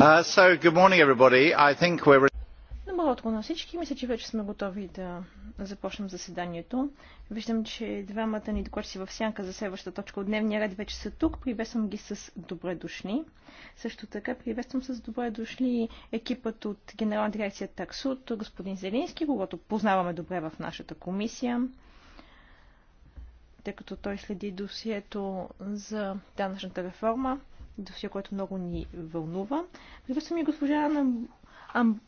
Добро uh, утро на всички. Мисля, че вече сме готови да започнем заседанието. Виждам, че двамата ни докладчици в сянка за следващата точка от дневния ред вече са тук. Приветствам ги с добре дошли. Също така приветствам с добре дошли екипът от Генерална дирекция Таксут, господин Зелински, когато познаваме добре в нашата комисия тъй като той следи досието за данъчната реформа досия, което много ни вълнува. Привърсвам и госпожа Ана Ам...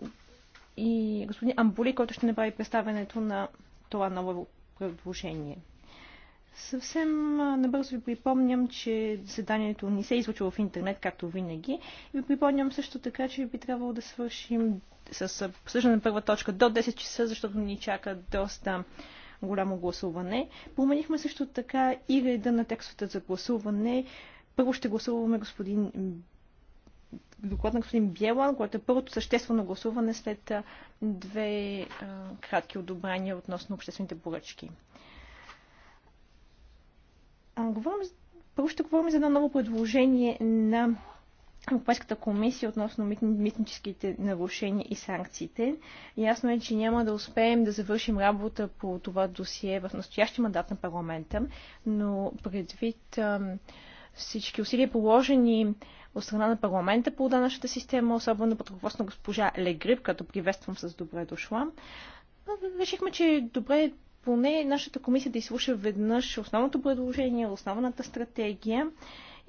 и господин Амбули, който ще направи представенето на това ново предложение. Съвсем набързо ви припомням, че заседанието не се е излучва в интернет, както винаги. И ви припомням също така, че би трябвало да свършим с обсъждане на първа точка до 10 часа, защото ни чака доста голямо гласуване. Променихме също така и реда на текстовете за гласуване. Първо ще гласуваме господин доклад на господин Бела, което е първото съществено гласуване след две а, кратки одобрения относно обществените поръчки. А, говорим, първо ще говорим за едно ново предложение на Европейската комисия относно митническите нарушения и санкциите. Ясно е, че няма да успеем да завършим работа по това досие в настоящия мандат на парламента, но предвид а, всички усилия положени от страна на парламента по данъчната система, особено под ръководство на госпожа Легрип, като приветствам с добре дошла. Решихме, че е добре поне нашата комисия да изслуша веднъж основното предложение, основната стратегия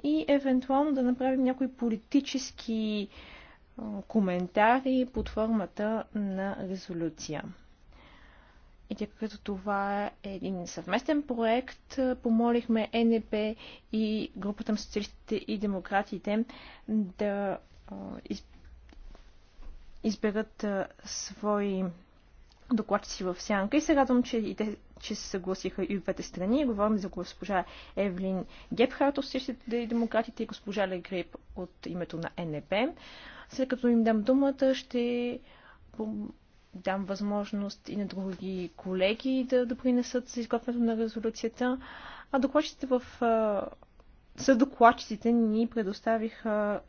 и евентуално да направим някои политически коментари под формата на резолюция. И тъй като това е един съвместен проект, помолихме НЕП и групата на социалистите и демократите да изберат свои докладчици в сянка и се радвам, че и те че се съгласиха и двете страни. Говорим за госпожа Евлин Гепхарт от Същите и демократите и госпожа Легрип от името на НЕП. След като им дам думата, ще дам възможност и на други колеги да допринесат за изготвянето на резолюцията. А докладчиците в съдокладчиците докладчиците ни предоставиха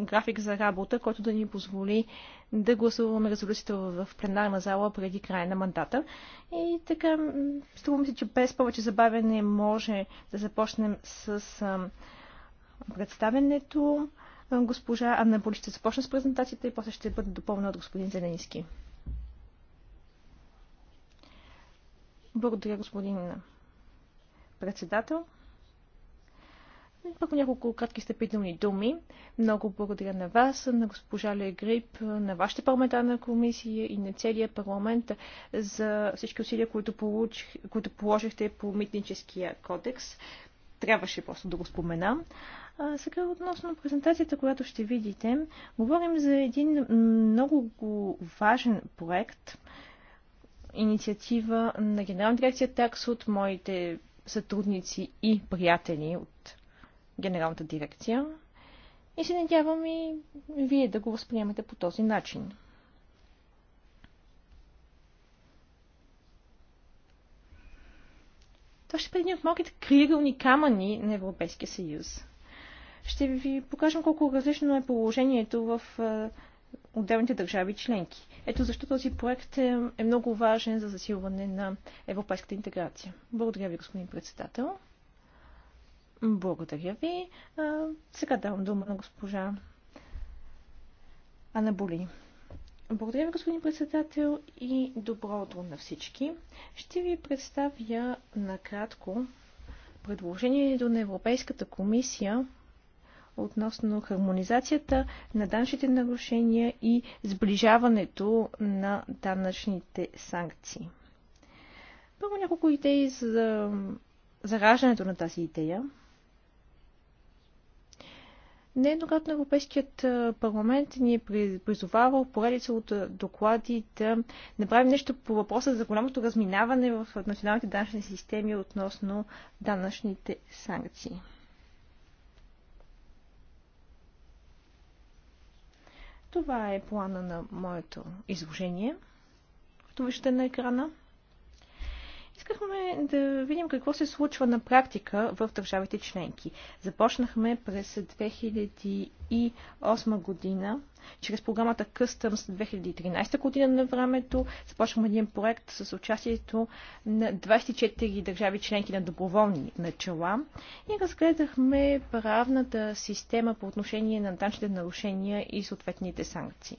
график за работа, който да ни позволи да гласуваме резолюцията в пленарна зала преди края на мандата. И така, струва се, че без повече забавяне може да започнем с представенето. Госпожа Анна Боли ще започне с презентацията и после ще бъде допълнена от господин Зеленски. Благодаря, господин председател. Първо няколко кратки степителни думи. Много благодаря на вас, на госпожа Легрип, на вашата парламентарна комисия и на целия парламент за всички усилия, които, получих, които положихте по митническия кодекс. Трябваше просто да го споменам. А сега относно презентацията, която ще видите, говорим за един много важен проект – инициатива на Генерална дирекция ТАКС от моите сътрудници и приятели от Генералната дирекция. И се надявам и вие да го възприемете по този начин. Това ще бъде един от малките кригълни камъни на Европейския съюз. Ще ви покажем колко различно е положението в отделните държави членки. Ето защо този проект е, е много важен за засилване на европейската интеграция. Благодаря ви, господин председател. Благодаря ви. А, сега давам дума на госпожа Ана Боли. Благодаря ви, господин председател, и добро утро на всички. Ще ви представя накратко предложението на Европейската комисия относно хармонизацията на данъчните нарушения и сближаването на данъчните санкции. Първо няколко идеи за зараждането на тази идея. Нееднократно Европейският парламент ни е призовавал поредица от доклади да направим нещо по въпроса за голямото разминаване в националните данъчни системи относно данъчните санкции. Това е плана на моето изложение. Това ще на екрана. Искахме да видим какво се случва на практика в държавите членки. Започнахме през 2008 година, чрез програмата Customs 2013 година на времето. Започнахме един проект с участието на 24 държави членки на доброволни начала и разгледахме правната система по отношение на данчните нарушения и съответните санкции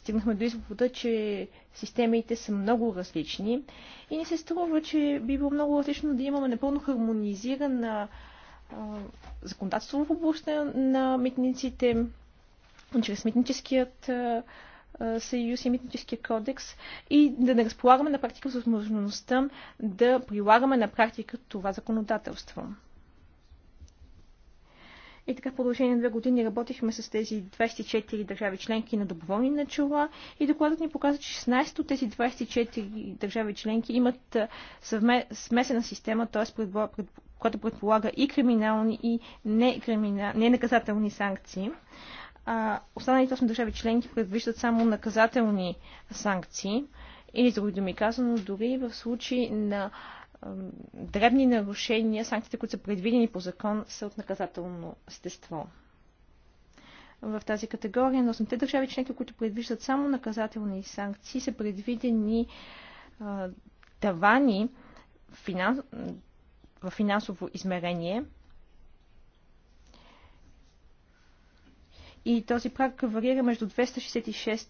стигнахме до извода, че системите са много различни и ни се струва, че би било много различно да имаме напълно хармонизирана законодателство в областта на митниците, чрез митническият съюз и митническия кодекс и да не разполагаме на практика с възможността да прилагаме на практика това законодателство. И така в продължение на две години работихме с тези 24 държави членки на доброволни начала и докладът ни показва, че 16 от тези 24 държави членки имат смесена система, т.е. която предполага и криминални, и ненаказателни ненаказателни санкции. А, останалите 8 държави членки предвиждат само наказателни санкции. Или, за други думи казано, дори в случай на дребни нарушения, санкциите, които са предвидени по закон, са от наказателно естество. В тази категория на 8 държави членки, които предвиждат само наказателни санкции, са предвидени а, тавани в финансово измерение. И този прак варира между 266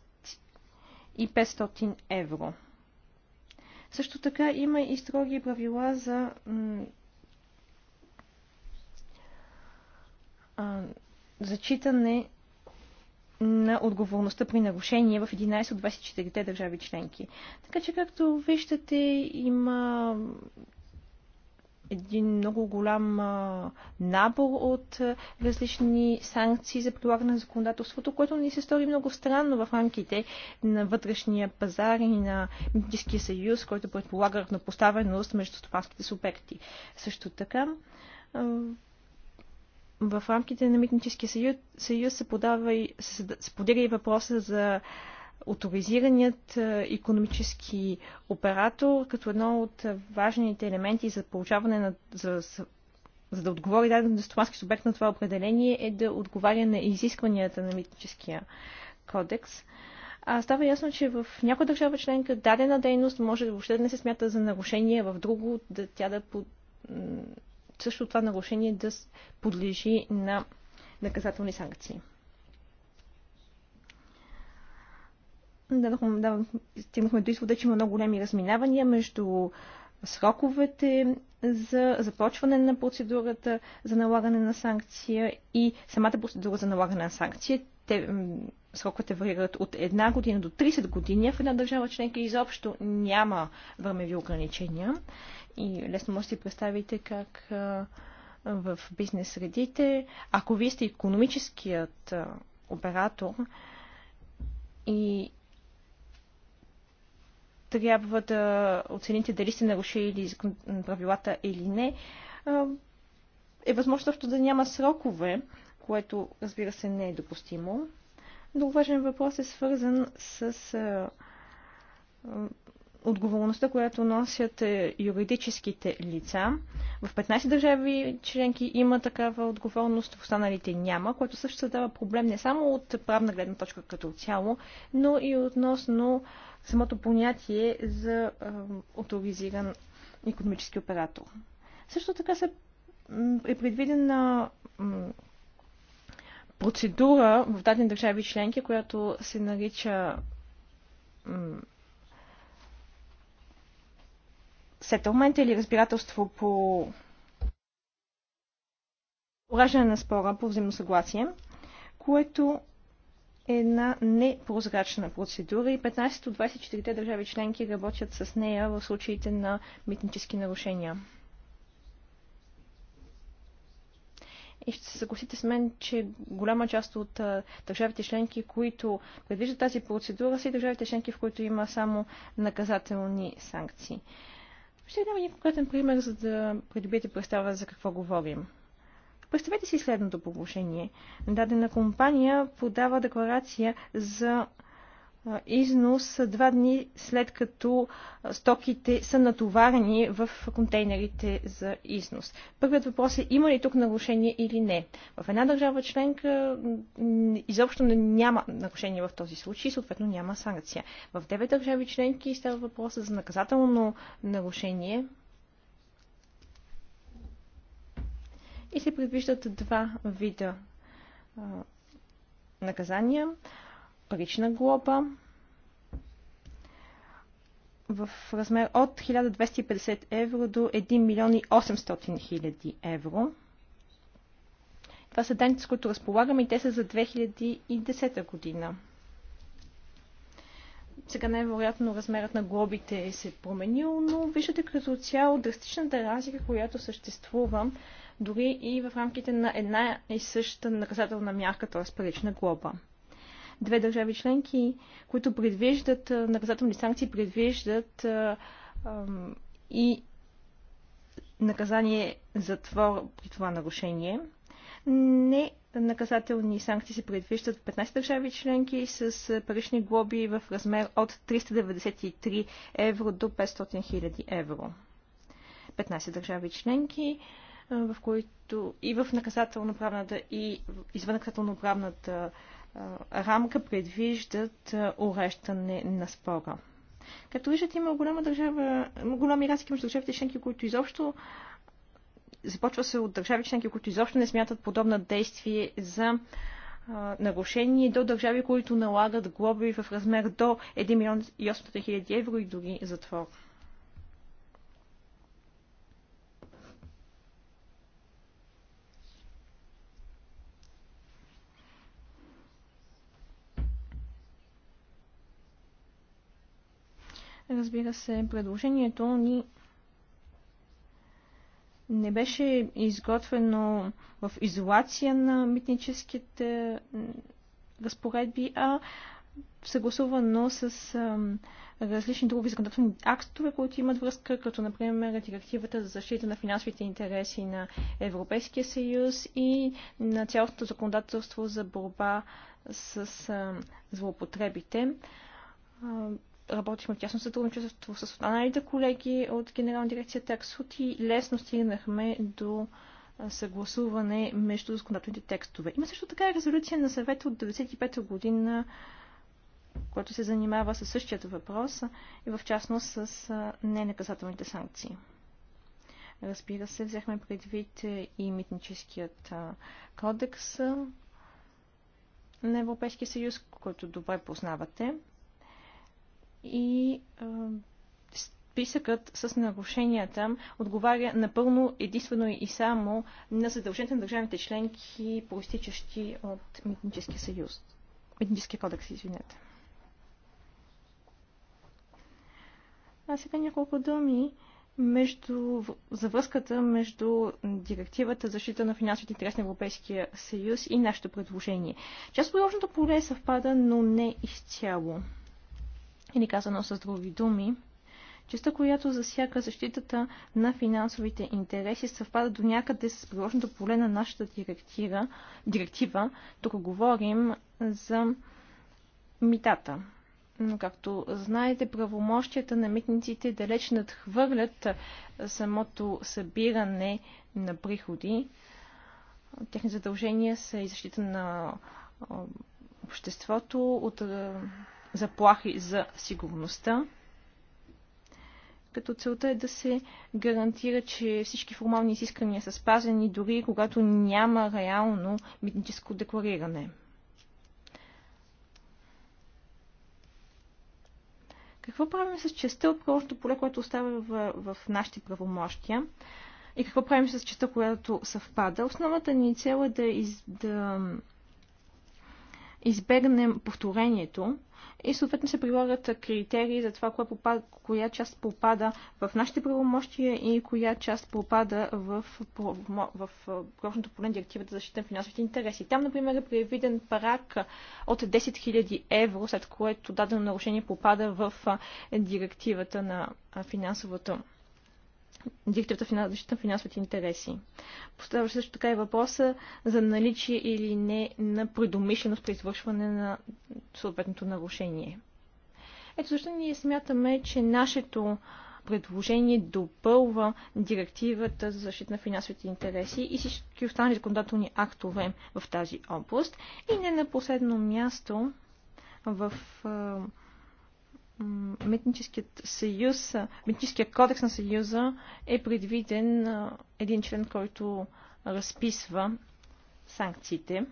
и 500 евро. Също така има и строги правила за зачитане на отговорността при нарушение в 11 от 24 държави членки. Така че, както виждате, има един много голям набор от различни санкции за прилагане на законодателството, което ни се стори много странно в рамките на вътрешния пазар и на Митническия съюз, който предполага равнопоставеност между стопанските субекти. Също така, в рамките на Митническия съюз, съюз се, подава и, се, се подига и въпроса за авторизираният економически оператор като едно от важните елементи за получаване на за, за да отговори даден стомански субект на това определение е да отговаря на изискванията на митническия кодекс. А става ясно, че в някоя държава членка дадена дейност може въобще да не се смята за нарушение, в друго да, тя да под... също това нарушение да подлежи на наказателни санкции. давахме, давахме, стигнахме до извода, че има много големи разминавания между сроковете за започване на процедурата за налагане на санкция и самата процедура за налагане на санкция. Те, сроковете варират от една година до 30 години. В една държава членка изобщо няма времеви ограничения. И лесно можете да си представите как в бизнес средите, ако вие сте економическият оператор и трябва да оцените дали сте нарушили правилата или не. Е възможно също да няма срокове, което разбира се не е допустимо. Друг важен въпрос е свързан с отговорността, която носят е, юридическите лица. В 15 държави членки има такава отговорност, в останалите няма, което също създава проблем не само от правна гледна точка като цяло, но и относно самото понятие за авторизиран економически оператор. Също така се е предвидена процедура в дадени държави членки, която се нарича сетълмент или разбирателство по уреждане на спора по взаимосъгласие, което е една непрозрачна процедура и 15 от 24 държави членки работят с нея в случаите на митнически нарушения. И ще се съгласите с мен, че голяма част от а, държавите членки, които предвиждат тази процедура, са и държавите членки, в които има само наказателни санкции. Ще дам един конкретен пример, за да придобиете представа за какво говорим. Представете си следното положение. Дадена компания подава декларация за износ два дни след като стоките са натоварени в контейнерите за износ. Първият въпрос е има ли тук нарушение или не. В една държава членка изобщо няма нарушение в този случай и съответно няма санкция. В девет държави членки става въпрос за наказателно нарушение и се предвиждат два вида наказания парична глоба в размер от 1250 евро до 1 милион и 800 хиляди евро. Това са данните, с които разполагаме и те са за 2010 година. Сега най-вероятно размерът на глобите е се променил, но виждате като цяло драстичната разлика, която съществува дори и в рамките на една и съща наказателна мярка, т.е. парична глоба две държави членки, които предвиждат наказателни санкции, предвиждат и наказание затвор при това нарушение. Не наказателни санкции се предвиждат в 15 държави членки с парични глоби в размер от 393 евро до 500 000 евро. 15 държави членки, в които и в наказателно-правната и извън наказателно-правната рамка предвиждат урещане на спора. Като виждате, има голяма държава, голяма разлики между държавите членки, които изобщо започва се от държави членки, които изобщо не смятат подобна действие за а, нарушение до държави, които налагат глоби в размер до 1 милион и 800 хиляди евро и други затвор. Разбира се, предложението ни не беше изготвено в изолация на митническите разпоредби, а съгласувано с различни други законодателни актове, които имат връзка, като например директивата за защита на финансовите интереси на Европейския съюз и на цялото законодателство за борба с злоупотребите. Работихме тясно сътрудничество с останалите колеги от Генерална дирекция Таксот и лесно стигнахме до съгласуване между законодателните текстове. Има също така резолюция на съвета от 1995 година, който се занимава със същият въпрос и в частност с ненаказателните санкции. Разбира се, взехме предвид и митническият кодекс на Европейския съюз, който добре познавате и списъкът с нарушенията отговаря напълно единствено и само на задълженията на държавите членки, проистичащи от Митническия съюз. Митническия кодекс, извинете. А сега няколко думи между, за връзката между директивата за защита на финансовите интереси на Европейския съюз и нашето предложение. Част от приложното поле съвпада, но не изцяло. Или казано с други думи, частта, която засяга защитата на финансовите интереси, съвпада до някъде с приложното поле на нашата директива. директива. Тук говорим за митата. Но, както знаете, правомощията на митниците далеч надхвърлят самото събиране на приходи. Техни задължения са и защита на обществото от заплахи за сигурността, като целта е да се гарантира, че всички формални изисквания са спазени, дори когато няма реално митническо деклариране. Какво правим с частта от приложното поле, което остава в, в нашите правомощия? И какво правим с частта, която съвпада? Основната ни цел е да, из, да избегнем повторението и съответно се прилагат критерии за това, коя, попада, коя част попада в нашите правомощия и коя част попада в, в, в прочното поле на директивата за защита на финансовите интереси. Там, например, е предвиден парак от 10 000 евро, след което дадено нарушение попада в директивата на финансовото директивата на финансовите интереси. Поставя също така и въпроса за наличие или не на предумишленост при извършване на съответното нарушение. Ето защо ние смятаме, че нашето предложение допълва директивата за защита на финансовите интереси и всички останали законодателни актове в тази област. И не на последно място в Митническият съюз, митническият кодекс на съюза е предвиден един член, който разписва санкциите.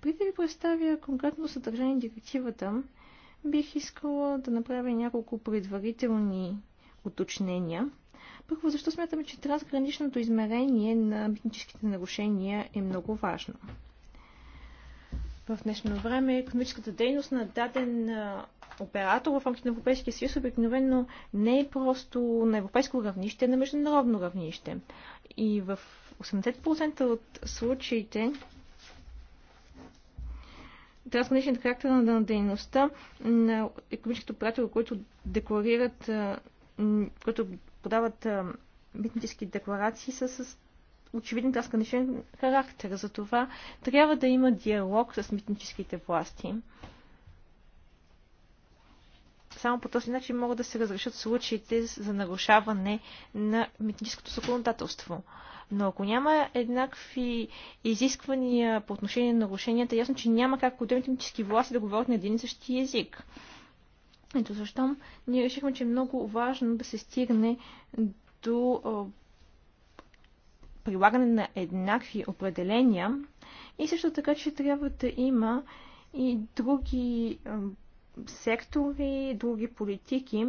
Преди да ви представя конкретно съдържание на директивата, бих искала да направя няколко предварителни уточнения. Първо, защо смятаме, че трансграничното измерение на митническите нарушения е много важно. В днешно време економическата дейност на даден оператор в рамките на Европейския съюз обикновено не е просто на европейско равнище, а на международно равнище. И в 80% от случаите трансграничният характер на дейността на економическите оператори, които декларират, които подават митнически декларации, са с очевидно трансграничен характер. За това трябва да има диалог с митническите власти. Само по този начин могат да се разрешат случаите за нарушаване на митническото законодателство. Но ако няма еднакви изисквания по отношение на нарушенията, е ясно, че няма как отделните митнически власти да говорят на един и същи език. Ето защо ние решихме, че е много важно да се стигне до прилагане на еднакви определения и също така, че трябва да има и други сектори, други политики,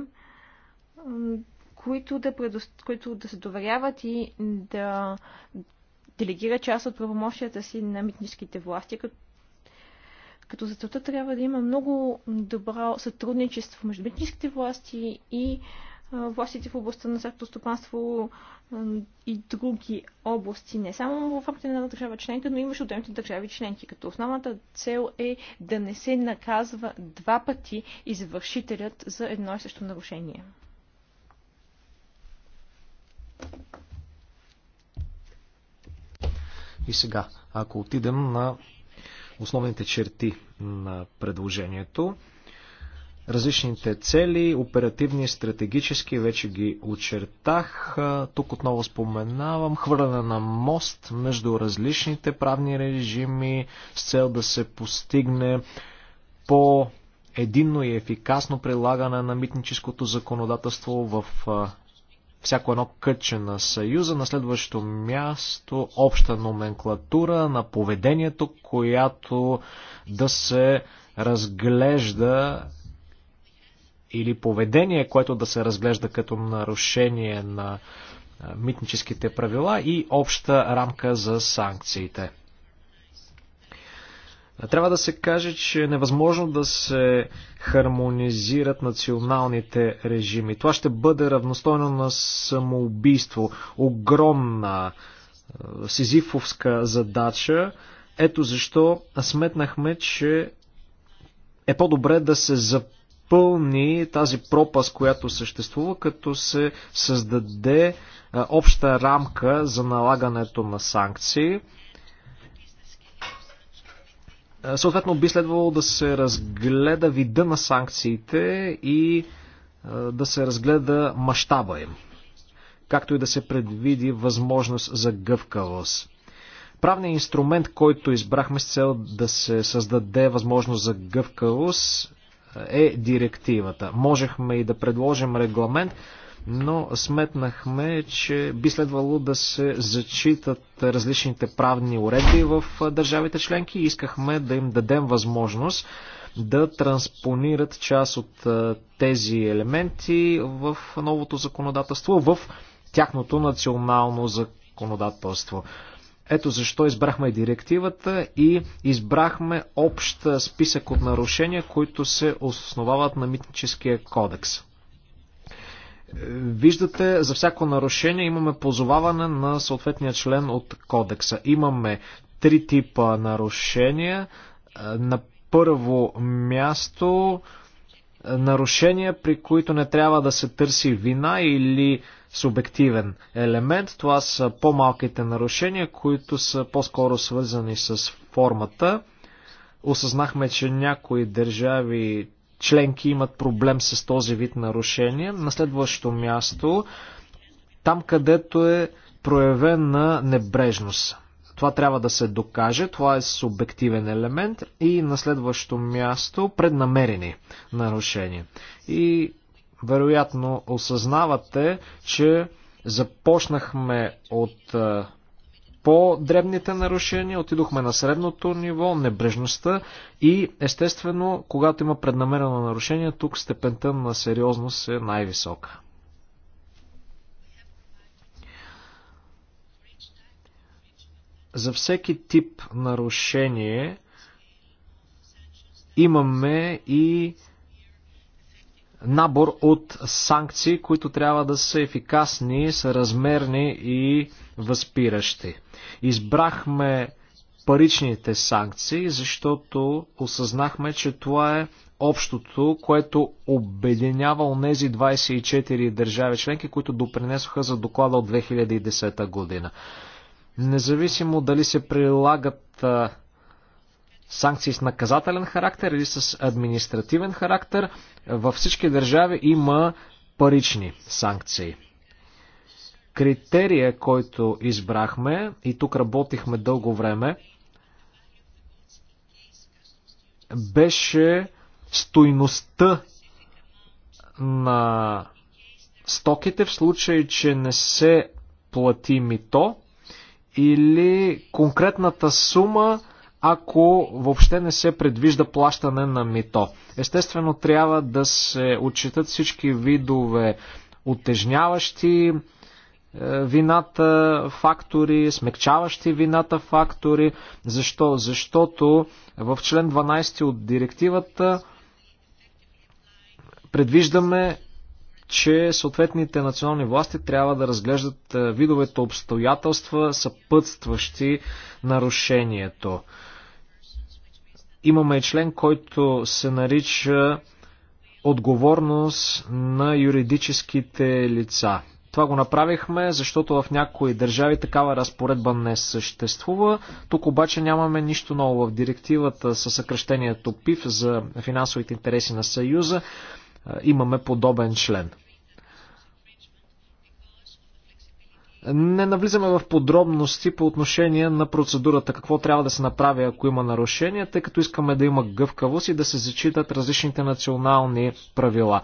които да, предост... които да се доверяват и да делегира част от правомощията си на митническите власти, като като за целта трябва да има много добро сътрудничество между митническите власти и властите в областта на сектор стопанство и други области, не само в рамките на държава членка, но и отделните държави членки, като основната цел е да не се наказва два пъти извършителят за едно и също нарушение. И сега, ако отидем на основните черти на предложението, Различните цели, оперативни, стратегически, вече ги очертах. Тук отново споменавам хвърляне на мост между различните правни режими с цел да се постигне по единно и ефикасно прилагане на митническото законодателство в всяко едно кътче на Съюза. На следващото място обща номенклатура на поведението, която да се разглежда или поведение, което да се разглежда като нарушение на митническите правила и обща рамка за санкциите. Трябва да се каже, че е невъзможно да се хармонизират националните режими. Това ще бъде равностойно на самоубийство. Огромна сизифовска задача. Ето защо сметнахме, че е по-добре да се запази запълни тази пропаст, която съществува, като се създаде обща рамка за налагането на санкции. Съответно би следвало да се разгледа вида на санкциите и да се разгледа мащаба им, както и да се предвиди възможност за гъвкавост. Правният инструмент, който избрахме с цел да се създаде възможност за гъвкавост е директивата. Можехме и да предложим регламент, но сметнахме, че би следвало да се зачитат различните правни уредби в държавите членки и искахме да им дадем възможност да транспонират част от тези елементи в новото законодателство, в тяхното национално законодателство. Ето защо избрахме директивата и избрахме общ списък от нарушения, които се основават на митническия кодекс. Е, виждате, за всяко нарушение имаме позоваване на съответния член от кодекса. Имаме три типа нарушения. Е, на първо място е, нарушения, при които не трябва да се търси вина или субективен елемент. Това са по-малките нарушения, които са по-скоро свързани с формата. Осъзнахме, че някои държави членки имат проблем с този вид нарушения. На следващото място, там където е проявена небрежност. Това трябва да се докаже, това е субективен елемент и на следващото място преднамерени нарушения. И вероятно осъзнавате, че започнахме от по-дребните нарушения, отидохме на средното ниво, небрежността и естествено, когато има преднамерено нарушение, тук степента на сериозност е най-висока. За всеки тип нарушение имаме и набор от санкции, които трябва да са ефикасни, съразмерни и възпиращи. Избрахме паричните санкции, защото осъзнахме, че това е общото, което обединява онези 24 държави членки, които допринесоха за доклада от 2010 година. Независимо дали се прилагат санкции с наказателен характер или с административен характер. Във всички държави има парични санкции. Критерия, който избрахме, и тук работихме дълго време, беше стойността на стоките в случай, че не се плати мито или конкретната сума, ако въобще не се предвижда плащане на мито. Естествено, трябва да се отчитат всички видове отежняващи е, вината фактори, смекчаващи вината фактори. Защо? Защото в член 12 от директивата предвиждаме, че съответните национални власти трябва да разглеждат е, видовете обстоятелства, съпътстващи нарушението. Имаме член, който се нарича отговорност на юридическите лица. Това го направихме, защото в някои държави такава разпоредба не съществува. Тук обаче нямаме нищо ново в директивата със съкръщението ПИФ за финансовите интереси на Съюза. Имаме подобен член. Не навлизаме в подробности по отношение на процедурата, какво трябва да се направи, ако има нарушения, тъй като искаме да има гъвкавост и да се зачитат различните национални правила.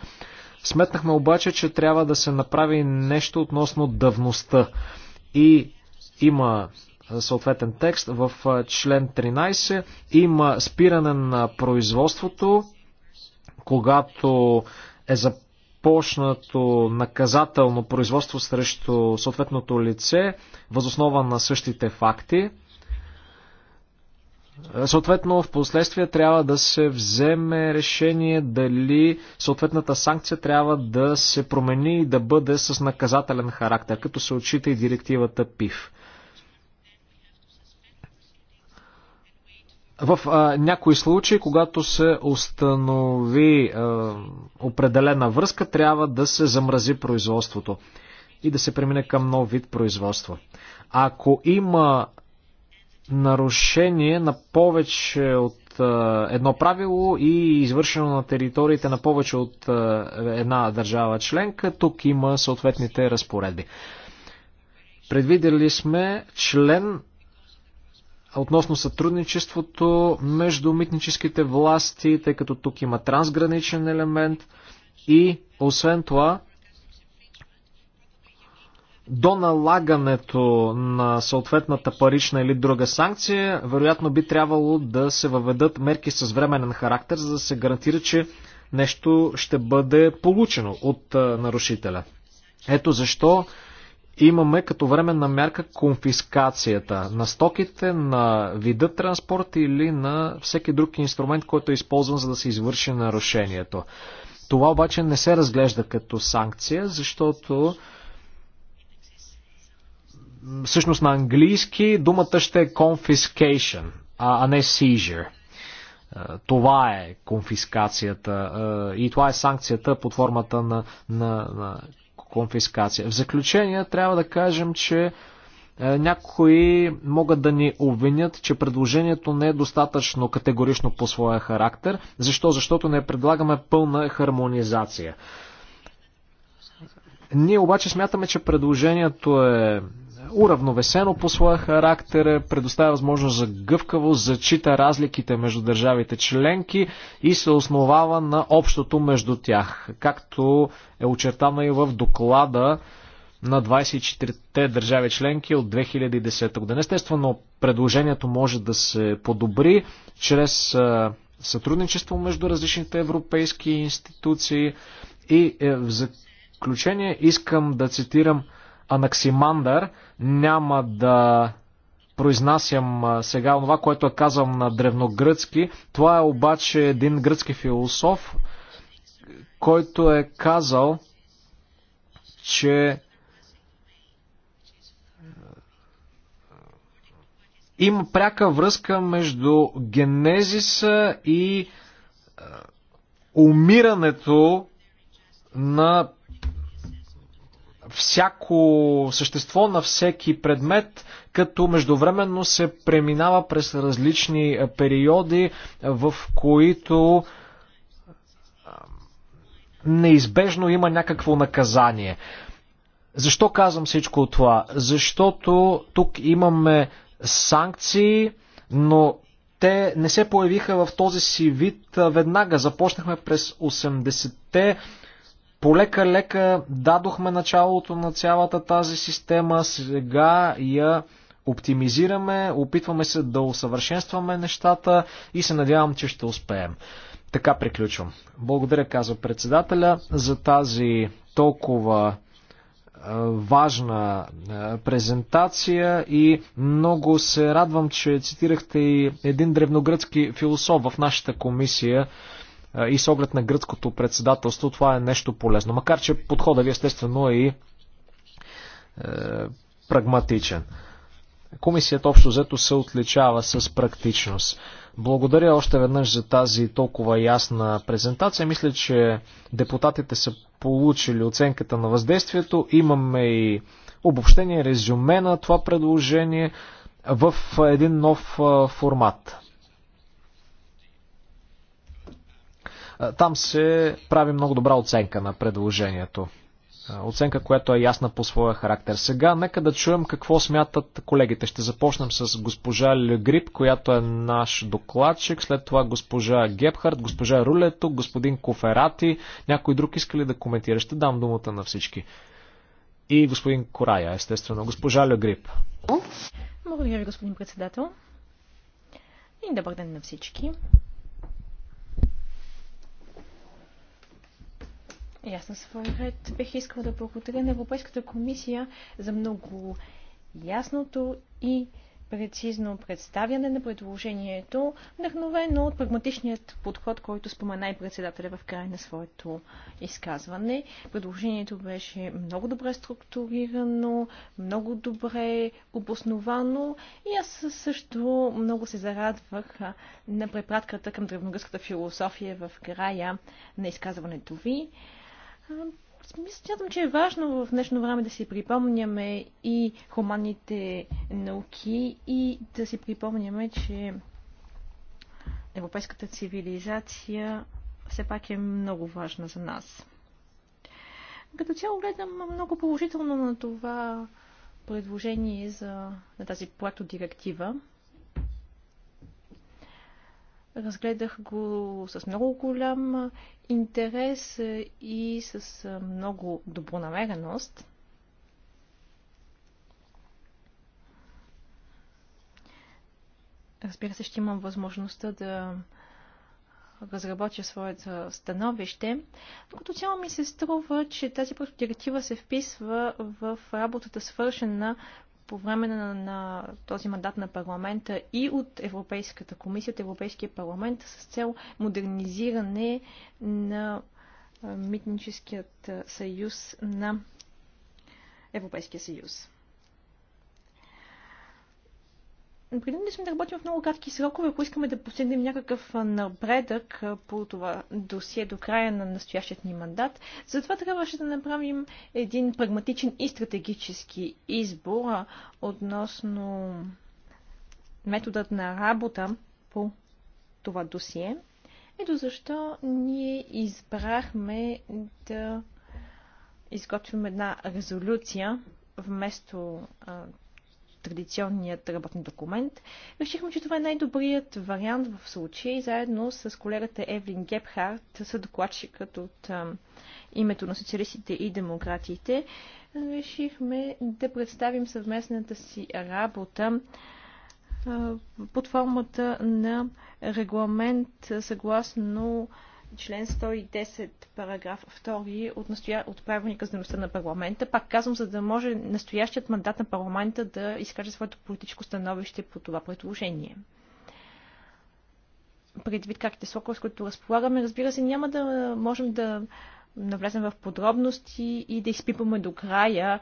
Сметнахме обаче, че трябва да се направи нещо относно давността. И има съответен текст в член 13. Има спиране на производството, когато е за започнато наказателно производство срещу съответното лице, възоснова на същите факти. Съответно, в последствие трябва да се вземе решение дали съответната санкция трябва да се промени и да бъде с наказателен характер, като се отчита и директивата ПИВ. в а, някои случаи, когато се установи а, определена връзка, трябва да се замрази производството и да се премине към нов вид производство. Ако има нарушение на повече от а, едно правило и извършено на териториите на повече от а, една държава членка, тук има съответните разпоредби. Предвидели сме член относно сътрудничеството между митническите власти, тъй като тук има трансграничен елемент и освен това до налагането на съответната парична или друга санкция, вероятно би трябвало да се въведат мерки с временен характер, за да се гарантира, че нещо ще бъде получено от нарушителя. Ето защо имаме като време на мярка конфискацията на стоките, на вида транспорт или на всеки друг инструмент, който е използван за да се извърши нарушението. Това обаче не се разглежда като санкция, защото всъщност на английски думата ще е confiscation, а не seizure. Това е конфискацията и това е санкцията под формата на, на, на конфискация. В заключение трябва да кажем, че е, някои могат да ни обвинят, че предложението не е достатъчно категорично по своя характер. Защо? Защото не предлагаме пълна хармонизация. Ние обаче смятаме, че предложението е уравновесено по своя характер, предоставя възможност за гъвкавост, зачита разликите между държавите членки и се основава на общото между тях, както е очертано и в доклада на 24-те държави членки от 2010 година. Естествено, предложението може да се подобри чрез сътрудничество между различните европейски институции и е, в заключение искам да цитирам Анаксимандър, няма да произнасям сега това, което е казвам на древногръцки. Това е обаче един гръцки философ, който е казал, че има пряка връзка между генезиса и умирането на всяко същество на всеки предмет, като междувременно се преминава през различни периоди, в които неизбежно има някакво наказание. Защо казвам всичко това? Защото тук имаме санкции, но те не се появиха в този си вид веднага. Започнахме през 80-те, Полека-лека дадохме началото на цялата тази система, сега я оптимизираме, опитваме се да усъвършенстваме нещата и се надявам, че ще успеем. Така приключвам. Благодаря, казва председателя, за тази толкова е, важна е, презентация и много се радвам, че цитирахте и един древногръцки философ в нашата комисия и с оглед на гръцкото председателство това е нещо полезно. Макар, че подходът ви естествено е и е, прагматичен. Комисията общо взето се отличава с практичност. Благодаря още веднъж за тази толкова ясна презентация. Мисля, че депутатите са получили оценката на въздействието. Имаме и обобщение, резюме на това предложение в един нов формат. Там се прави много добра оценка на предложението. Оценка, която е ясна по своя характер. Сега нека да чуем какво смятат колегите. Ще започнем с госпожа Легрип, която е наш докладчик, след това госпожа Гепхард, госпожа Рулето, господин Коферати, някой друг иска ли да коментира? Ще дам думата на всички. И господин Корая, естествено. Госпожа Легрип. Благодаря ви, господин председател. И добър ден на всички. И аз на своя ред бих искала да благодаря на Европейската комисия за много ясното и прецизно представяне на предложението, вдъхновено от прагматичният подход, който спомена и председателя в края на своето изказване. Предложението беше много добре структурирано, много добре обосновано и аз също много се зарадвах на препратката към древногръцката философия в края на изказването ви. Смятам, че е важно в днешно време да си припомняме и хуманните науки и да си припомняме, че европейската цивилизация все пак е много важна за нас. Като цяло гледам много положително на това предложение за, на тази проектодиректива. директива Разгледах го с много голям интерес и с много добронамереност. Разбира се, ще имам възможността да разработя своето становище. Като цяло ми се струва, че тази директива се вписва в работата свършена по време на, на този мандат на парламента и от Европейската комисия, от Европейския парламент с цел модернизиране на митническият съюз на Европейския съюз. Предвидим сме да работим в много кратки срокове, ако искаме да постигнем някакъв напредък по това досие до края на настоящият ни мандат. Затова трябваше да направим един прагматичен и стратегически избор относно методът на работа по това досие. Ето защо ние избрахме да изготвим една резолюция вместо традиционният работен документ. Решихме, че това е най-добрият вариант в случай, заедно с колегата Евлин Гепхарт, съдокладчикът от името на социалистите и демократите, решихме да представим съвместната си работа под формата на регламент съгласно член 110, параграф 2 от, настоя... от правилника за дейността на парламента. Пак казвам, за да може настоящият мандат на парламента да изкаже своето политическо становище по това предложение. Предвид те срокове, с които разполагаме, разбира се, няма да можем да навлезем в подробности и да изпипаме до края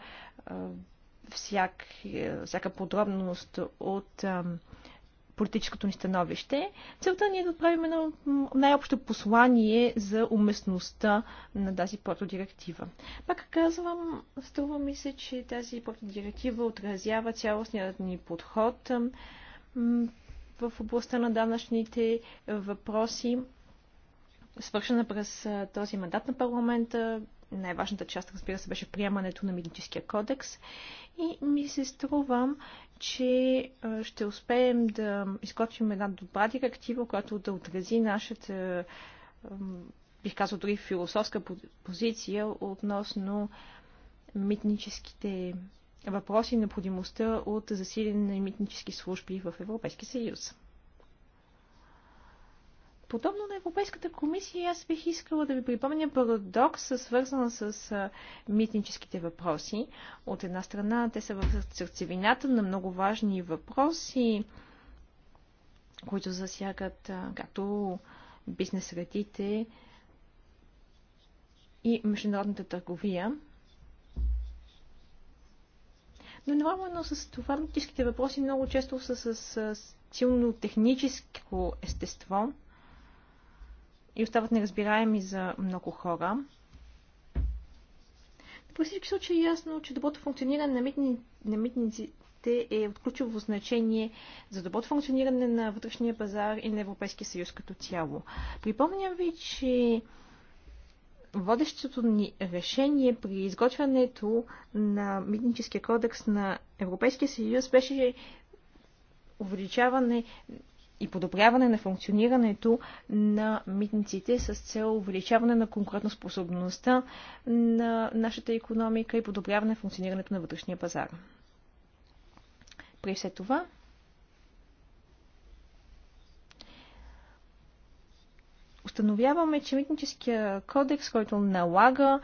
всяк, всяка подробност от политическото ни становище. Целта ни е да отправим едно най-общо послание за уместността на тази протодиректива. Пак казвам, струва ми се, че тази протодиректива отразява цялостният ни подход в областта на данъчните въпроси, свършена през този мандат на парламента, най-важната част, разбира се, беше приемането на медическия кодекс. И ми се струвам, че ще успеем да изготвим една добра директива, която да отрази нашата, бих казал, дори философска позиция относно митническите въпроси и необходимостта от засилени митнически служби в Европейския съюз. Подобно на Европейската комисия, аз бих искала да ви припомня парадокс, свързан с а, митническите въпроси. От една страна, те са в сърцевината на много важни въпроси, които засягат а, както бизнес средите и международната търговия. Но нормално с това митническите въпроси много често са с, с силно техническо естество – и остават неразбираеми за много хора. Във всички случаи е ясно, че доброто функциониране на, митни, на митниците е от ключово значение за доброто функциониране на вътрешния пазар и на Европейския съюз като цяло. Припомням ви, че водещото ни решение при изготвянето на митническия кодекс на Европейския съюз беше увеличаване и подобряване на функционирането на митниците с цел увеличаване на конкурентоспособността на нашата економика и подобряване на функционирането на вътрешния пазар. При все това, установяваме, че митническия кодекс, който налага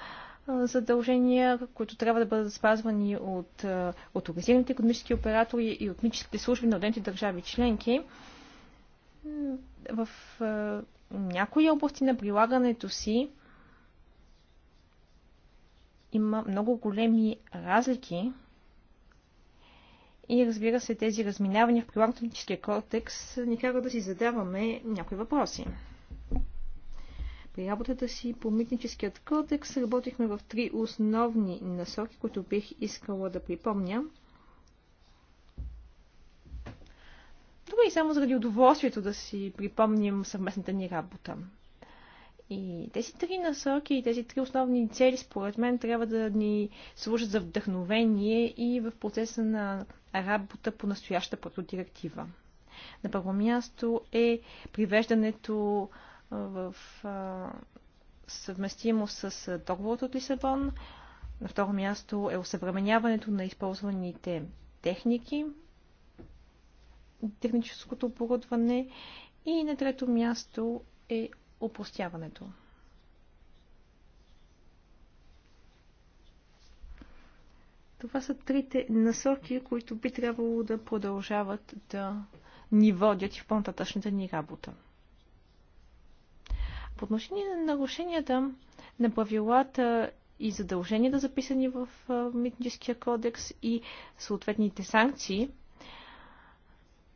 задължения, които трябва да бъдат спазвани от, от организираните економически оператори и от митническите служби на отделните държави членки, в някои области на прилагането си има много големи разлики и разбира се, тези разминавания в прилагателническия кортекс ни кара да си задаваме някои въпроси. При работата си по митническият кодекс работихме в три основни насоки, които бих искала да припомня – дори е и само заради удоволствието да си припомним съвместната ни работа. И тези три насоки и тези три основни цели, според мен, трябва да ни служат за вдъхновение и в процеса на работа по настояща протодиректива. На първо място е привеждането в съвместимо с договорът от Лисабон. На второ място е осъвременяването на използваните техники техническото оборудване и на трето място е опростяването. Това са трите насоки, които би трябвало да продължават да ни водят в по-нататъчната ни работа. По отношение на нарушенията на правилата и задълженията, записани в Митническия кодекс и съответните санкции,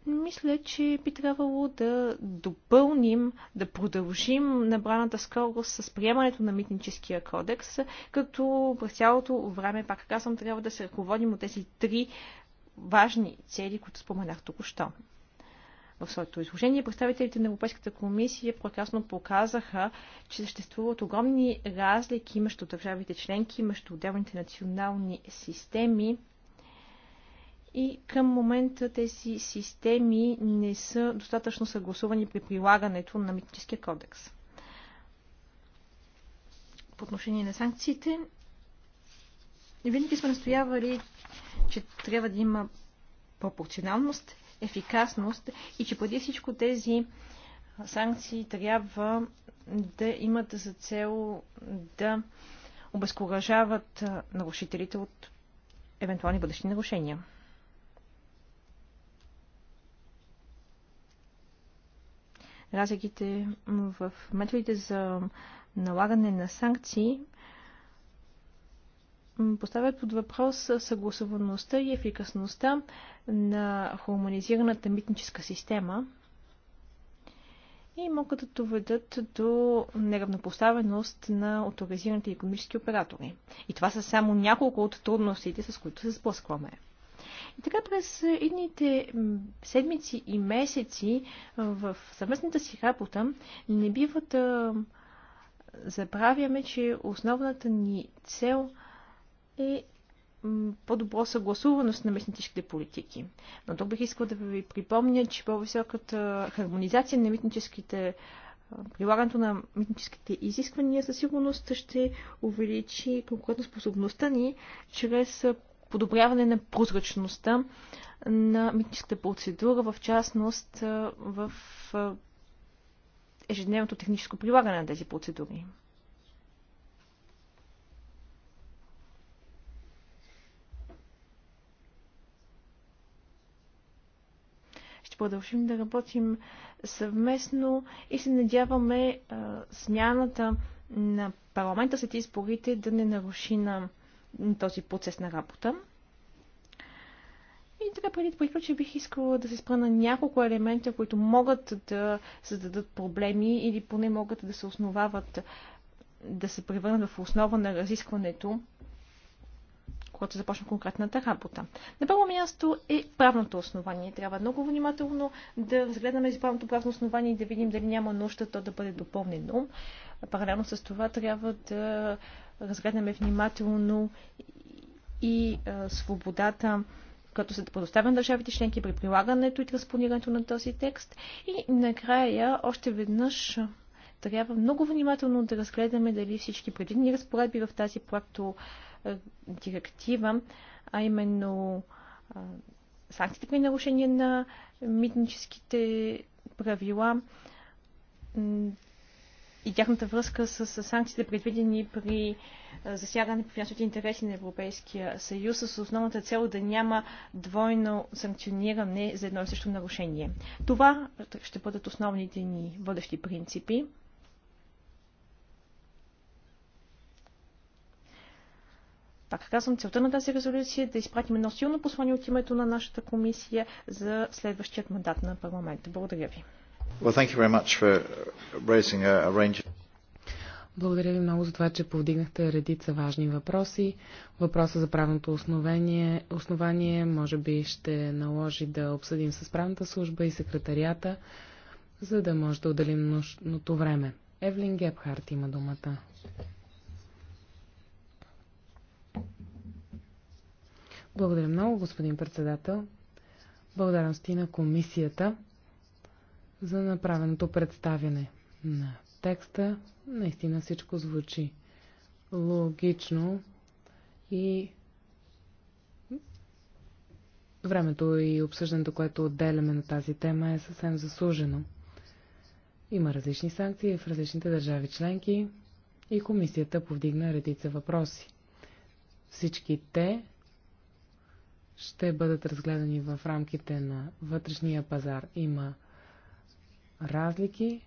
мисля, че би трябвало да допълним, да продължим набраната скорост с приемането на митническия кодекс, като през цялото време, пак казвам, трябва да се ръководим от тези три важни цели, които споменах току-що. В своето изложение представителите на Европейската комисия прекрасно показаха, че съществуват огромни разлики между държавите членки, между отделните национални системи и към момента тези системи не са достатъчно съгласувани при прилагането на митническия кодекс. По отношение на санкциите, винаги сме настоявали, че трябва да има пропорционалност, ефикасност и че преди всичко тези санкции трябва да имат за цел да обезкуражават нарушителите от евентуални бъдещи нарушения. разликите в методите за налагане на санкции поставят под въпрос съгласуваността и ефикасността на хармонизираната митническа система и могат да доведат до неравнопоставеност на авторизираните економически оператори. И това са само няколко от трудностите, с които се сблъскваме. И така през едните седмици и месеци в съвместната си работа не бива да забравяме, че основната ни цел е по-добро съгласуваност на митническите политики. Но тук бих искал да ви припомня, че по-високата хармонизация на митническите прилагането на митническите изисквания със сигурност ще увеличи конкурентоспособността ни чрез подобряване на прозрачността на митническата процедура, в частност в ежедневното техническо прилагане на тези процедури. ще продължим да работим съвместно и се надяваме а, смяната на парламента след изборите да не наруши на този процес на работа. И така, преди да приключа, бих искала да се спра на няколко елемента, които могат да създадат проблеми или поне могат да се основават, да се превърнат в основа на разискването, когато започна конкретната работа. На първо място е правното основание. Трябва много внимателно да разгледаме за правното правно основание и да видим дали няма нужда то да бъде допълнено. Паралелно с това трябва да разгледаме внимателно и а, свободата, като се предоставя на държавите членки при прилагането и транспонирането на този текст. И накрая, още веднъж, трябва много внимателно да разгледаме дали всички предвидени разпоредби в тази проекто директива, а именно а, санкциите при нарушение на митническите правила, и тяхната връзка с, с санкциите, предвидени при засягане по финансовите интереси на Европейския съюз, с основната цел да няма двойно санкциониране за едно и също нарушение. Това ще бъдат основните ни бъдещи принципи. Пак казвам, целта на тази резолюция е да изпратим едно силно послание от името на нашата комисия за следващият мандат на парламента. Благодаря ви. Благодаря ви много за това, че повдигнахте редица важни въпроси. Въпроса за правното основание, основание може би ще наложи да обсъдим с правната служба и секретарията, за да може да отделим нужното време. Евлин Гепхарт има думата. Благодаря много, господин председател. Благодарности на комисията за направеното представяне на текста. Наистина всичко звучи логично и времето и обсъждането, което отделяме на тази тема е съвсем заслужено. Има различни санкции в различните държави членки и комисията повдигна редица въпроси. Всички те ще бъдат разгледани в рамките на вътрешния пазар. Има разлики,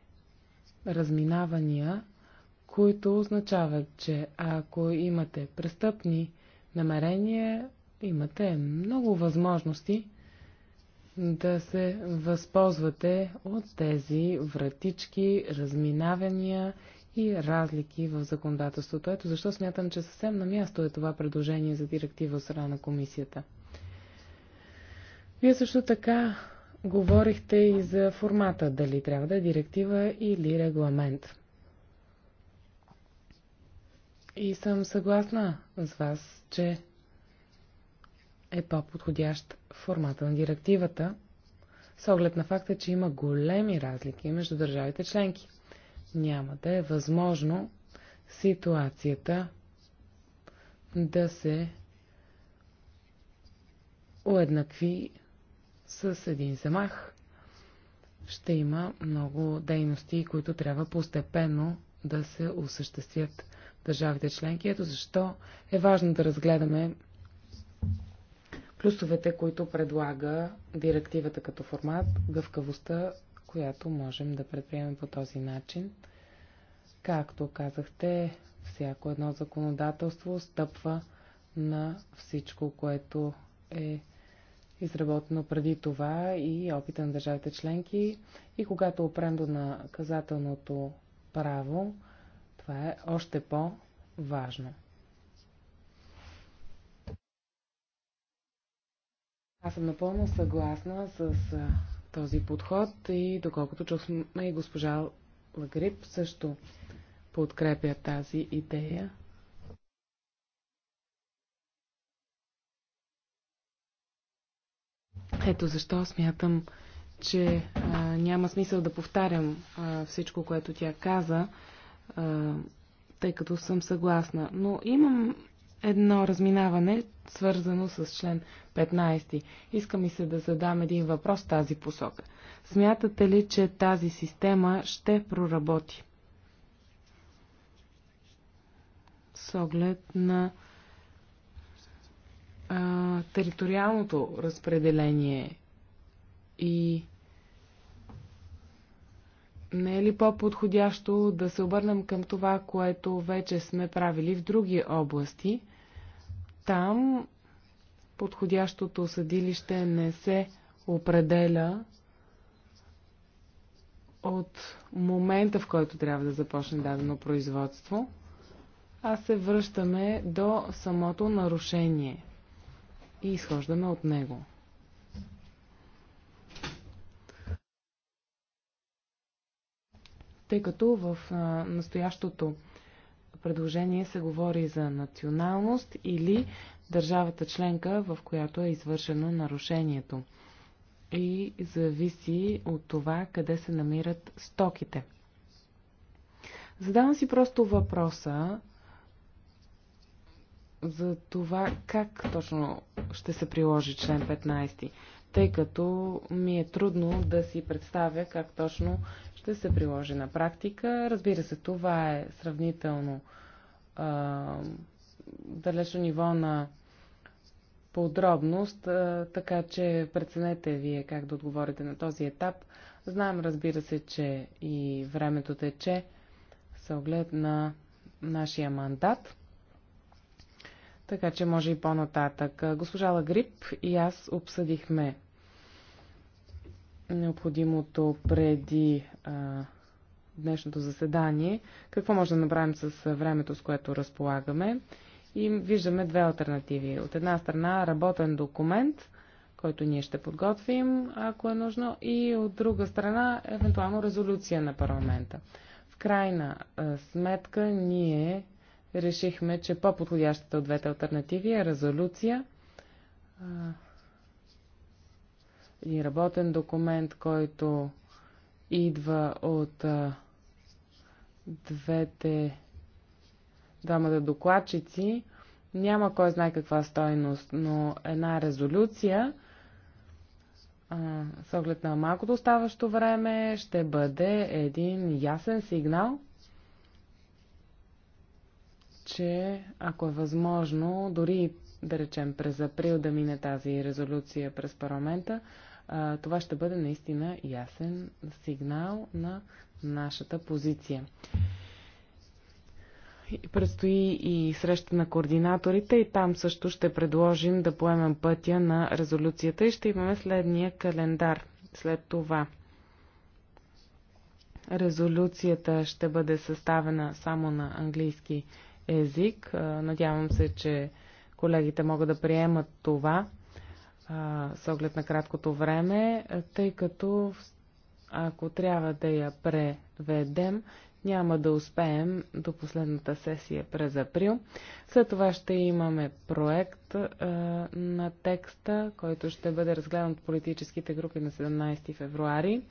разминавания, които означават, че ако имате престъпни намерения, имате много възможности да се възползвате от тези вратички, разминавания и разлики в законодателството. Ето защо смятам, че съвсем на място е това предложение за директива от страна на комисията. Вие също така Говорихте и за формата, дали трябва да е директива или регламент. И съм съгласна с вас, че е по-подходящ формата на директивата, с оглед на факта, че има големи разлики между държавите членки. Няма да е възможно ситуацията да се уеднакви с един замах ще има много дейности, които трябва постепенно да се осъществят държавите членки. Ето защо е важно да разгледаме плюсовете, които предлага директивата като формат, гъвкавостта, която можем да предприемем по този начин. Както казахте, всяко едно законодателство стъпва на всичко, което е изработено преди това и опита на държавите членки. И когато опрем до наказателното право, това е още по-важно. Аз съм напълно съгласна с този подход и доколкото чухме и госпожа Лагрип също подкрепя тази идея. Ето защо смятам, че а, няма смисъл да повтарям а, всичко, което тя каза, а, тъй като съм съгласна. Но имам едно разминаване, свързано с член 15. Иска ми се да задам един въпрос в тази посока. Смятате ли, че тази система ще проработи? С оглед на а, териториалното разпределение и не е ли по-подходящо да се обърнем към това, което вече сме правили в други области? Там подходящото съдилище не се определя от момента, в който трябва да започне дадено производство, а се връщаме до самото нарушение и изхождаме от него. Тъй като в а, настоящото предложение се говори за националност или държавата членка, в която е извършено нарушението. И зависи от това къде се намират стоките. Задавам си просто въпроса за това как точно ще се приложи член 15, тъй като ми е трудно да си представя как точно ще се приложи на практика. Разбира се, това е сравнително а, далечно ниво на подробност, а, така че преценете вие как да отговорите на този етап. Знаем, разбира се, че и времето тече с оглед на нашия мандат – така че може и по-нататък. Госпожа Лагрип и аз обсъдихме необходимото преди а, днешното заседание, какво може да направим с времето, с което разполагаме. И виждаме две альтернативи. От една страна работен документ, който ние ще подготвим, ако е нужно, и от друга страна евентуално резолюция на парламента. В крайна сметка ние решихме, че по-подходящата от двете альтернативи е резолюция, един работен документ, който идва от двете двамата докладчици. Няма кой знае каква стойност, но една резолюция с оглед на малкото оставащо време ще бъде един ясен сигнал че ако е възможно, дори да речем през април да мине тази резолюция през парламента, това ще бъде наистина ясен сигнал на нашата позиция. Предстои и среща на координаторите и там също ще предложим да поемем пътя на резолюцията и ще имаме следния календар след това. Резолюцията ще бъде съставена само на английски език. Надявам се, че колегите могат да приемат това с оглед на краткото време, тъй като ако трябва да я преведем, няма да успеем до последната сесия през април. След това ще имаме проект на текста, който ще бъде разгледан от политическите групи на 17 февруари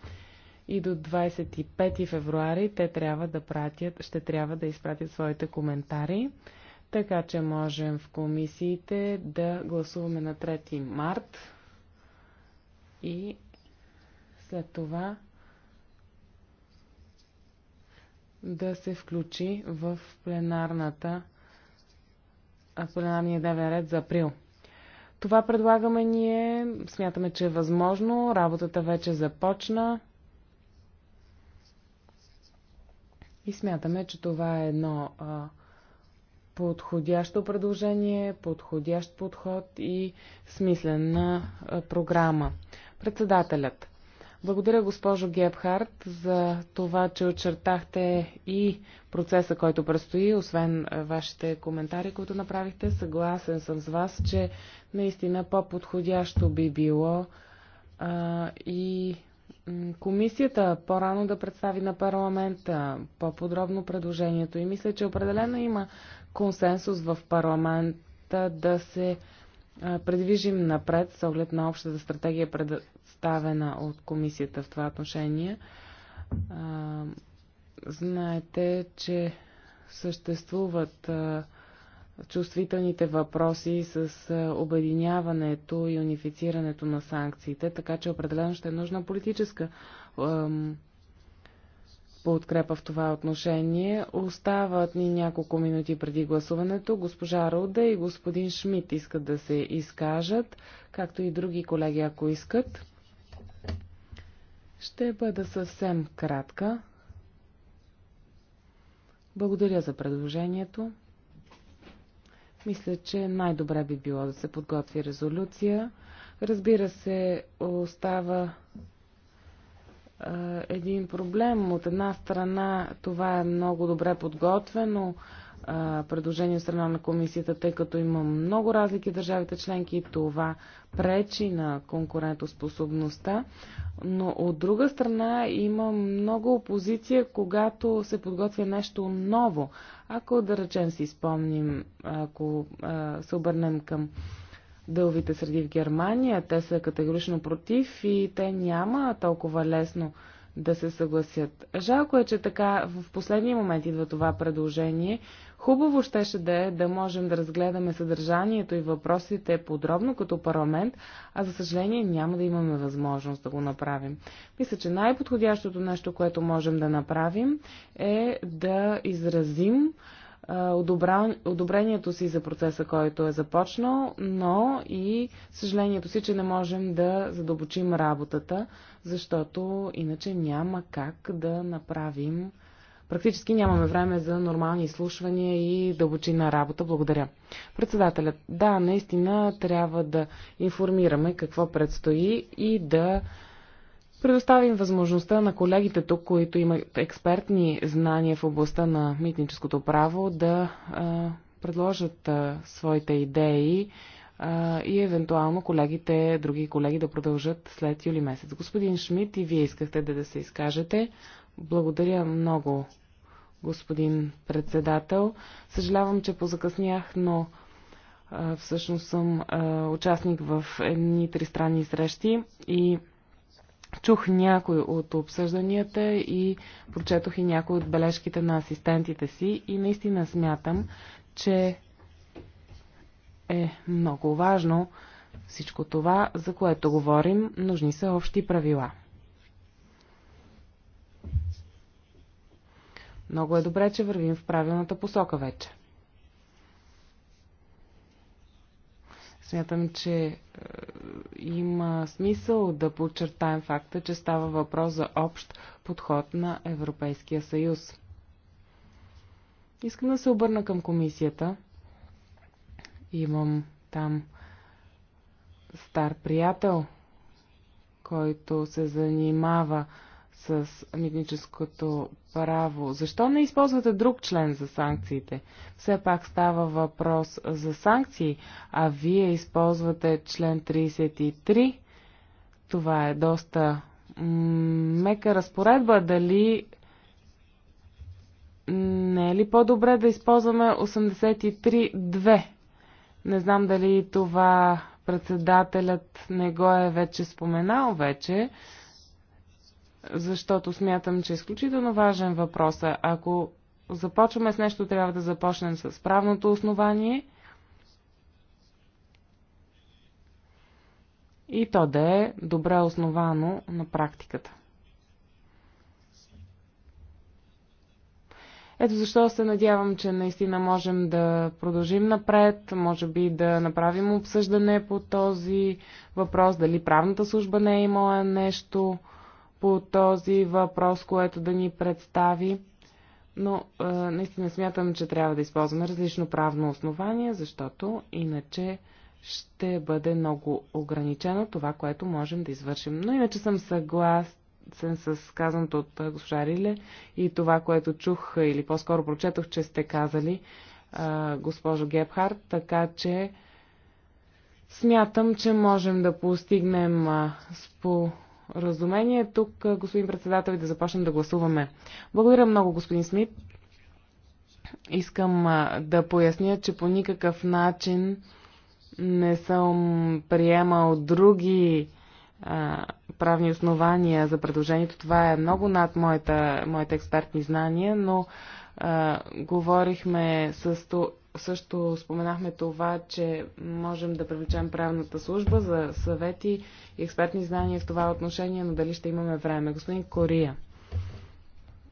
и до 25 февруари те трябва да пратят, ще трябва да изпратят своите коментари, така че можем в комисиите да гласуваме на 3 март и след това да се включи в пленарната пленарния дневен ред за април. Това предлагаме ние, смятаме, че е възможно, работата вече започна. И смятаме, че това е едно а, подходящо предложение, подходящ подход и смислена а, програма. Председателят. Благодаря, госпожо Гебхарт, за това, че очертахте и процеса, който предстои, освен вашите коментари, които направихте. Съгласен съм с вас, че наистина по-подходящо би било а, и комисията по-рано да представи на парламента по-подробно предложението и мисля, че определено има консенсус в парламента да се предвижим напред с оглед на общата стратегия, представена от комисията в това отношение. Знаете, че съществуват чувствителните въпроси с обединяването и унифицирането на санкциите, така че определено ще е нужна политическа ем, подкрепа в това отношение. Остават ни няколко минути преди гласуването. Госпожа Руде и господин Шмидт искат да се изкажат, както и други колеги, ако искат. Ще бъда съвсем кратка. Благодаря за предложението. Мисля, че най-добре би било да се подготви резолюция. Разбира се, остава е, един проблем. От една страна това е много добре подготвено, предложение от страна на комисията, тъй като има много разлики в държавите членки и това пречи на конкурентоспособността. Но от друга страна има много опозиция, когато се подготвя нещо ново. Ако да речем си спомним, ако се обърнем към дълвите среди в Германия, те са категорично против и те няма толкова лесно да се съгласят. Жалко е, че така в последния момент идва това предложение, Хубаво щеше да е да можем да разгледаме съдържанието и въпросите подробно като парламент, а за съжаление няма да имаме възможност да го направим. Мисля, че най-подходящото нещо, което можем да направим е да изразим одобрението си за процеса, който е започнал, но и съжалението си, че не можем да задълбочим работата, защото иначе няма как да направим Практически нямаме време за нормални изслушвания и дълбочина работа. Благодаря. Председателят, да, наистина трябва да информираме какво предстои и да предоставим възможността на колегите тук, които имат експертни знания в областта на митническото право, да а, предложат а, своите идеи а, и евентуално колегите, други колеги да продължат след юли месец. Господин Шмидт, и вие искахте да, да се изкажете. Благодаря много, господин председател. Съжалявам, че позакъснях, но а, всъщност съм а, участник в едни тристранни срещи и чух някой от обсъжданията и прочетох и някои от бележките на асистентите си и наистина смятам, че е много важно всичко това, за което говорим, нужни са общи правила. Много е добре, че вървим в правилната посока вече. Смятам, че е, има смисъл да подчертаем факта, че става въпрос за общ подход на Европейския съюз. Искам да се обърна към комисията. Имам там стар приятел, който се занимава с митническото право. Защо не използвате друг член за санкциите? Все пак става въпрос за санкции, а вие използвате член 33. Това е доста мека разпоредба. Дали не е ли по-добре да използваме 83.2? Не знам дали това председателят не го е вече споменал вече, защото смятам, че е изключително важен въпрос. Ако започваме с нещо, трябва да започнем с правното основание и то да е добре основано на практиката. Ето защо се надявам, че наистина можем да продължим напред, може би да направим обсъждане по този въпрос, дали правната служба не е имала нещо по този въпрос, което да ни представи. Но е, наистина смятам, че трябва да използваме различно правно основание, защото иначе ще бъде много ограничено това, което можем да извършим. Но иначе съм съгласен с казаното от е, госпожа Риле и това, което чух е, или по-скоро прочетох, че сте казали, е, госпожо Гепхард, така че смятам, че можем да постигнем е, спо споразумение тук, господин председател, и да започнем да гласуваме. Благодаря много, господин Смит. Искам да поясня, че по никакъв начин не съм приемал други а, правни основания за предложението. Това е много над моята, моите експертни знания, но а, говорихме с също споменахме това, че можем да привлечем правната служба за съвети и експертни знания в това отношение, но дали ще имаме време. Господин Кория.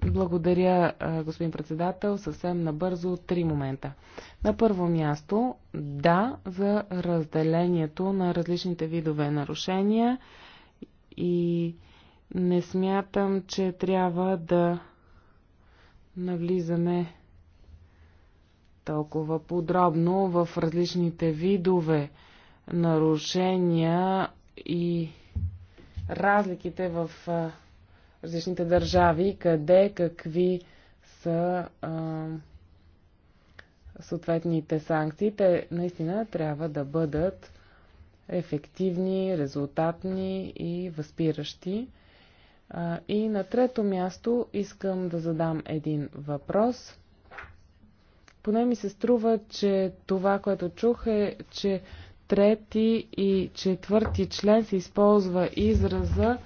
Благодаря, господин председател. Съвсем набързо три момента. На първо място, да, за разделението на различните видове нарушения и не смятам, че трябва да навлизаме толкова подробно в различните видове нарушения и разликите в различните държави, къде, какви са а, съответните санкции. Те наистина трябва да бъдат ефективни, резултатни и възпиращи. А, и на трето място искам да задам един въпрос – поне ми се струва, че това, което чух е, че трети и четвърти член се използва израза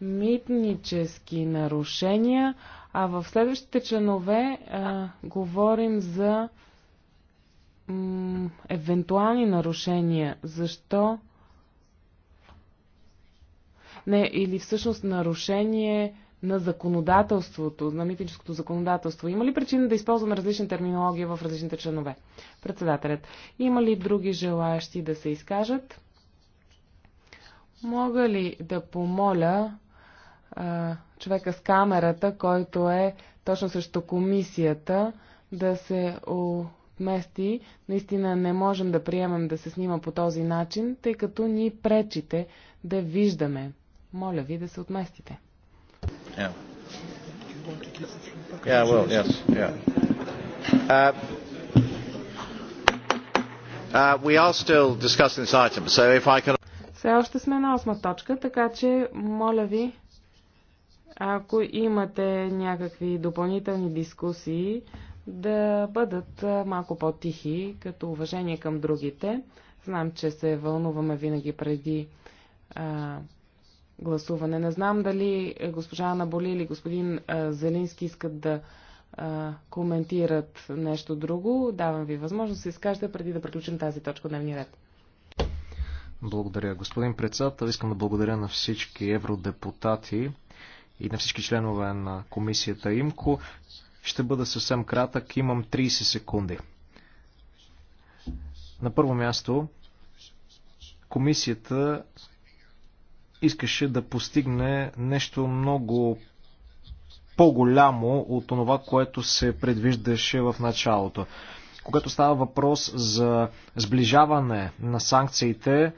митнически нарушения, а в следващите членове а, говорим за евентуални нарушения. Защо? Не, или всъщност нарушение на законодателството, на митническото законодателство. Има ли причина да използваме различна терминология в различните членове? Председателят. Има ли други желаящи да се изкажат? Мога ли да помоля а, човека с камерата, който е точно срещу комисията, да се отмести. Наистина не можем да приемем да се снима по този начин, тъй като ни пречите да виждаме. Моля ви да се отместите. Yeah. Yeah, will. yes, yeah. Uh, uh, we are still discussing this item, so if I can... Все още сме на осма точка, така че моля ви, ако имате някакви допълнителни дискусии, да бъдат малко по-тихи, като уважение към другите. Знам, че се вълнуваме винаги преди а, гласуване. Не знам дали госпожа Анаболи Боли или господин Зелински искат да коментират нещо друго. Давам ви възможност да се изкажете преди да приключим тази точка дневния ред. Благодаря. Господин председател, искам да благодаря на всички евродепутати и на всички членове на комисията ИМКО. Ще бъда съвсем кратък. Имам 30 секунди. На първо място, комисията искаше да постигне нещо много по-голямо от това, което се предвиждаше в началото. Когато става въпрос за сближаване на санкциите,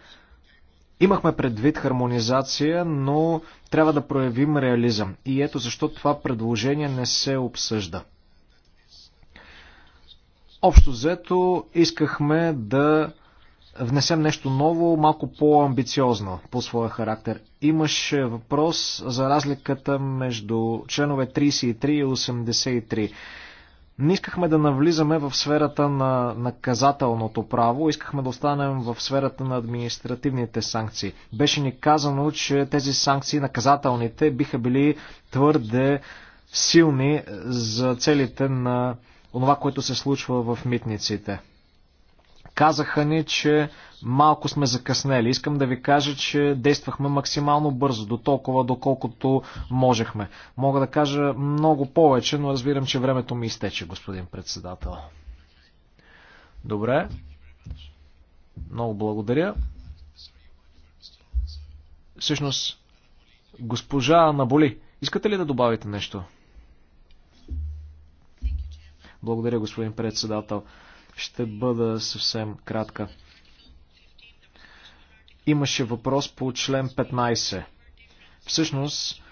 имахме предвид хармонизация, но трябва да проявим реализъм. И ето защо това предложение не се обсъжда. Общо взето искахме да внесем нещо ново, малко по-амбициозно по своя характер. Имаше въпрос за разликата между членове 33 и 83. Не искахме да навлизаме в сферата на наказателното право, искахме да останем в сферата на административните санкции. Беше ни казано, че тези санкции, наказателните, биха били твърде силни за целите на това, което се случва в митниците. Казаха ни, че малко сме закъснели. Искам да ви кажа, че действахме максимално бързо, до толкова, доколкото можехме. Мога да кажа много повече, но разбирам, че времето ми изтече, господин председател. Добре. Много благодаря. Всъщност, госпожа Наболи, искате ли да добавите нещо? Благодаря, господин председател. Ще бъда съвсем кратка. Имаше въпрос по член 15. Всъщност,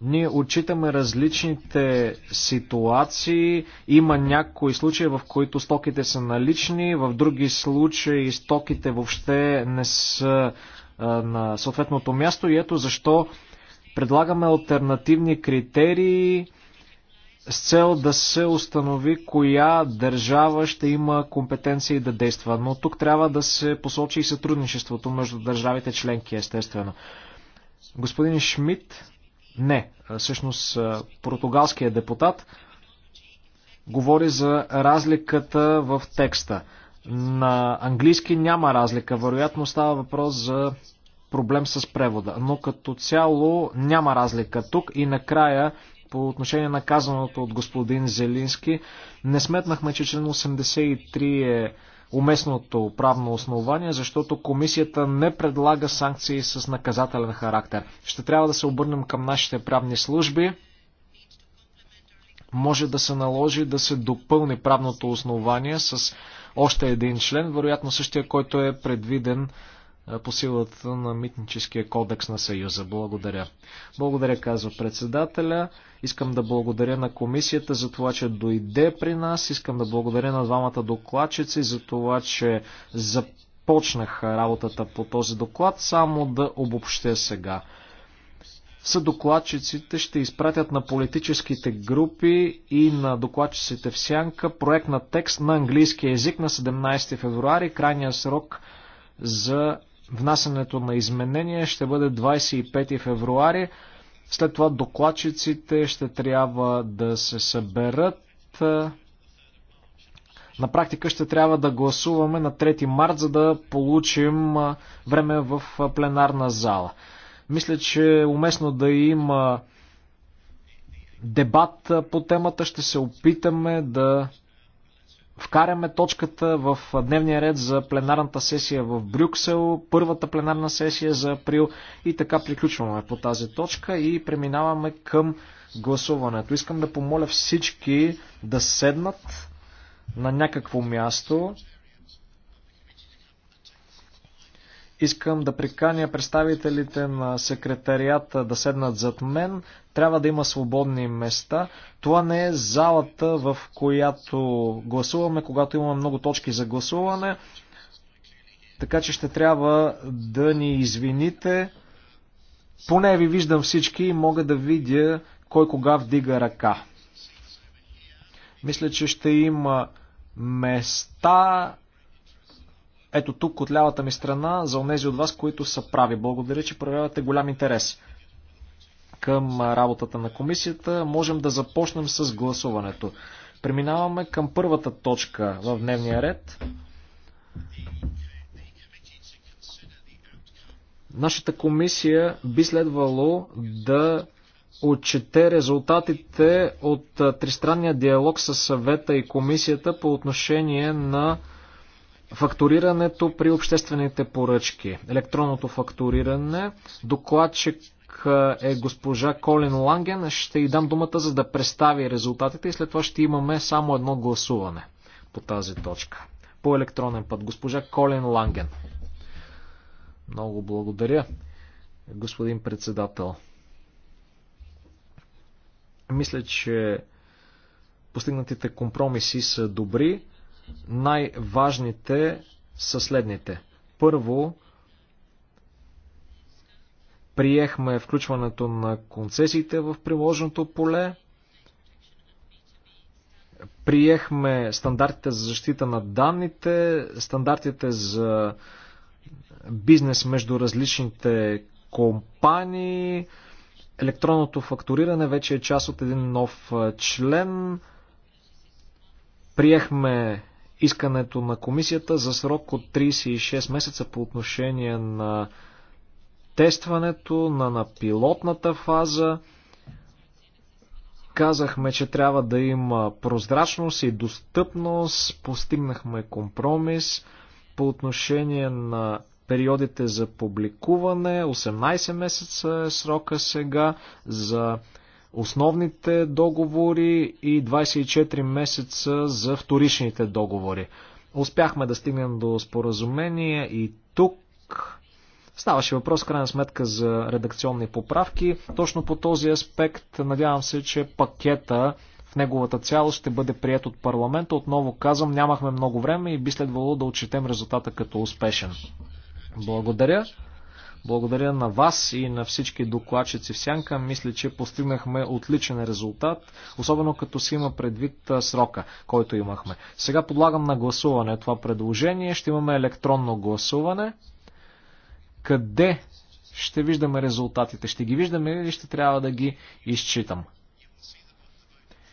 ние отчитаме различните ситуации. Има някои случаи, в които стоките са налични, в други случаи стоките въобще не са а, на съответното място. И ето защо предлагаме альтернативни критерии с цел да се установи коя държава ще има компетенции да действа. Но тук трябва да се посочи и сътрудничеството между държавите членки, естествено. Господин Шмидт, не, всъщност португалският депутат, говори за разликата в текста. На английски няма разлика. Вероятно става въпрос за проблем с превода. Но като цяло няма разлика тук и накрая по отношение на казаното от господин Зелински. Не сметнахме, че член 83 е уместното правно основание, защото комисията не предлага санкции с наказателен характер. Ще трябва да се обърнем към нашите правни служби. Може да се наложи да се допълни правното основание с още един член, вероятно същия, който е предвиден е, по силата на митническия кодекс на Съюза. Благодаря. Благодаря, казва председателя. Искам да благодаря на комисията за това, че дойде при нас. Искам да благодаря на двамата докладчици за това, че започнаха работата по този доклад. Само да обобщя сега. Съдокладчиците ще изпратят на политическите групи и на докладчиците в Сянка проект на текст на английски язик на 17 февруари. Крайния срок за Внасянето на изменения ще бъде 25 февруари. След това докладчиците ще трябва да се съберат. На практика ще трябва да гласуваме на 3 март, за да получим време в пленарна зала. Мисля, че е уместно да има дебат по темата. Ще се опитаме да вкараме точката в дневния ред за пленарната сесия в Брюксел, първата пленарна сесия за април и така приключваме по тази точка и преминаваме към гласуването. Искам да помоля всички да седнат на някакво място. Искам да приканя представителите на секретарията да седнат зад мен. Трябва да има свободни места. Това не е залата, в която гласуваме, когато имаме много точки за гласуване. Така че ще трябва да ни извините. Поне ви виждам всички и мога да видя кой кога вдига ръка. Мисля, че ще има места ето тук от лявата ми страна за онези от вас, които са прави. Благодаря, че проявявате голям интерес към работата на комисията. Можем да започнем с гласуването. Преминаваме към първата точка в дневния ред. Нашата комисия би следвало да отчете резултатите от тристранния диалог с съвета и комисията по отношение на Факторирането при обществените поръчки, електронното факториране, докладчик е госпожа Колин Ланген. Ще й дам думата, за да представи резултатите и след това ще имаме само едно гласуване по тази точка. По електронен път. Госпожа Колин Ланген. Много благодаря, господин председател. Мисля, че постигнатите компромиси са добри най-важните са следните. Първо, приехме включването на концесиите в приложеното поле, приехме стандартите за защита на данните, стандартите за бизнес между различните компании, електронното фактуриране вече е част от един нов член, приехме искането на комисията за срок от 36 месеца по отношение на тестването, на, на пилотната фаза. Казахме, че трябва да има прозрачност и достъпност. Постигнахме компромис по отношение на периодите за публикуване. 18 месеца е срока сега за основните договори и 24 месеца за вторичните договори. Успяхме да стигнем до споразумение и тук Ставаше въпрос, крайна сметка, за редакционни поправки. Точно по този аспект надявам се, че пакета в неговата цялост ще бъде прият от парламента. Отново казвам, нямахме много време и би следвало да отчетем резултата като успешен. Благодаря. Благодаря на вас и на всички докладчици в Сянка. Мисля, че постигнахме отличен резултат, особено като си има предвид срока, който имахме. Сега подлагам на гласуване това предложение. Ще имаме електронно гласуване. Къде ще виждаме резултатите? Ще ги виждаме или ще трябва да ги изчитам?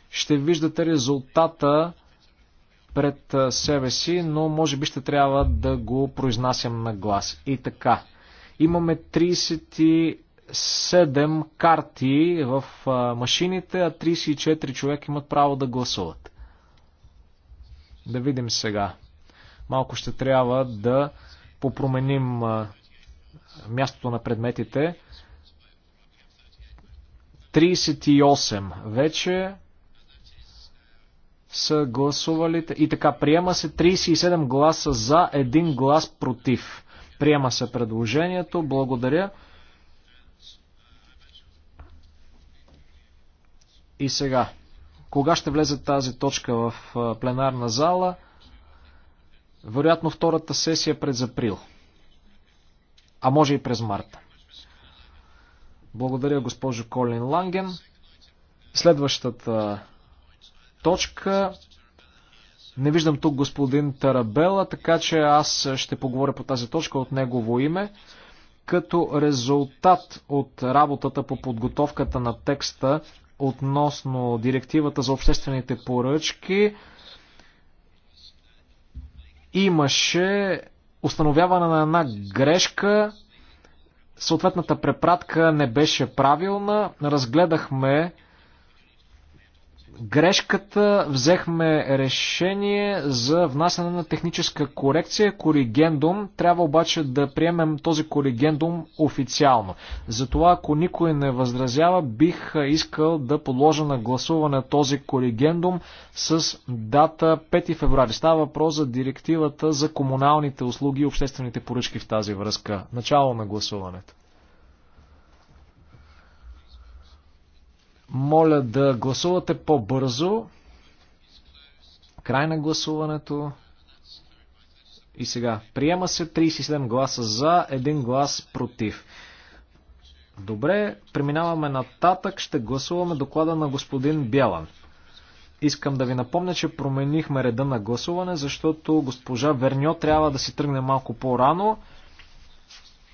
Ще виждате резултата пред себе си, но може би ще трябва да го произнасям на глас. И така. Имаме 37 карти в машините, а 34 човека имат право да гласуват. Да видим сега. Малко ще трябва да попроменим мястото на предметите. 38 вече са гласували. И така, приема се 37 гласа за, 1 глас против. Приема се предложението. Благодаря. И сега, кога ще влезе тази точка в пленарна зала? Вероятно втората сесия през април. А може и през марта. Благодаря, госпожо Колин Ланген. Следващата точка не виждам тук господин Тарабела, така че аз ще поговоря по тази точка от негово име. Като резултат от работата по подготовката на текста относно директивата за обществените поръчки, имаше установяване на една грешка. Съответната препратка не беше правилна. Разгледахме грешката, взехме решение за внасяне на техническа корекция, коригендум. Трябва обаче да приемем този коригендум официално. Затова, ако никой не възразява, бих искал да подложа на гласуване този коригендум с дата 5 феврари. Става въпрос за директивата за комуналните услуги и обществените поръчки в тази връзка. Начало на гласуването. Моля да гласувате по-бързо. Край на гласуването. И сега, приема се 37 гласа за, 1 глас против. Добре, преминаваме нататък. Ще гласуваме доклада на господин Бялан. Искам да ви напомня, че променихме реда на гласуване, защото госпожа Верньо трябва да си тръгне малко по-рано.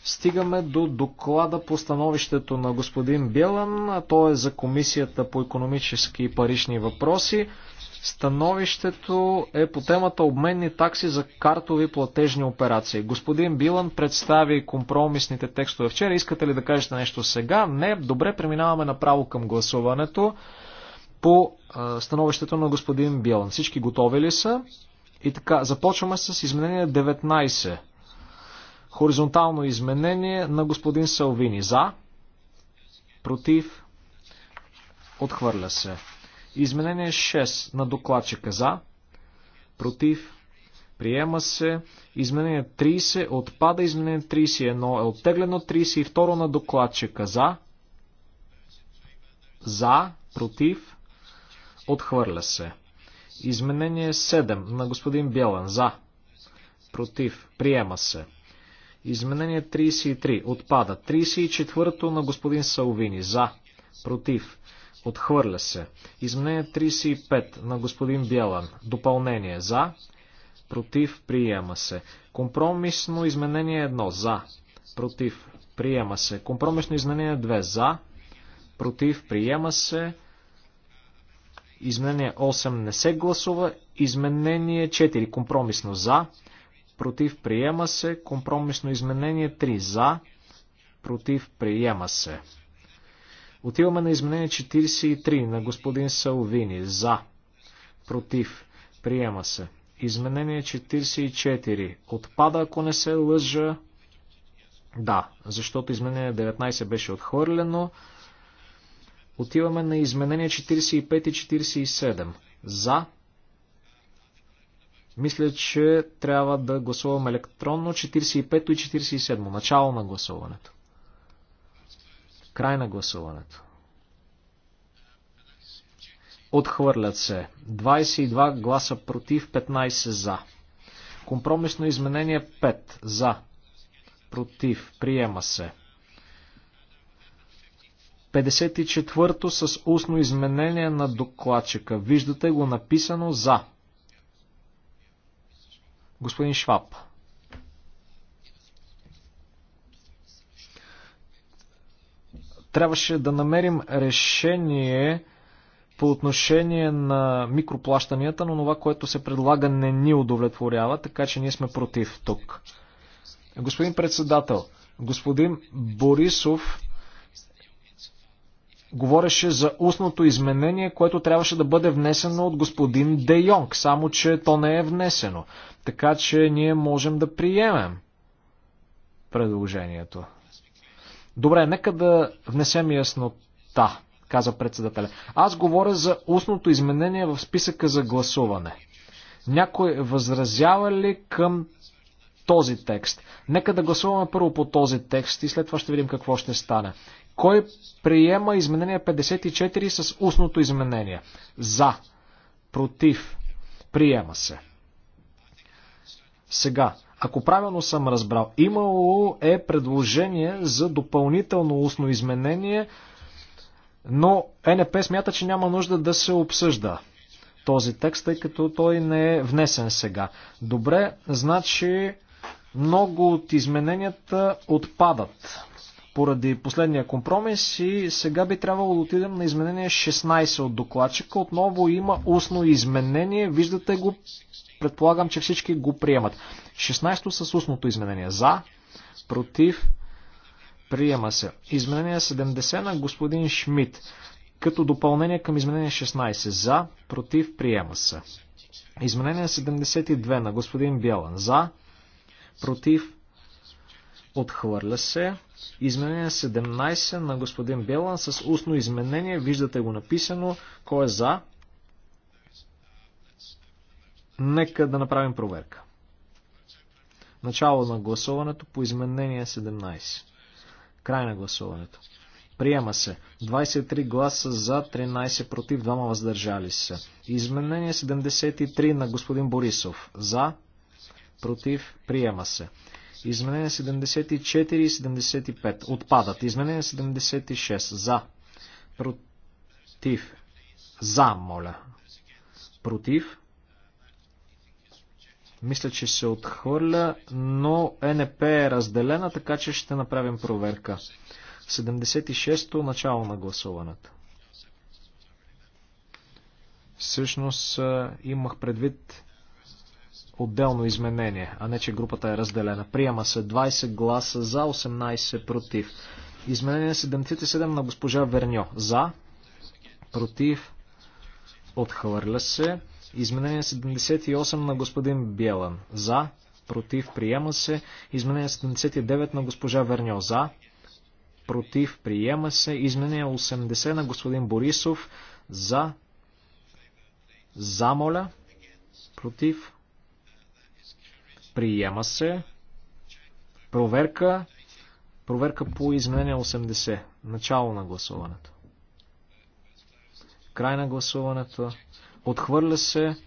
Стигаме до доклада по становището на господин Белан, то е за Комисията по економически и парични въпроси. Становището е по темата обменни такси за картови платежни операции. Господин Билан представи компромисните текстове вчера. Искате ли да кажете нещо сега? Не. Добре, преминаваме направо към гласуването по становището на господин Билан. Всички готови ли са? И така, започваме с изменение 19. Хоризонтално изменение на господин Салвини. За. Против. Отхвърля се. Изменение 6 на докладчика. За. Против. Приема се. Изменение 30 отпада. Изменение 31 е оттеглено. 32 на докладчика. За. За. Против. Отхвърля се. Изменение 7 на господин Бялан. За. Против. Приема се. Изменение 33 отпада. 34-то на господин Салвини. За. Против. Отхвърля се. Изменение 35 на господин Бялан. Допълнение. За. Против. Приема се. Компромисно изменение 1. За. Против. Приема се. Компромисно изменение 2. За. Против. Приема се. Изменение 8 не се гласува. Изменение 4. Компромисно за против, приема се. Компромисно изменение 3 за, против, приема се. Отиваме на изменение 43 на господин Салвини. За, против, приема се. Изменение 44. Отпада, ако не се лъжа. Да, защото изменение 19 беше отхвърлено. Отиваме на изменение 45 и 47. За, мисля, че трябва да гласувам електронно 45 и 47. Начало на гласуването. Край на гласуването. Отхвърлят се. 22 гласа против, 15 за. Компромисно изменение 5 за. Против. Приема се. 54-то с устно изменение на докладчика. Виждате го написано за. Господин Шваб. Трябваше да намерим решение по отношение на микроплащанията, но това, което се предлага, не ни удовлетворява, така че ние сме против тук. Господин председател, господин Борисов говореше за устното изменение, което трябваше да бъде внесено от господин Де Йонг, само че то не е внесено. Така че ние можем да приемем предложението. Добре, нека да внесем яснота, каза председателя. Аз говоря за устното изменение в списъка за гласуване. Някой възразява ли към този текст? Нека да гласуваме първо по този текст и след това ще видим какво ще стане. Кой приема изменение 54 с устното изменение? За. Против. Приема се. Сега, ако правилно съм разбрал, имало е предложение за допълнително устно изменение, но НП смята, че няма нужда да се обсъжда този текст, тъй като той не е внесен сега. Добре, значи много от измененията отпадат поради последния компромис и сега би трябвало да отидем на изменение 16 от докладчика. Отново има устно изменение, виждате го, предполагам, че всички го приемат. 16 с устното изменение. За, против, приема се. Изменение 70 на господин Шмидт. Като допълнение към изменение 16. За, против, приема се. Изменение 72 на господин Бялан. За, против, отхвърля се. Изменение 17 на господин Белан с устно изменение. Виждате го написано. Кой е за? Нека да направим проверка. Начало на гласуването по изменение 17. Край на гласуването. Приема се. 23 гласа за, 13 против, 2 въздържали се. Изменение 73 на господин Борисов. За, против, приема се. Изменение 74 и 75 отпадат. Изменение 76 за. Против. За, моля. Против. Мисля, че се отхвърля, но НП е разделена, така че ще направим проверка. 76-то начало на гласуването. Всъщност имах предвид отделно изменение, а не че групата е разделена. Приема се 20 гласа за, 18 против. Изменение 77 на госпожа Верньо. За, против, отхвърля се. Изменение 78 на господин Белан. За, против, приема се. Изменение 79 на госпожа Верньо. За, против, приема се. Изменение 80 на господин Борисов. За, замоля, против, Приема се. Проверка. Проверка по изменение 80. Начало на гласуването. Край на гласуването. Отхвърля се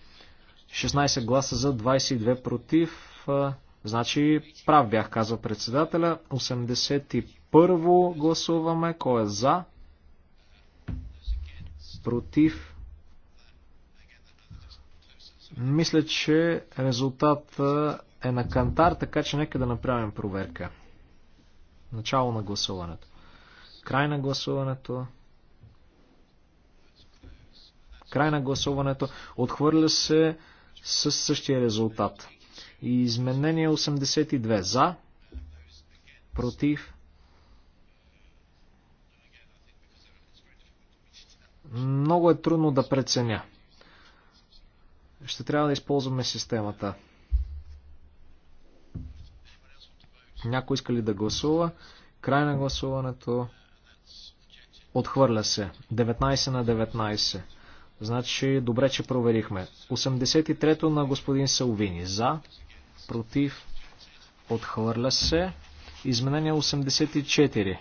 16 гласа за 22 против. Значи прав бях, казва председателя. 81 гласуваме. Кой е за? Против. Мисля, че резултата е на кантар, така че нека да направим проверка. Начало на гласуването. Край на гласуването. Край на гласуването. Отхвърля се със същия резултат. И изменение 82. За. Против. Много е трудно да преценя. Ще трябва да използваме системата. Някой иска ли да гласува? Край на гласуването. Отхвърля се. 19 на 19. Значи, добре, че проверихме. 83-то на господин Салвини. За, против, отхвърля се. Изменение 84.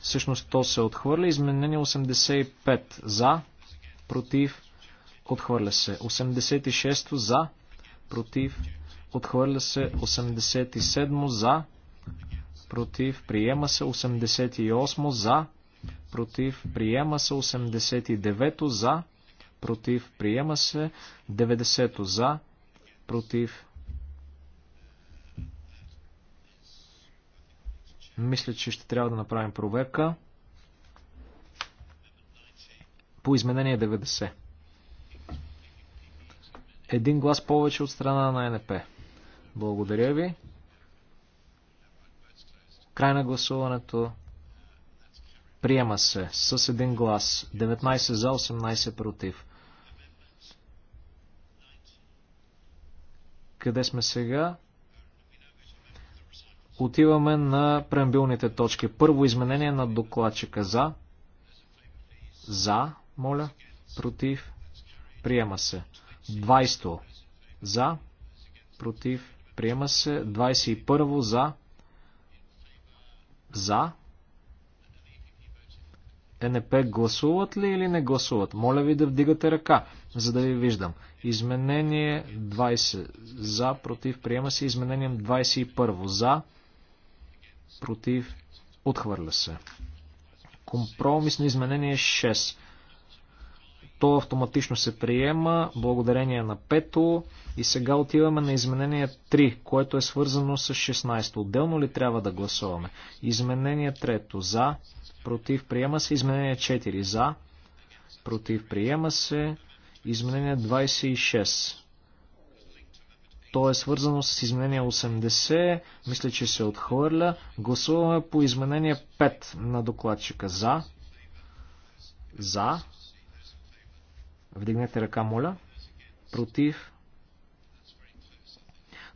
Всъщност то се отхвърля. Изменение 85. За, против, отхвърля се. 86-то за, против, Отхвърля се 87 за. Против. Приема се 88 за. Против. Приема се 89 за. Против. Приема се 90 за. Против. Мисля, че ще трябва да направим проверка по изменение 90. Един глас повече от страна на НП. Благодаря ви. Край на гласуването. Приема се с един глас. 19 за, 18 против. Къде сме сега? Отиваме на преамбилните точки. Първо изменение на докладчика за. За, моля. Против. Приема се. 20. За. Против. Приема се 21 за. За. Е, НП гласуват ли или не гласуват? Моля ви да вдигате ръка, за да ви виждам. Изменение 20 за, против, приема се. Изменение 21 за, против, отхвърля се. Компромисно изменение 6. То автоматично се приема благодарение на пето. И сега отиваме на изменение 3, което е свързано с 16. Отделно ли трябва да гласуваме? Изменение 3. За. Против. Приема се. Изменение 4. За. Против. Приема се. Изменение 26. То е свързано с изменение 80. Мисля, че се отхвърля. Гласуваме по изменение 5 на докладчика. За. За. Вдигнете ръка, моля. Против.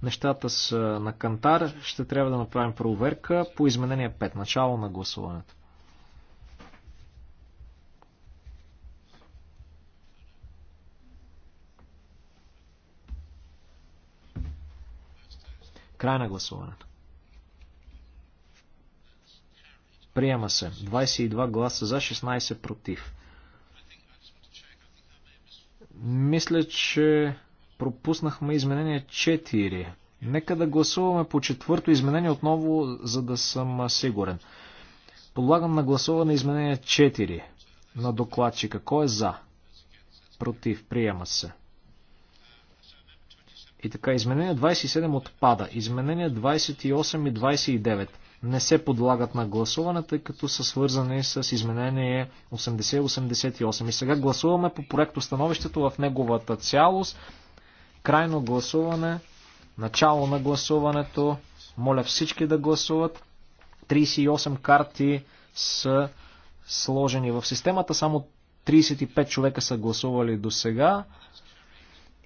Нещата с на кантар. Ще трябва да направим проверка по изменение 5. Начало на гласуването. Край на гласуването. Приема се. 22 гласа за, 16 против. Мисля, че пропуснахме изменение 4. Нека да гласуваме по четвърто изменение отново, за да съм сигурен. Подлагам на гласуване изменение 4 на докладчика. Кой е за? Против. Приема се. И така, изменение 27 отпада. Изменение 28 и 29 не се подлагат на гласуване, тъй като са свързани с изменение 80-88. И сега гласуваме по проекто становището в неговата цялост Крайно гласуване. Начало на гласуването. Моля всички да гласуват. 38 карти са сложени в системата. Само 35 човека са гласували до сега.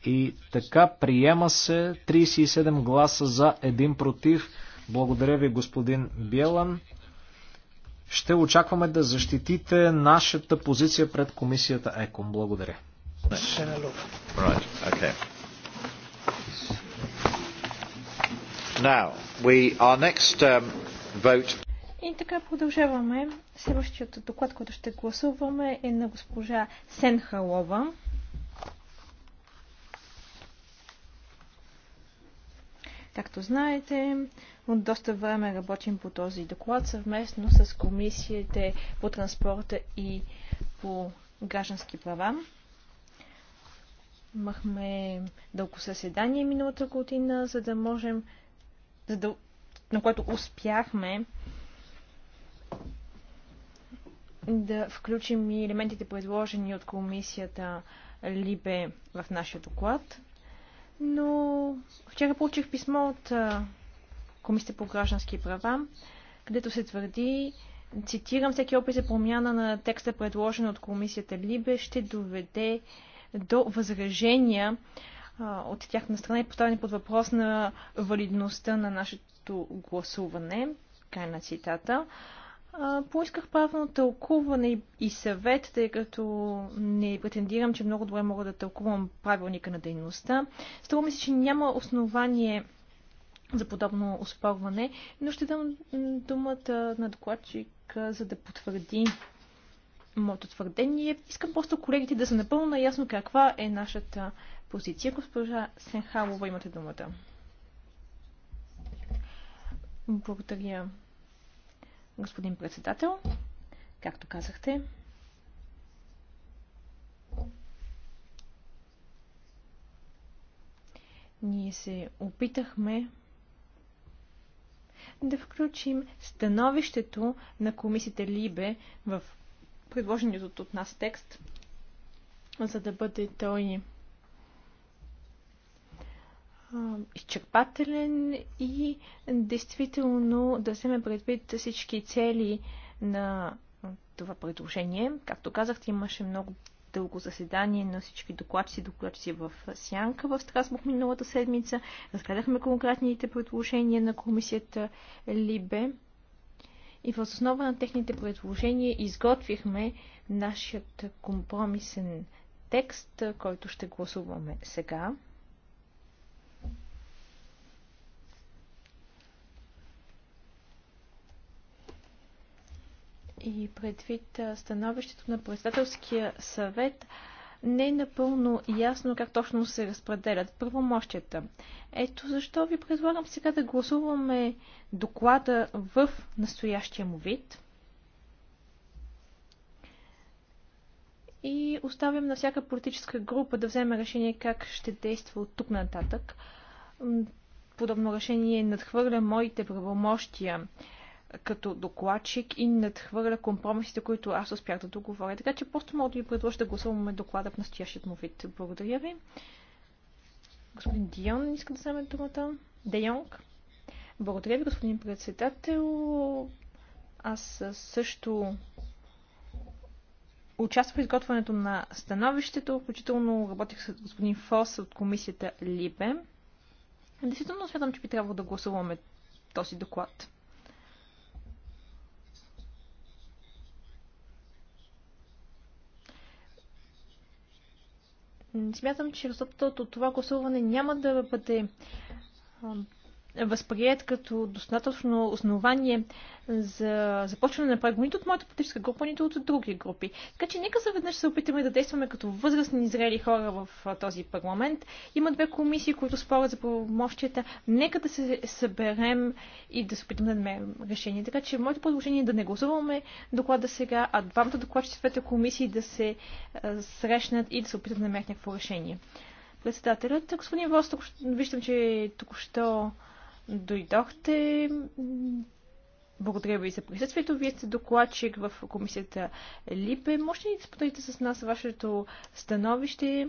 И така приема се 37 гласа за 1 против. Благодаря ви, господин Биелан. Ще очакваме да защитите нашата позиция пред комисията ЕКОМ. Благодаря. Right. Okay. Um, и така продължаваме. Следващият доклад, който ще гласуваме е на госпожа Сенхалова. Както знаете, от доста време работим по този доклад съвместно с комисиите по транспорта и по граждански права. Имахме дълго съседание миналата година, за да можем на което успяхме да включим и елементите, предложени от комисията Либе в нашия доклад. Но вчера получих писмо от Комисията по граждански права, където се твърди, цитирам, всеки опит за промяна на текста, предложен от комисията Либе, ще доведе до възражения от тяхна страна и поставени под въпрос на валидността на нашето гласуване. Край на цитата. Поисках правилно тълкуване и съвет, тъй като не претендирам, че много добре мога да тълкувам правилника на дейността. Струва ми се, че няма основание за подобно оспорване, но ще дам думата на докладчик, за да потвърди моето твърдение. Искам просто колегите да са напълно наясно каква е нашата позиция. Госпожа Сенхалова, имате думата. Благодаря, господин председател. Както казахте, ние се опитахме да включим становището на комисията Либе в предложеният от, от нас текст, за да бъде той изчерпателен и действително да вземе предвид всички цели на това предложение. Както казахте, имаше много дълго заседание на всички докладчици, докладчици в Сянка в Страсбург миналата седмица. Разгледахме конкретните предложения на комисията Либе и в основа на техните предложения изготвихме нашият компромисен текст, който ще гласуваме сега. И предвид становището на председателския съвет, не е напълно ясно как точно се разпределят правомощията. Ето защо ви предлагам сега да гласуваме доклада в настоящия му вид. И оставям на всяка политическа група да вземе решение как ще действа от тук нататък. Подобно решение надхвърля моите правомощия като докладчик и надхвърля компромисите, които аз успях да договоря. Така че просто мога да ви предложа да гласуваме доклада в настоящият му вид. Благодаря ви. Господин Дион иска да вземе думата. Дейонг. Благодаря ви, господин председател. Аз също участвах в изготвянето на становището, включително работих с господин Фос от комисията Либе. Действително смятам, че би трябвало да гласуваме този доклад. Смятам, че резултатът от това гласуване няма да бъде възприят като достатъчно основание за започване на преговори нито от моята политическа група, нито от други групи. Така че нека заведнъж се опитаме да действаме като възрастни и зрели хора в този парламент. Има две комисии, които спорят за правомощията. Нека да се съберем и да се опитаме да намерим решение. Така че моето предложение е да не гласуваме доклада сега, а двамата доклада в двете комисии да се срещнат и да се опитат да намерят някакво решение. Председателят, господин Восток, виждам, че току-що дойдохте. Благодаря ви за присъствието. Вие сте докладчик в комисията Липе. Може ли да споделите с нас вашето становище?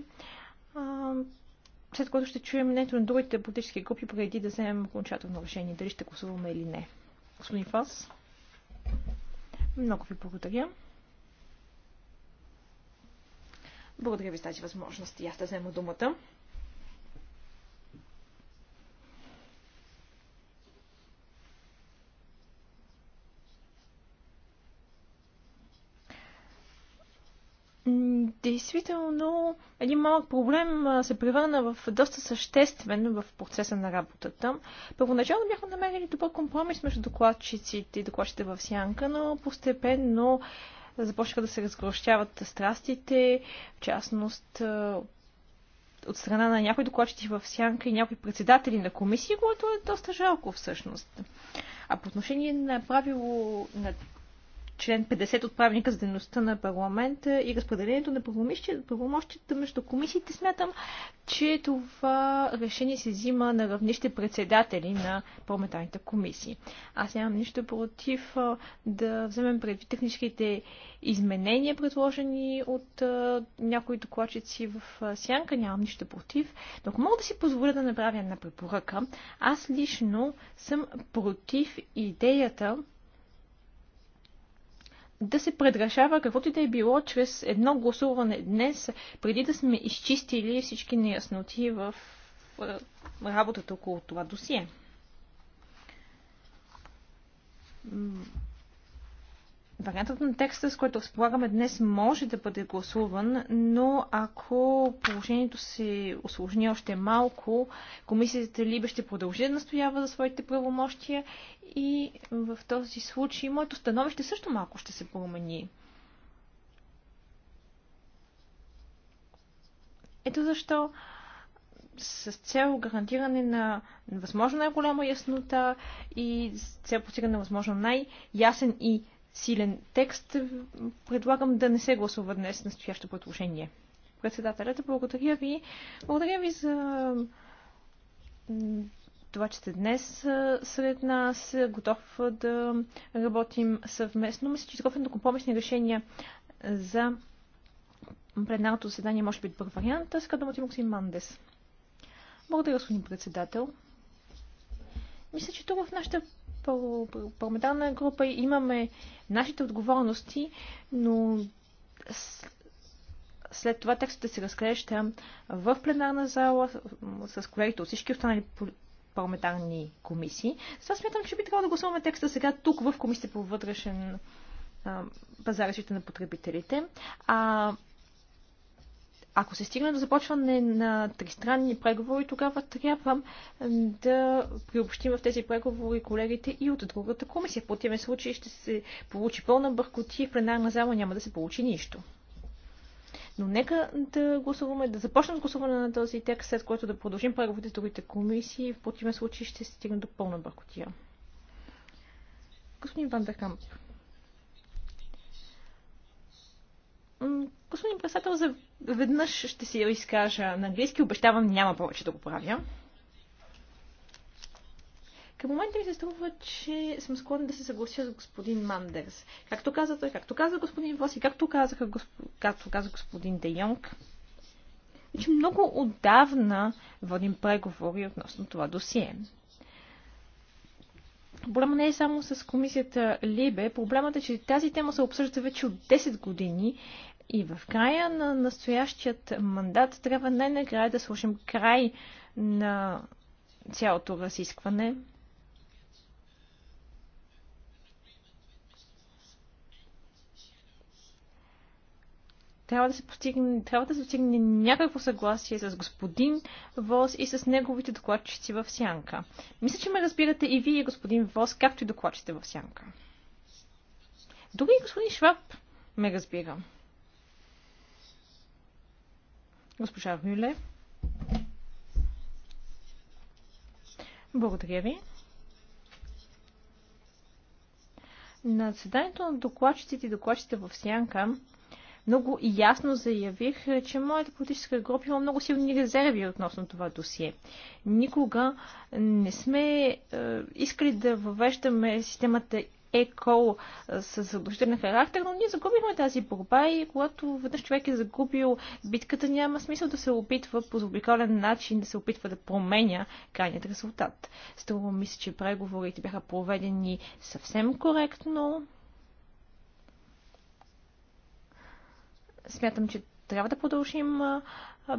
след което ще чуем мнението на другите политически групи, преди да вземем окончателно решение, дали ще гласуваме или не. Господин Фас, много ви благодаря. Благодаря ви за тази възможност и аз да взема думата. Действително, един малък проблем се превърна в доста съществен в процеса на работата. Първоначално бяхме намерили добър компромис между докладчиците и докладчите в сянка, но постепенно започнаха да се разгрощават страстите, в частност от страна на някои докладчици в сянка и някои председатели на комисии, което е доста жалко всъщност. А по отношение на правило на член 50 от правилника за дейността на парламента и разпределението на правомощията между комисиите, смятам, че това решение се взима на равнище председатели на парламентарните комисии. Аз нямам нищо против да вземем предвид техническите изменения, предложени от някои докладчици в сянка. Нямам нищо против. Но ако мога да си позволя да направя една препоръка, аз лично съм против идеята да се предрешава каквото и да е било чрез едно гласуване днес, преди да сме изчистили всички неясноти в работата около това досие. Вариантът на текста, с който разполагаме днес, може да бъде гласуван, но ако положението се осложни още малко, комисията Либе ще продължи да настоява за своите правомощия и в този случай моето становище също малко ще се промени. Ето защо с цел гарантиране на възможно най-голяма яснота и с цел постигане на възможно най-ясен и силен текст, предлагам да не се гласува днес настоящо предложение. Председателята, благодаря ви. Благодаря ви за това, че сте днес сред нас. Готов да работим съвместно. Мисля, че изготвянето компромисни решения за пленарното заседание може би първ вариант. Сега да мотивам господин Мандес. Благодаря, господин председател. Мисля, че тук в нашата парламентарна група имаме нашите отговорности, но след това текстът се разглежда в пленарна зала с колегите от всички останали парламентарни комисии. Сега смятам, че би трябвало да гласуваме текста сега тук в комисията по вътрешен пазар на потребителите. А ако се стигне до започване на тристранни преговори, тогава трябва да приобщим в тези преговори колегите и от другата комисия. В противен случай ще се получи пълна бъркоти и в пленарна зала няма да се получи нищо. Но нека да гласуваме, да започнем гласуване на този текст, след което да продължим преговорите с другите комисии. В противен случай ще се стигне до пълна бъркотия. Господин Вандеркамп. Господин председател, за веднъж ще си изкажа на английски. Обещавам, няма повече да го правя. Към момента ми се струва, че съм склонен да се съглася с господин Мандерс. Както каза той, както каза господин Вос и както казаха госп... както каза господин Де Йонг, че много отдавна водим преговори относно това досие. Проблема не е само с комисията Либе. Проблемът е, че тази тема се обсъжда вече от 10 години, и в края на настоящият мандат трябва най-накрая да сложим край на цялото разискване. Трябва да, се постигне, трябва да се някакво съгласие с господин Вос и с неговите докладчици в Сянка. Мисля, че ме разбирате и вие, господин Вос, както и докладчите в Сянка. Дори и господин Шваб ме разбира. Госпожа Рюле. Благодаря ви. На заседанието на докладчиците и докладчите в Сянка много ясно заявих, че моята политическа група има много силни резерви относно това досие. Никога не сме е, искали да въвеждаме системата ЕКОЛ с задължителен характер, но ние загубихме тази борба и когато веднъж човек е загубил битката, няма смисъл да се опитва по заобиколен начин да се опитва да променя крайният резултат. Струва ми се, че преговорите бяха проведени съвсем коректно. Смятам, че трябва да продължим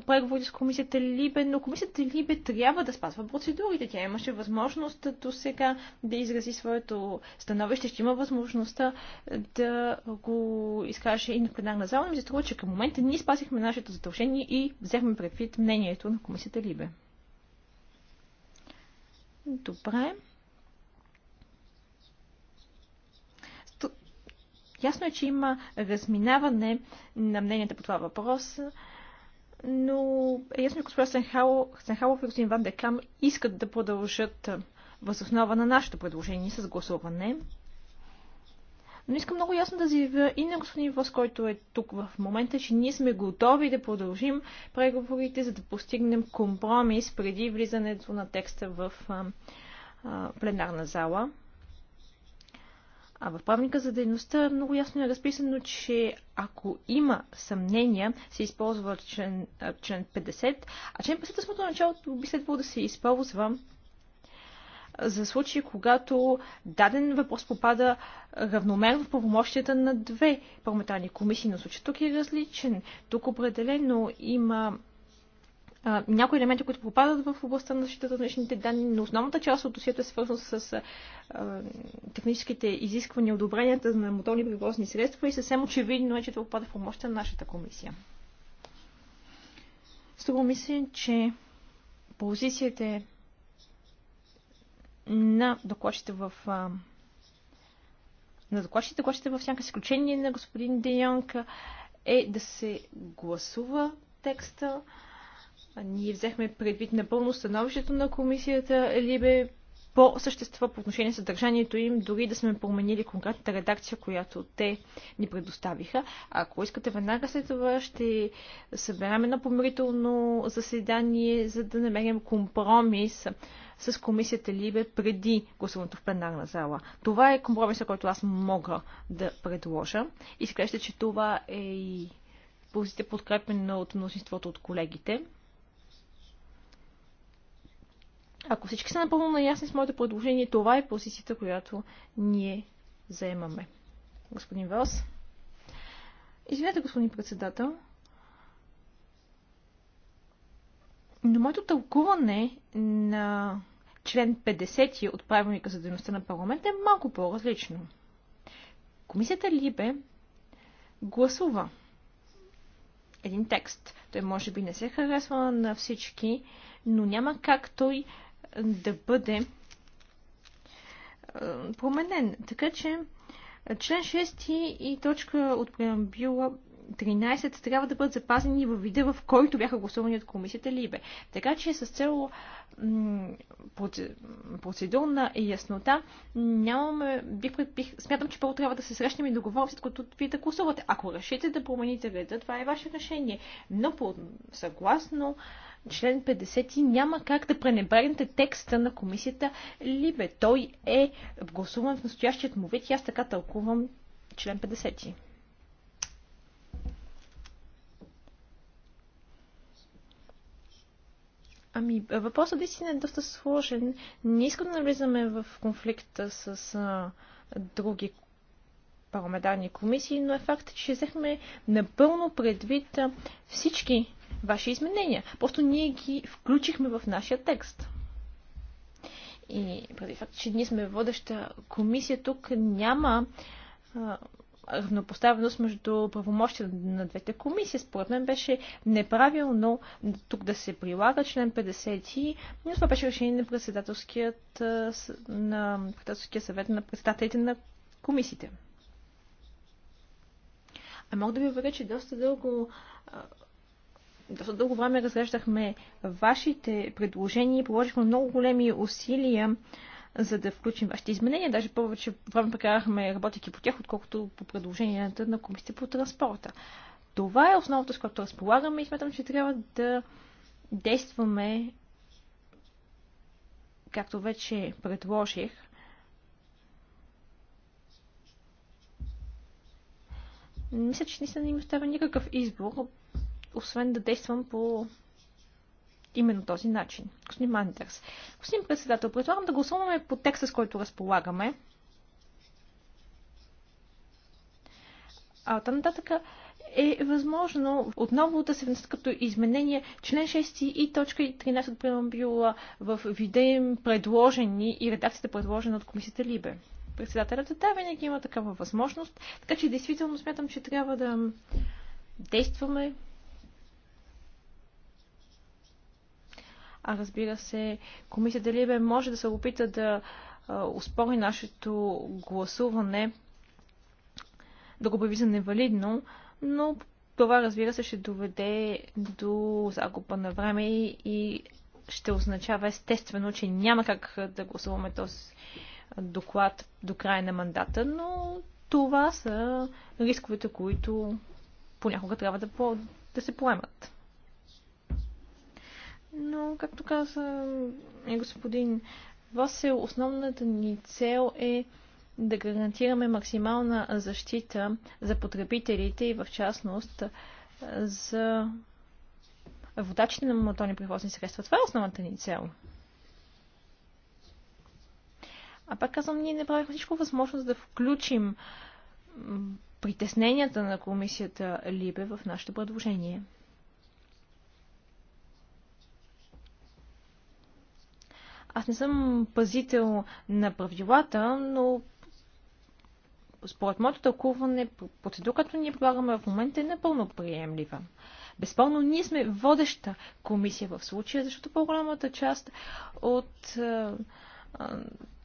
преговори с комисията Либе, но комисията Либе трябва да спазва процедурите. Тя имаше възможност до сега да изрази своето становище, ще има възможността да го изкаже и на пленарна зала, ми се струва, че към момента ние спасихме нашето задължение и взехме предвид мнението на комисията Либе. Добре. Ясно е, че има разминаване на мненията по това въпрос но е ясно, че госпожа Сенхалов и господин Ван Декам искат да продължат възоснова на нашето предложение с гласуване. Но искам много ясно да заявя и на господин Вос, който е тук в момента, че ние сме готови да продължим преговорите, за да постигнем компромис преди влизането на текста в а, а, пленарна зала. А в правника за дейността много ясно е разписано, че ако има съмнения, се използва член, член 50, а член 50 е самото началото би следвало да се използва за случаи, когато даден въпрос попада равномерно в правомощията на две парламентарни комисии, но случай тук е различен. Тук определено има някои елементи, които попадат в областта на защитата на личните данни, но основната част от досието е свързано с а, техническите изисквания, одобренията на моторни превозни средства и съвсем очевидно е, че това попада в помощта на нашата комисия. С това мисля, че позициите на докладчите в а, на докладчите, докладчите в всяка изключение на господин Денянка е да се гласува текста, ние взехме предвид напълно становището на комисията Либе по същество по отношение на съдържанието им, дори да сме променили конкретната редакция, която те ни предоставиха. Ако искате веднага след това, ще съберем едно помирително заседание, за да намерим компромис с комисията Либе преди гласуването в пленарна зала. Това е компромиса, който аз мога да предложа. Изглежда, че това е и позиция подкрепена от мнозинството от колегите. Ако всички са напълно наясни с моето предложение, това е позицията, която ние заемаме. Господин Велс. Извинете, господин председател. Но моето тълкуване на член 50 от правилника за дейността на парламента е малко по-различно. Комисията Либе гласува един текст. Той може би не се харесва на всички, но няма как той да бъде е, променен. Така че член 6 и точка от преамбюла 13 трябва да бъдат запазени във вида, в който бяха гласувани от комисията Либе. Така че с цел процедурна яснота нямаме, бих, бих, смятам, че първо трябва да се срещнем и договорим, след като вие да гласувате. Ако решите да промените реда, това е ваше решение. Но по, съгласно член 50 няма как да пренебрегнете текста на комисията Либе. Той е гласуван в настоящият му вид и аз така тълкувам член 50. Ами, въпросът наистина е доста сложен. Не искам да навлизаме в конфликта с а, други парламентарни комисии, но е факт, че взехме напълно предвид всички ваши изменения. Просто ние ги включихме в нашия текст. И преди факт, че ние сме водеща комисия, тук няма а, равнопоставеност между правомощите на двете комисии. Според мен беше неправилно тук да се прилага член 50, но това беше решение на председателският, на председателския съвет на председателите на комисиите. А мога да ви уверя, че доста дълго доста дълго време разглеждахме вашите предложения и положихме много големи усилия за да включим вашите изменения. Даже повече време прекарахме работейки по тях, отколкото по предложенията на комисията по транспорта. Това е основата, с която разполагаме и смятам, че трябва да действаме както вече предложих. Мисля, че не са ни оставя никакъв избор, освен да действам по именно този начин. Господин Мандерс. Господин председател, предлагам да гласуваме по текста, с който разполагаме. А от нататък е възможно отново да се внесат като изменение член 6 и точка 13 от преамбюла в вида им предложени и редакцията предложена от комисията Либе. Председателят да винаги има такава възможност, така че действително смятам, че трябва да действаме А разбира се, комисията Либе може да се опита да успори нашето гласуване, да го обяви за невалидно, но това, разбира се, ще доведе до загуба на време и ще означава естествено, че няма как да гласуваме този доклад до края на мандата, но това са рисковете, които понякога трябва да, по... да се поемат. Но, както каза господин Васил, основната ни цел е да гарантираме максимална защита за потребителите и в частност за водачите на моторни превозни средства. Това е основната ни цел. А пак казвам, ние не правихме всичко възможно, да включим притесненията на комисията Либе в нашето предложение. Аз не съм пазител на правилата, но според моето тълкуване, процедурата ние предлагаме в момента е напълно приемлива. Безпълно ние сме водеща комисия в случая, защото по-голямата част от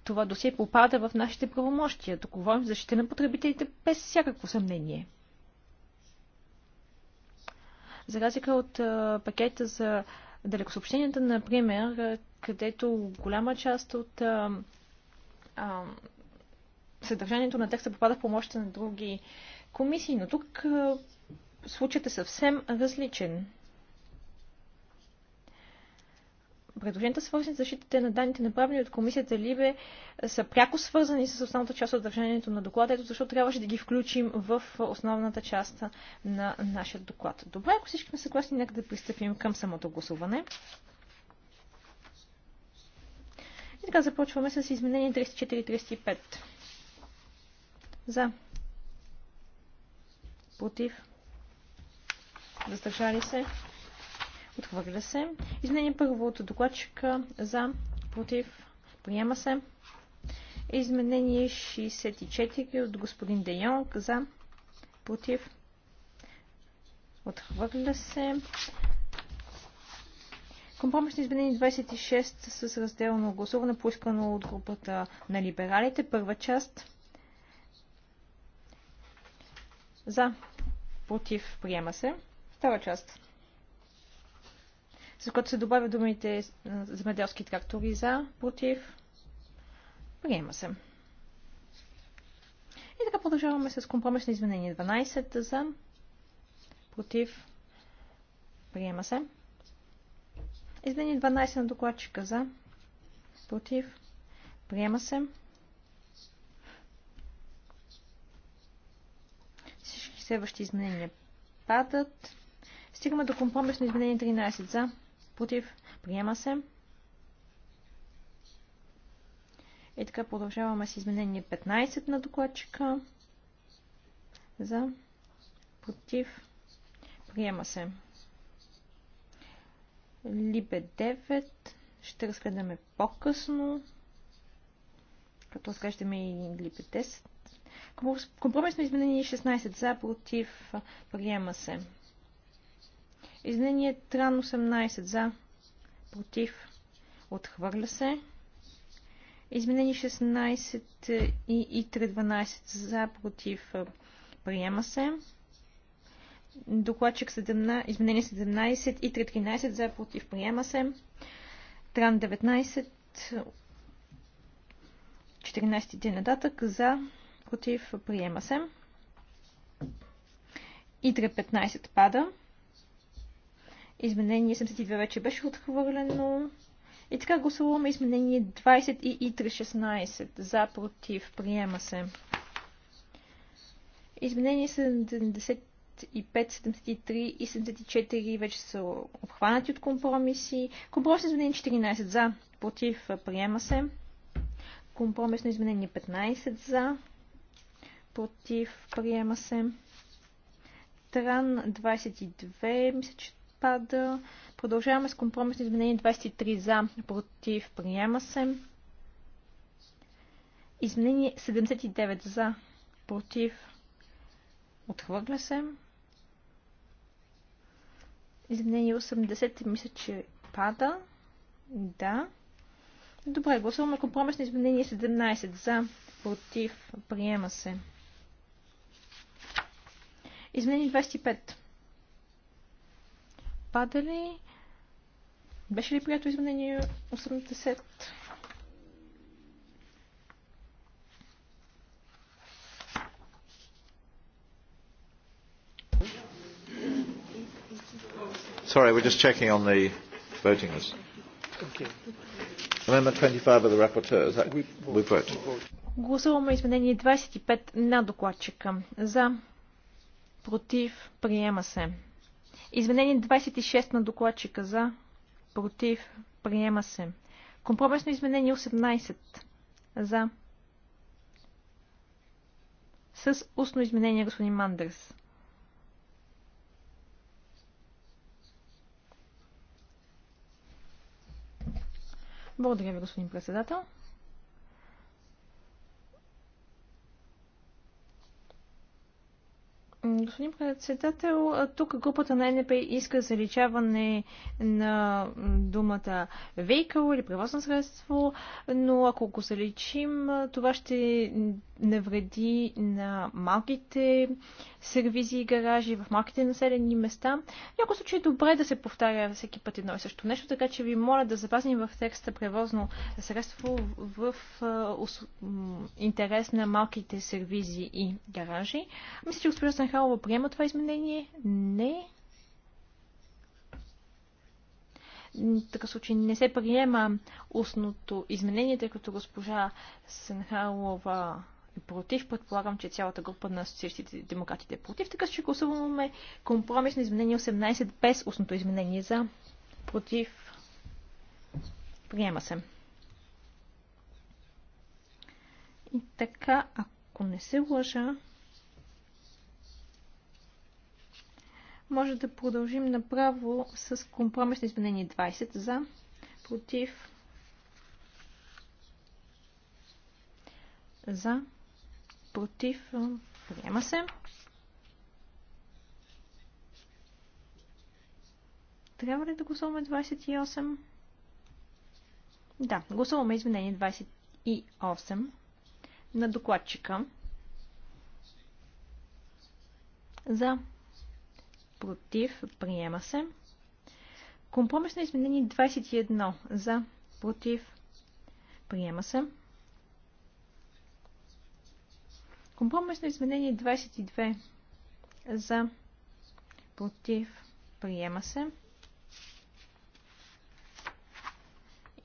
това досие попада в нашите правомощия. Тук говорим за защита на потребителите без всякакво съмнение. За разлика от а, пакета за далекосъобщенията, например, където голяма част от а, а, съдържанието на текста попада в помощта на други комисии, но тук а, случаят е съвсем различен. Предложенията, свързани с защитите на данните, направени от комисията Либе, са пряко свързани с основната част от държанието на доклада, ето защо трябваше да ги включим в основната част на нашия доклад. Добре, ако всички сме съгласни, нека да пристъпим към самото гласуване. И така започваме с изменение 34-35. За. Против. Застържали се. Отхвърля се. Изменение първо от докладчика. За. Против. Приема се. Изменение 64 от господин Де Йонг. За. Против. Отхвърля се. Компромисно изменение 26 с разделно гласуване, поискано от групата на либералите. Първа част. За. Против. Приема се. Втора част. За което се добавя думите е, земеделски трактори за, против. Приема се. И така продължаваме с компромисни изменение 12 за, против. Приема се. Изменение 12 на докладчика за. Против. Приема се. Всички следващи изменения падат. Стигаме до компромисно изменение 13 за. Против. Приема се. И така продължаваме с изменение 15 на докладчика. За. Против. Приема се. Либе 9 ще разгледаме по-късно, като разглеждаме и Либе 10. Компромисно изменение 16 за, против, приема се. Изменение Тран 18 за, против, отхвърля се. Изменение 16 и, и 3 12 за, против, приема се. Докладчик 17, изменение 17 и 313 за против приема се. Тран 19, 14 ден нататък за против приема се. Идре 15 пада. Изменение 72 вече беше отхвърлено. И така гласуваме изменение 20 и Итре 16 за против приема се. Изменение 70 73 и 74 вече са обхванати от компромиси. на изменение 14 за, против, приема се. Компромисно изменение 15 за, против, приема се. Тран 22, мисля, че пада. Продължаваме с компромисно изменение 23 за, против, приема се. Изменение 79 за, против, Отхвърля се. Изменение 80 мисля, че пада. Да. Добре, гласуваме компромисно изменение 17. За, против, приема се. Изменение 25. Пада ли? Беше ли прието изменение 80? Sorry, we're just checking on the voting list. Okay. Amendment 25 of the rapporteur. Is that we vote? We vote. Гласуваме изменение 25 на докладчика. За, против, приема се. Изменение 26 на докладчика. За, против, приема се. Компромисно изменение 18. За. С устно изменение господин Мандърс. Благодаря ви, господин председател. Господин председател, тук групата на НП иска заличаване на думата вейкъл или превозно средство, но ако го заличим, това ще навреди на малките сервизи и гаражи в малките населени места. някои случай е добре да се повтаря всеки път едно и също нещо, така че ви моля да запазим в текста превозно средство в интерес на малките сервизи и гаражи. Мисля, че господин Михайлова приема това изменение? Не. Така случай не се приема устното изменение, тъй като госпожа Сенхалова е против. Предполагам, че цялата група на социалистите и демократите е против. Така че гласуваме компромисно изменение 18 без устното изменение за против. Приема се. И така, ако не се лъжа, Може да продължим направо с компромисно изменение 20 за, против, за, против, приема се. Трябва ли да гласуваме 28? Да, гласуваме изменение 28 на докладчика за против, приема се. Компромисно изменение 21 за, против, приема се. Компромисно изменение 22 за, против, приема се.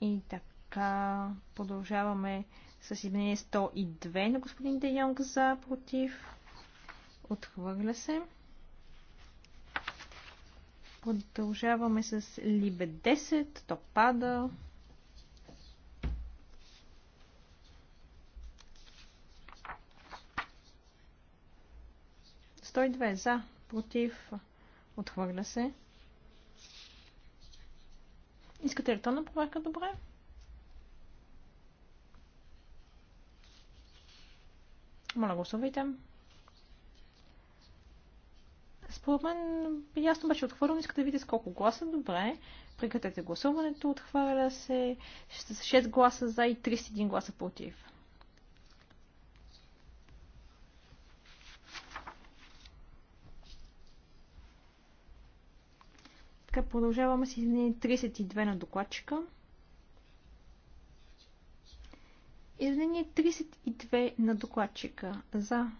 И така продължаваме с изменение 102 на господин Де Йонг за, против, отхвърля се. Продължаваме с Либе 10. То пада. Стой две за, против, отхвърля се. Искате ли на проверка? Добре. Моля, гласувайте. Според мен ясно беше отхвърлено. Искате да видите с колко гласа. Добре. Прекратете гласуването. Отхвърля се с 6 гласа за и 31 гласа против. Така, продължаваме с изменение 32 на докладчика. Изменение 32 на докладчика. За.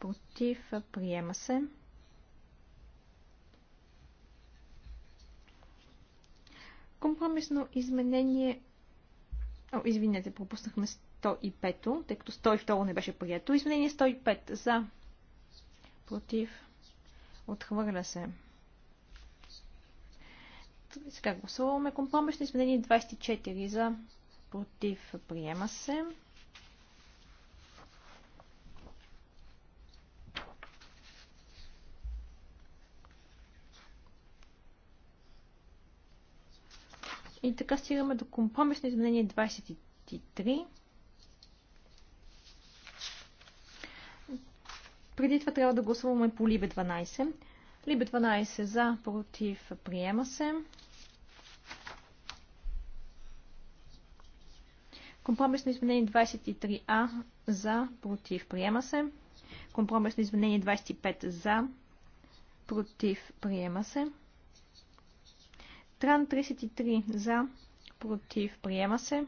Против. Приема се. Компромисно изменение... О, извинете, пропуснахме 105-то, тъй като 102-то не беше прието. Изменение 105 за против отхвърля се. Сега гласуваме компромисно изменение 24 за против приема се. И така стигаме до компромисно изменение 23. Преди това трябва да гласуваме по Либе 12. Либе 12 за, против, приема се. Компромисно изменение 23А за, против, приема се. Компромисно изменение 25 за, против, приема се. Стран 33 за, против, приема се.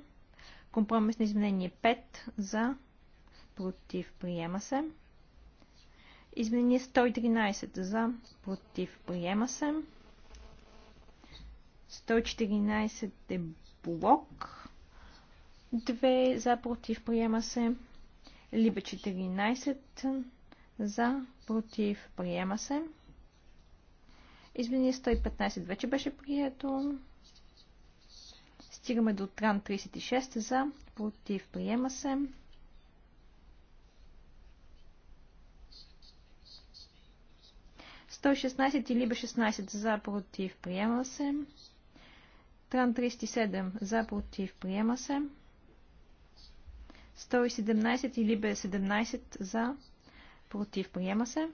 Компромисно изменение 5 за, против, приема се. Изменение 113 за, против, приема се. 114 е блок. 2 за, против, приема се. Либо 14 за, против, приема се. Извини, 115 вече беше прието. Стигаме до Тран 36 за, против, приема се. Сто и Либа 16 за, против, приема се. Тран 37 за, против, приема се. 117 и Либе 17 за, против, приема се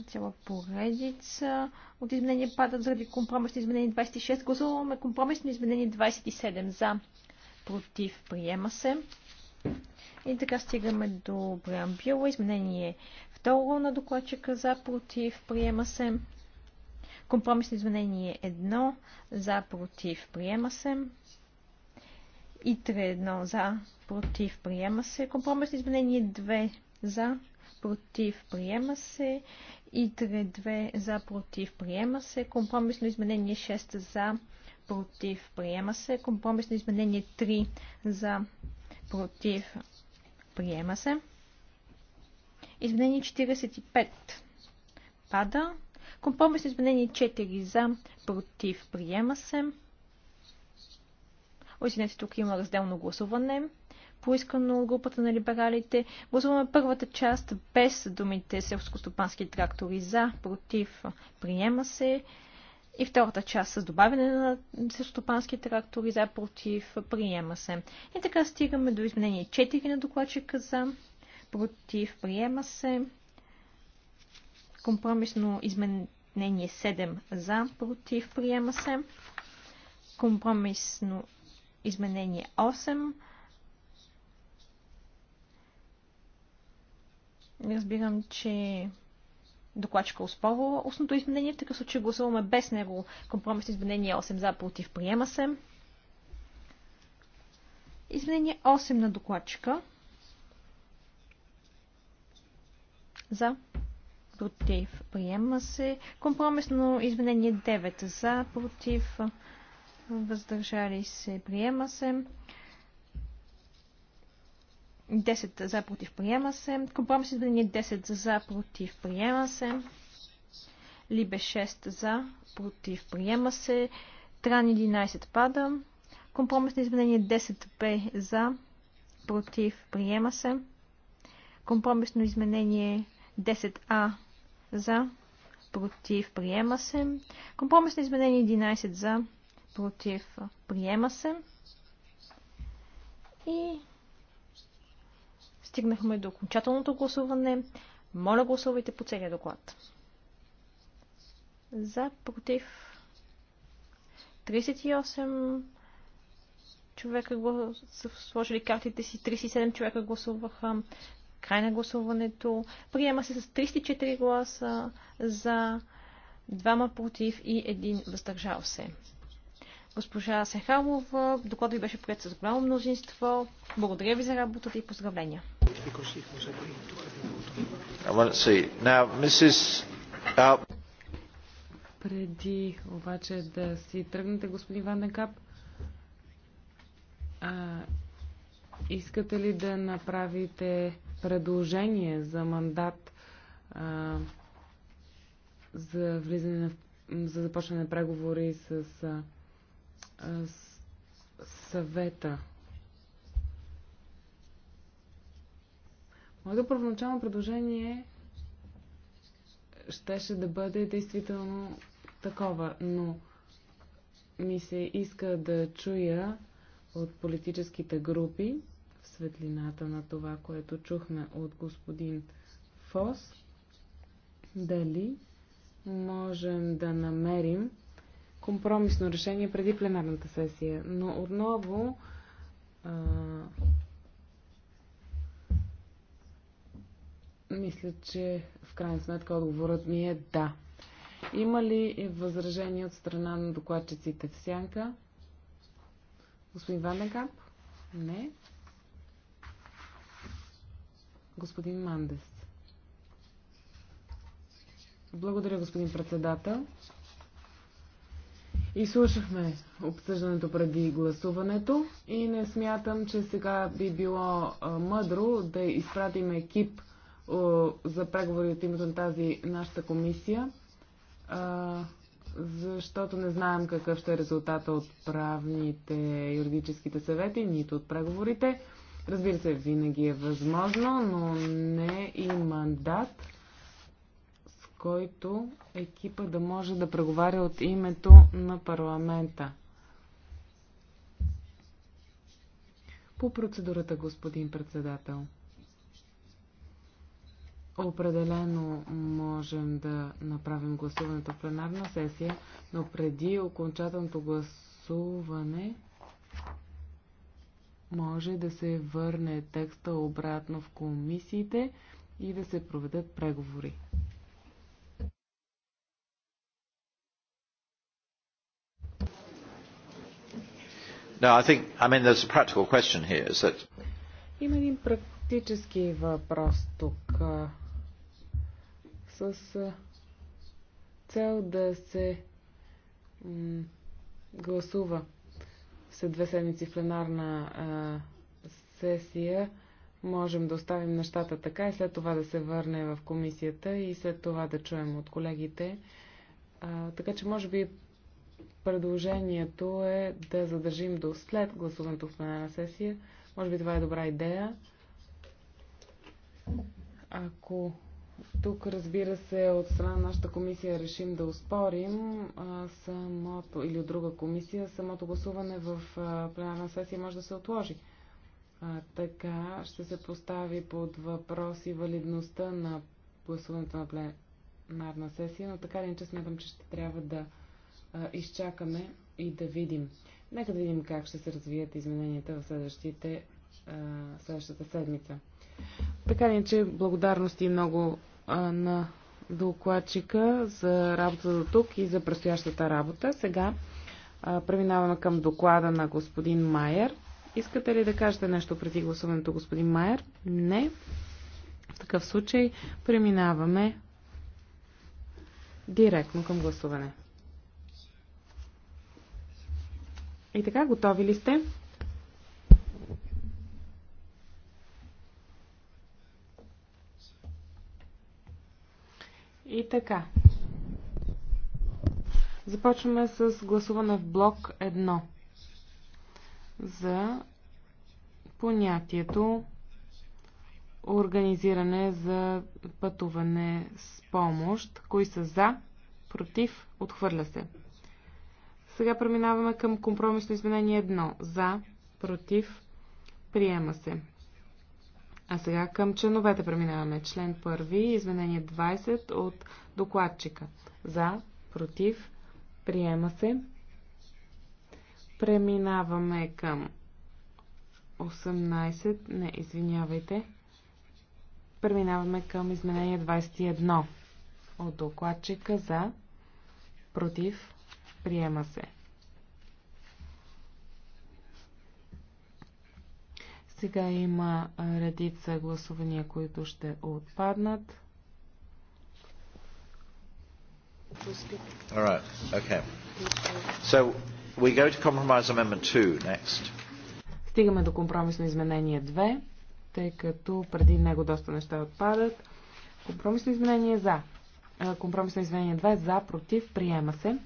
цяла поредица от изменения падат заради компромисно изменение 26. Гласуваме компромисни изменение 27 за против приема се. И така стигаме до преамбюла. Изменение второ на докладчика за против приема се. Компромисно изменение 1 за против приема се. И 3-1 за против приема се. Компромисно изменение 2 за против приема се и 3-2 за против приема се. Компромисно изменение 6 за против приема се. Компромисно изменение 3 за против приема се. Изменение 45 пада. Компромисно изменение 4 за против приема се. Извинете, тук има разделно гласуване поискано от групата на либералите. Гласуваме първата част без думите селскостопански трактори за, против, приема се. И втората част с добавяне на селскостопански трактори за, против, приема се. И така стигаме до изменение 4 на докладчика за, против, приема се. Компромисно изменение 7 за, против, приема се. Компромисно изменение 8 Разбирам, че докладчика успорва устното изменение. В такъв случай гласуваме без него компромисно изменение 8 за против приема се. Изменение 8 на докладчика. За против приема се. Компромисно изменение 9 за против въздържали се приема се. 10 за против приема се. Компромис изменение 10 за против приема се. Либе 6 за против приема се. Тран 11 пада. Компромисно изменение 10б за против приема се. Компромисно изменение 10а за против приема се. Компромисно изменение 11 за против приема се. И стигнахме до окончателното гласуване. Моля, гласувайте по целия доклад. За, против, 38 човека са сложили картите си, 37 човека гласуваха. Край на гласуването. Приема се с 34 гласа за двама против и един въздържал се. Госпожа Сехалова, докладът ви беше прият с голямо мнозинство. Благодаря ви за работата и поздравления. Преди обаче да си тръгнете, господин Ван а, искате ли да направите предложение за мандат а, за влизане на, за започване на преговори с, а, с съвета? Моето първоначално предложение щеше да бъде действително такова, но ми се иска да чуя от политическите групи в светлината на това, което чухме от господин Фос, дали можем да намерим компромисно решение преди пленарната сесия. Но отново а, Мисля, че в крайна сметка отговорът ми е да. Има ли възражения от страна на докладчиците в сянка? Господин Ванденкамп? Не. Господин Мандес. Благодаря, господин председател. И слушахме обсъждането преди гласуването и не смятам, че сега би било мъдро да изпратим екип е, за преговори от името на тази нашата комисия, е, защото не знаем какъв ще е резултата от правните юридическите съвети, нито от преговорите. Разбира се, винаги е възможно, но не и мандат, с който екипа да може да преговаря от името на парламента. По процедурата, господин председател. Определено можем да направим гласуването в пленарна сесия, но преди окончателното гласуване може да се върне текста обратно в комисиите и да се проведат преговори. No, I think, I mean, there's a practical question here, is that... Има един практически въпрос тук с цел да се гласува след две седмици в пленарна а, сесия. Можем да оставим нещата така и след това да се върне в комисията и след това да чуем от колегите. А, така че може би предложението е да задържим до след гласуването в пленарна сесия. Може би това е добра идея. Ако тук, разбира се, от страна на нашата комисия решим да успорим а, самото, или от друга комисия, самото гласуване в а, пленарна сесия може да се отложи. А, така ще се постави под въпрос и валидността на гласуването на пленарна сесия, но така иначе смятам, че ще трябва да а, изчакаме и да видим. Нека да видим как ще се развият измененията в следващите, а, следващата седмица. Така иначе благодарности и много на докладчика за работа до тук и за предстоящата работа. Сега а, преминаваме към доклада на господин Майер. Искате ли да кажете нещо преди гласуването, господин Майер? Не. В такъв случай преминаваме директно към гласуване. И така, готови ли сте? И така. Започваме с гласуване в блок 1 за понятието организиране за пътуване с помощ. Кои са за, против, отхвърля се. Сега преминаваме към компромисно изменение 1. За, против, приема се. А сега към членовете преминаваме. Член 1, изменение 20 от докладчика. За, против, приема се. Преминаваме към 18, не, извинявайте. Преминаваме към изменение 21 от докладчика за, против, приема се. Сега има редица гласувания, които ще отпаднат. All right. Okay. So we go to compromise amendment 2 next. Стигаме до компромисно изменение 2, тъй като преди него доста неща отпадат. Компромисно изменение за. Компромисно изменение 2 за, против, приема се.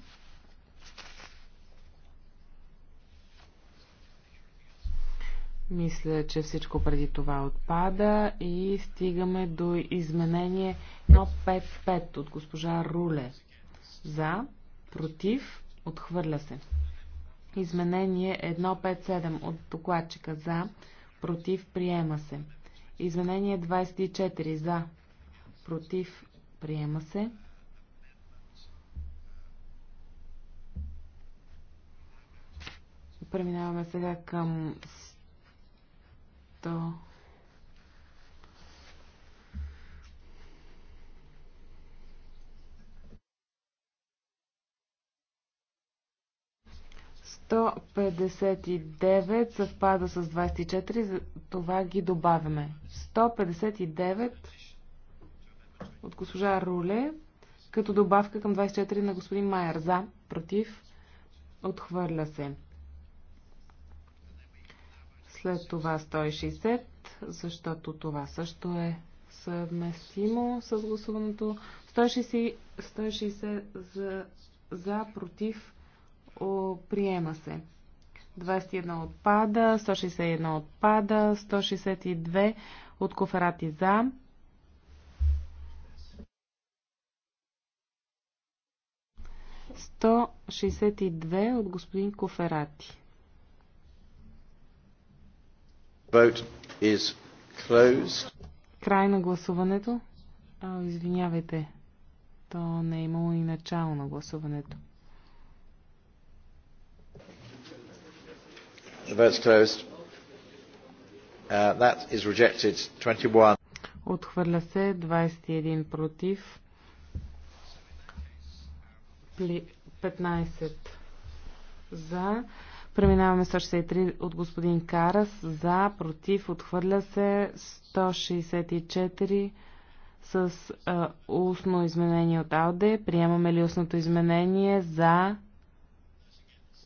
Мисля, че всичко преди това отпада и стигаме до изменение 155 от госпожа Руле. За, против, отхвърля се. Изменение 157 от докладчика за, против, приема се. Изменение 24 за, против, приема се. Преминаваме сега към то Сто съвпада с 24, за това ги добавяме. 159 от госпожа Руле, като добавка към 24 на господин Майер. За, против, отхвърля се след това 160, защото това също е съвместимо с гласуването. 160, 160 за, за против, о, приема се. 21 отпада, 161 отпада, 162 от коферати за. Сто от господин Коферати. Vote is closed. Край на гласуването. А, извинявайте, то не е имало и начало на гласуването. The vote's closed. Uh, that is rejected. 21. Отхвърля се 21 против. 15 за. Преминаваме 163 от господин Карас. За, против, отхвърля се. 164 с а, устно изменение от Алде. Приемаме ли устното изменение? За,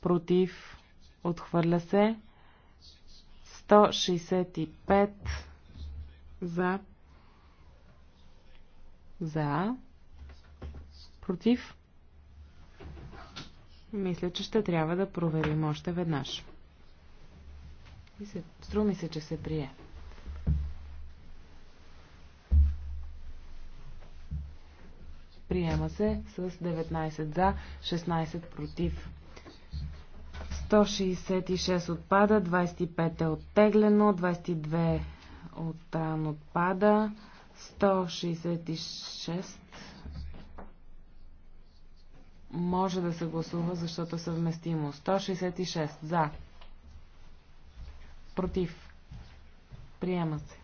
против, отхвърля се. 165 за, за, против, мисля, че ще трябва да проверим още веднъж. И ми струми се, че се прие. Приема се с 19 за, 16 против. 166 отпада, 25 е оттеглено, 22 от отпада, 166 може да се гласува, защото е съвместимо. 166 за. Против. Приема се.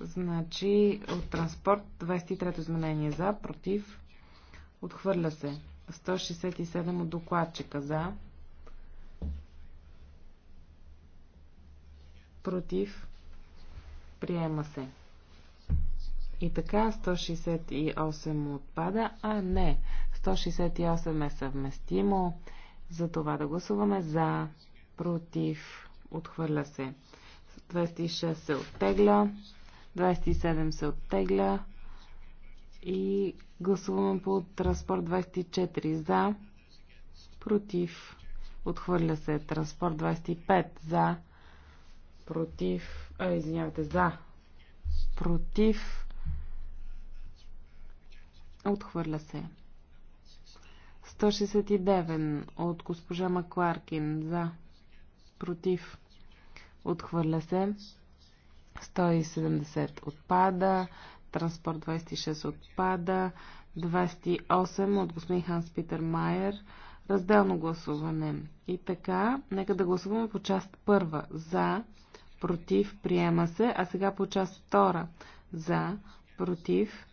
Значи от транспорт 23-то изменение за, против. Отхвърля се. 167 от докладчика за. Против. Приема се. И така 168 отпада, а не. 168 е съвместимо. За това да гласуваме за, против, отхвърля се. 206 се оттегля, 27 се оттегля и гласуваме по транспорт 24 за, против, отхвърля се. Транспорт 25 за, против, а, извинявайте, за, против, Отхвърля се. 169 от госпожа Макларкин. За. Против. Отхвърля се. 170 отпада. Транспорт 26 отпада. 28 от господин Ханс Питер Майер. Разделно гласуване. И така, нека да гласуваме по част първа. За, против, приема се. А сега по част втора. За, против,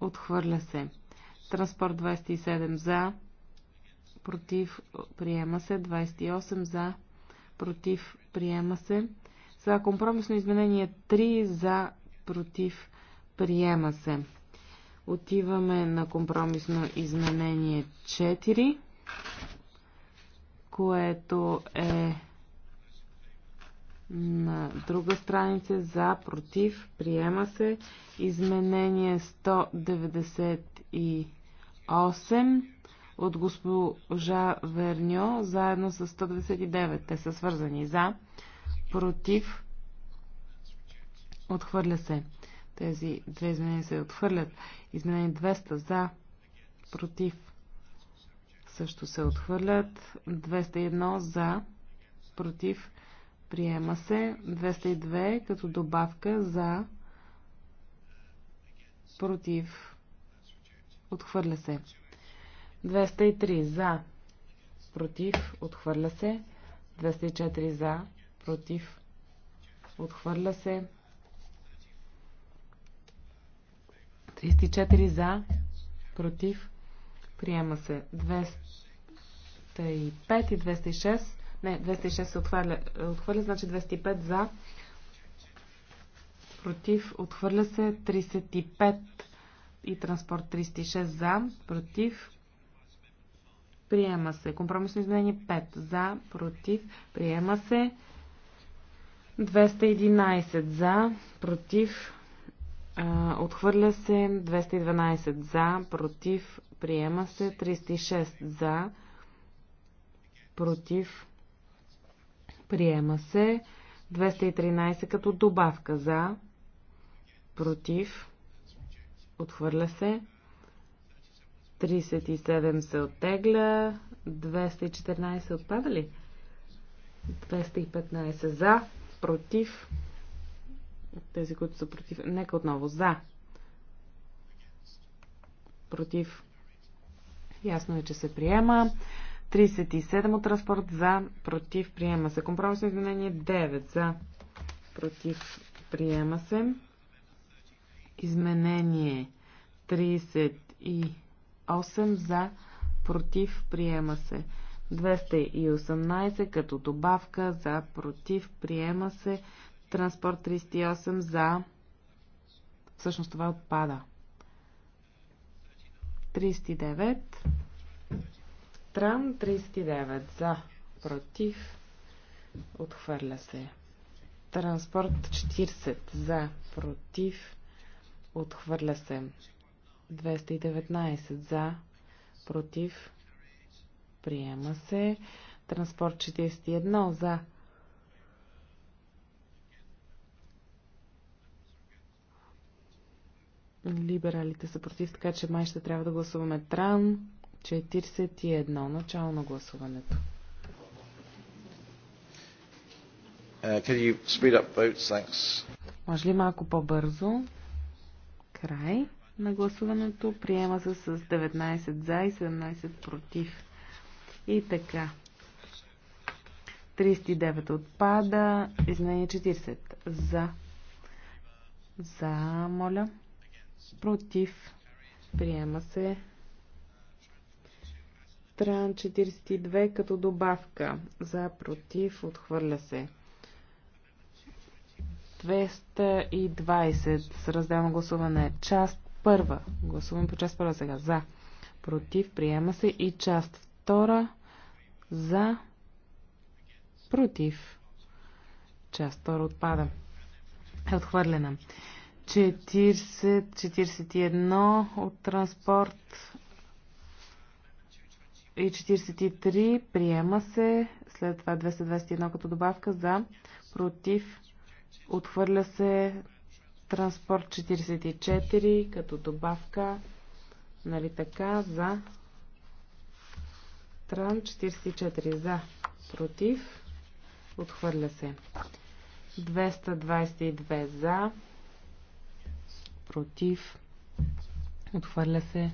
Отхвърля се. Транспорт 27 за. Против. Приема се. 28 за. Против. Приема се. За компромисно изменение 3 за. Против. Приема се. Отиваме на компромисно изменение 4, което е на друга страница за, против, приема се. Изменение 198 от госпожа Верньо, заедно с 129. Те са свързани за, против, отхвърля се. Тези две изменения се отхвърлят. Изменение 200 за, против, също се отхвърлят. 201 за, против, Приема се 202 като добавка за против. Отхвърля се. 203 за против. Отхвърля се. 204 за против. Отхвърля се. 34 за против. Приема се. 205 и 206 не, 206 се отхвърля. Отхвърля, значи 205 за. Против. Отхвърля се 35 и транспорт 36 за. Против. Приема се. Компромисно изменение 5 за. Против. Приема се. 211 за. Против. Отхвърля се 212 за, против, приема се 306 за, против, Приема се 213 като добавка за, против, отхвърля се. 37 се оттегля, 214 отпада ли? 215 за, против, тези, които са против, нека отново за, против, ясно е, че се приема. 37 от транспорт за, против, приема се. Компромисно изменение 9 за, против, приема се. Изменение 38 за, против, приема се. 218 като добавка за, против, приема се. Транспорт 38 за. Всъщност това отпада. 39. Тран 39 за, против, отхвърля се. Транспорт 40 за, против, отхвърля се. 219 за, против, приема се. Транспорт 41 за. Либералите са против, така че май ще трябва да гласуваме Тран. 41. Начало на гласуването. Uh, Може ли малко по-бързо? Край на гласуването. Приема се с 19 за и 17 против. И така. 39 отпада. Изменение 40. За. За, моля. Против. Приема се Стран 42 като добавка. За, против, отхвърля се. 220 с разделно гласуване. Част първа. Гласуваме по част първа сега. За. Против. Приема се. И част втора. За. Против. Част втора отпада. Е отхвърлена. 40, 41 от транспорт и 43 приема се, след това 221 като добавка за, против, отхвърля се транспорт 44 като добавка, нали така, за, тран 44 за, против, отхвърля се. 222 за, против, отхвърля се.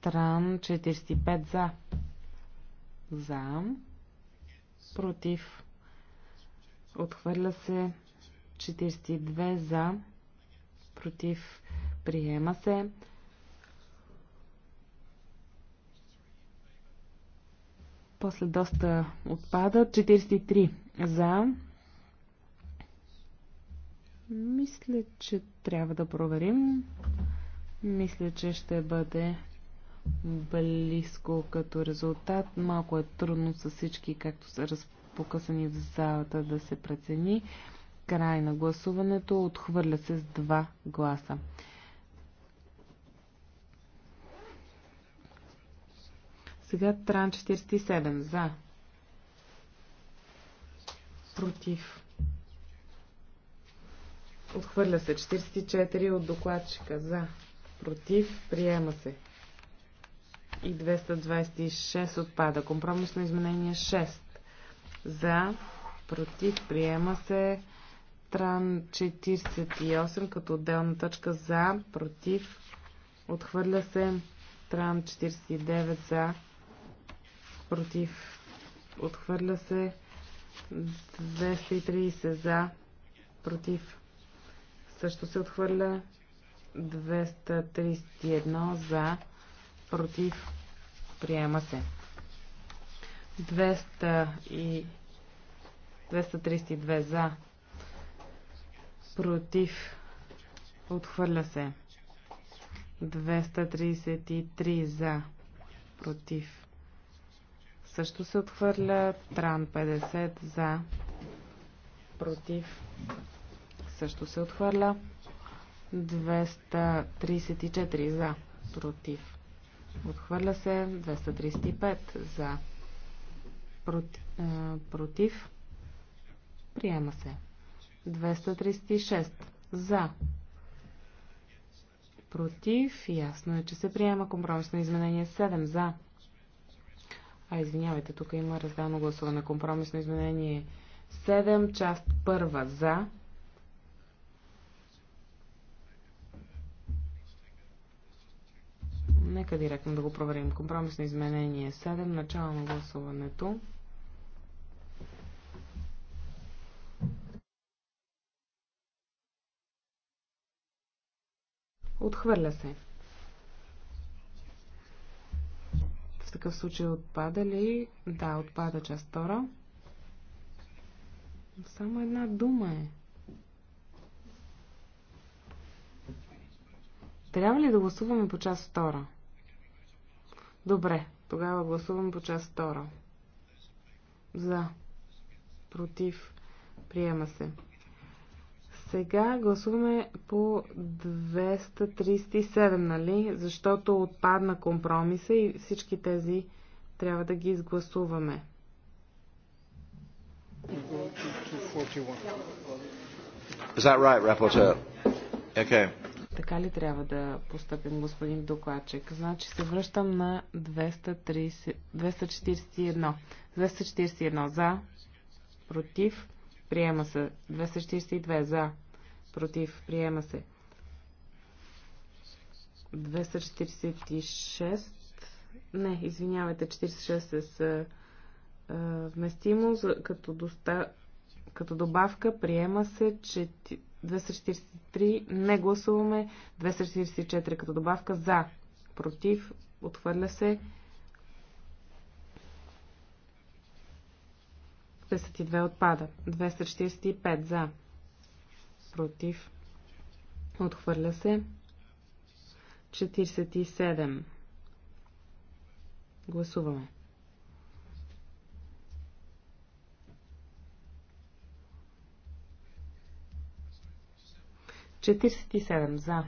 Тран 45 за. За. Против. Отхвърля се 42 за. Против. Приема се. После доста отпада. 43 за. Мисля, че трябва да проверим. Мисля, че ще бъде близко като резултат. Малко е трудно с всички, както са разпокъсани в залата, да се прецени. Край на гласуването отхвърля се с два гласа. Сега Тран 47. За. Против. Отхвърля се 44 от докладчика. За. Против. Приема се и 226 отпада. Компромисно изменение 6. За, против, приема се Тран 48 като отделна точка за, против, отхвърля се Тран 49 за, против, отхвърля се 230 за, против, също се отхвърля 231 за, против, Приема се. 200 и 232 за. Против. Отхвърля се. 233 за. Против. Също се отхвърля. Тран 50 за. Против. Също се отхвърля. 234 за. Против Отхвърля се 235 за. против. Приема се. 236 за. Против. Ясно е, че се приема компромисно изменение 7 за. А, извинявайте, тук има раздално гласуване. Компромисно изменение 7, част 1 за. Нека директно да го проверим. Компромисно изменение 7. Начало на гласуването. Отхвърля се. В такъв случай отпада ли? Да, отпада част втора. Само една дума е. Трябва ли да гласуваме по част втора? Добре, тогава гласувам по част втора. За. Против. Приема се. Сега гласуваме по 237, нали? Защото отпадна компромиса и всички тези трябва да ги изгласуваме. Is that right, rapporteur? Okay. Така ли трябва да постъпим, господин докладчик? Значи се връщам на 230, 241. 241 за, против, приема се. 242 за, против, приема се. 246. Не, извинявайте, 46 е с а, е, вместимо, като, доста, като добавка приема се 4, 243 не гласуваме. 244 като добавка за. Против. Отхвърля се. 52 отпада. 245 за. Против. Отхвърля се. 47. Гласуваме. 47 за.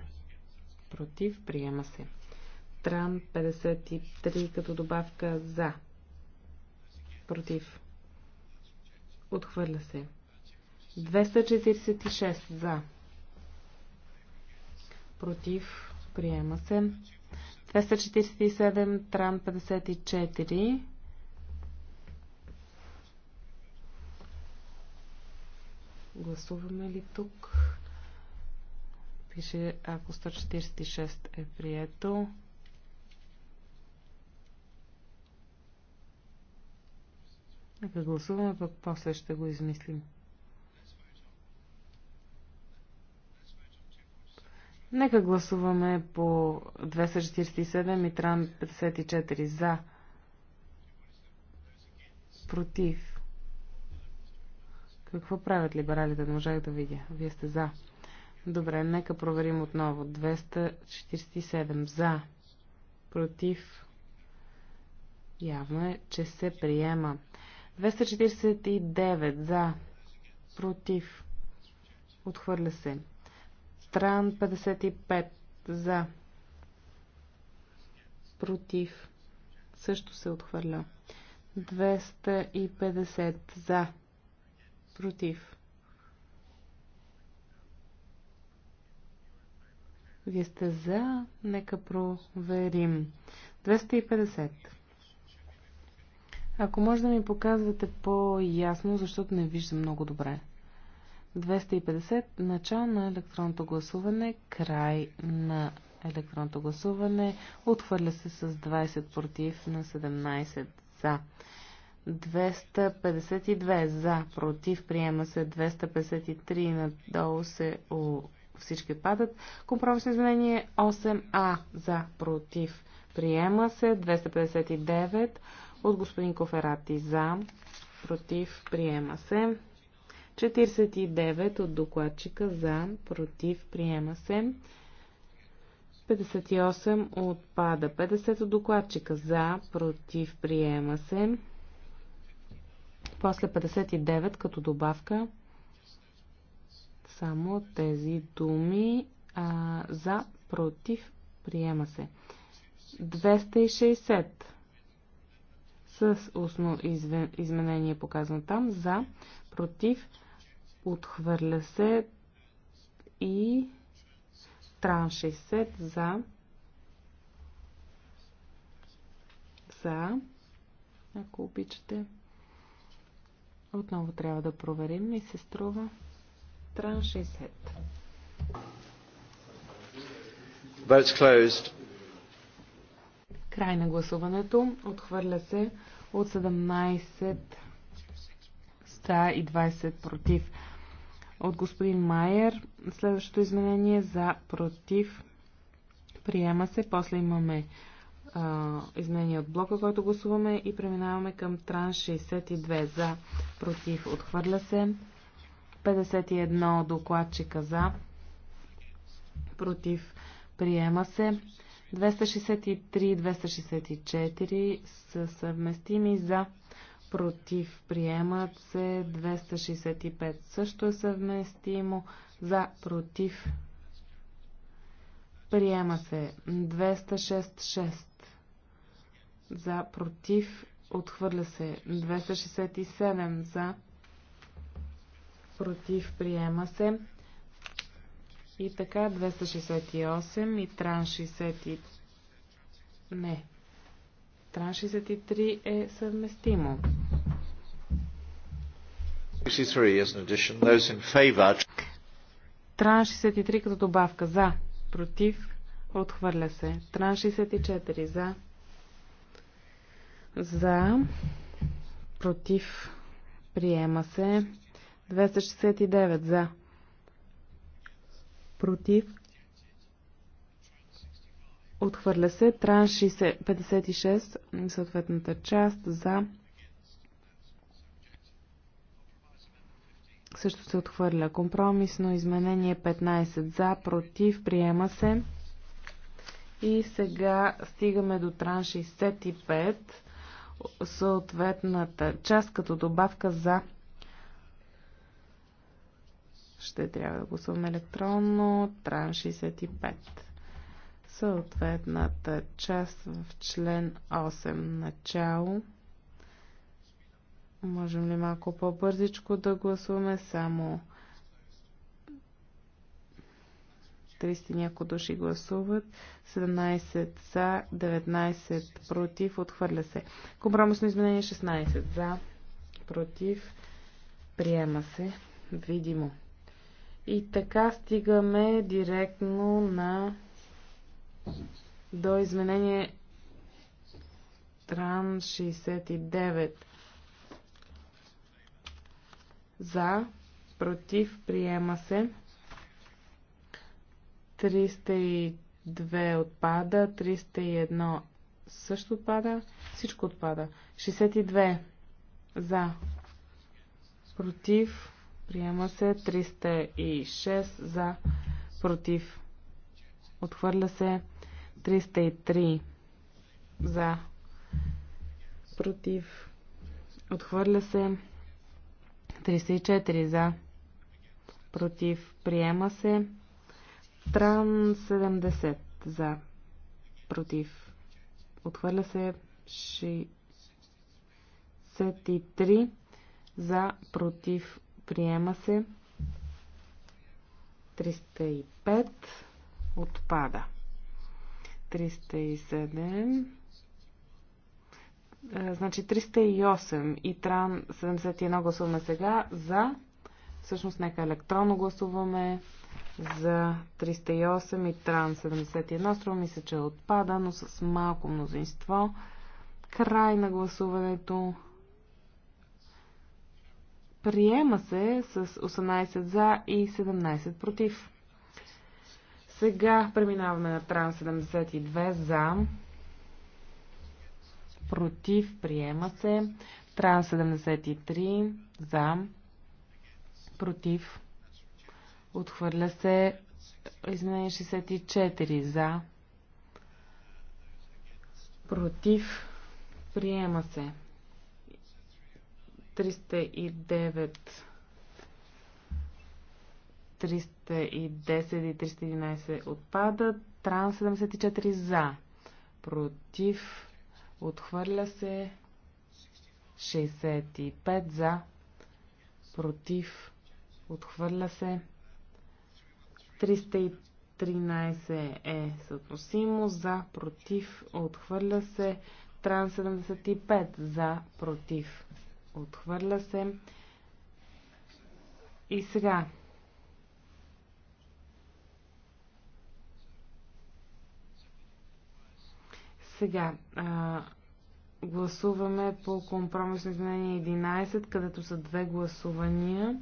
Против. Приема се. Тран 53 като добавка за. Против. Отхвърля се. 246 за. Против. Приема се. 247, Тран 54. Гласуваме ли тук? пише, ако 146 е прието, Нека гласуваме, пък после ще го измислим. Нека гласуваме по 247 и Тран 54 за. Против. Какво правят либералите? Не можах да видя. Вие сте за. Добре, нека проверим отново. 247 за, против. Явно е, че се приема. 249 за, против. Отхвърля се. Тран 55 за, против. Също се отхвърля. 250 за, против. Вие сте за. Нека проверим. 250. Ако може да ми показвате по-ясно, защото не виждам много добре. 250. Начало на електронното гласуване. Край на електронното гласуване. Отхвърля се с 20 против на 17 за. 252 за, против, приема се 253, надолу се всички отпадат. Компромисно изменение 8А за против. Приема се 259 от господин Коферати за против. Приема се 49 от докладчика за против. Приема се 58 отпада. 50 от докладчика за против. Приема се. После 59 като добавка само тези думи а, за, против, приема се. 260 с устно изменение показано там за, против, отхвърля се и тран 60 за за ако обичате отново трябва да проверим и се струва Тран 60. Край на гласуването. Отхвърля се от 17 120 против. От господин Майер. Следващото изменение за против. Приема се. После имаме а, изменение от блока, който гласуваме и преминаваме към тран 62 за против. Отхвърля се. 51 докладчика за, против, приема се. 263-264 са съвместими за, против, приемат се. 265 също е съвместимо за, против, приема се. 266 за, против, отхвърля се. 267 за, против против, приема се. И така, 268 и тран 60. Не. Тран 63 е съвместимо. 63 as an addition. Those in favor. Тран 63 като добавка за, против, отхвърля се. Тран 64 за, за, против, приема се. 269 за. Против. Отхвърля се. Тран 56, съответната част за. Също се отхвърля. Компромисно изменение 15 за. Против. Приема се. И сега стигаме до тран 65, съответната част като добавка за ще трябва да гласуваме електронно. Тран 65. Съответната част в член 8. Начало. Можем ли малко по-бързичко да гласуваме само 300 няколко души гласуват, 17 за, 19 против, отхвърля се. Компромисно изменение 16 за, против, приема се, видимо. И така стигаме директно на до изменение Тран 69. За, против, приема се. 302 отпада, 301 също отпада, всичко отпада. 62 за, против, Приема се 306 за против. Отхвърля се 303 за против. Отхвърля се 34 за против. Приема се Тран 70 за против. Отхвърля се 63 за против Приема се. 305 отпада. 307. Значи 308 и Тран 71 гласуваме сега за. Всъщност нека електронно гласуваме за 308 и Тран 71. Струва ми се, че е отпада, но с малко мнозинство. Край на гласуването. Приема се с 18 за и 17 против. Сега преминаваме на Тран 72 за. Против. Приема се. Тран 73 за. Против. Отхвърля се. Изменение 64 за. Против. Приема се. 309, 310 и 311 отпадат. Тран 74 за. Против. Отхвърля се. 65 за. Против. Отхвърля се. 313 е съотносимо. За. Против. Отхвърля се. Тран 75 за. Против. Отхвърля се. И сега. Сега. А, гласуваме по компромисно изменение 11, където са две гласувания.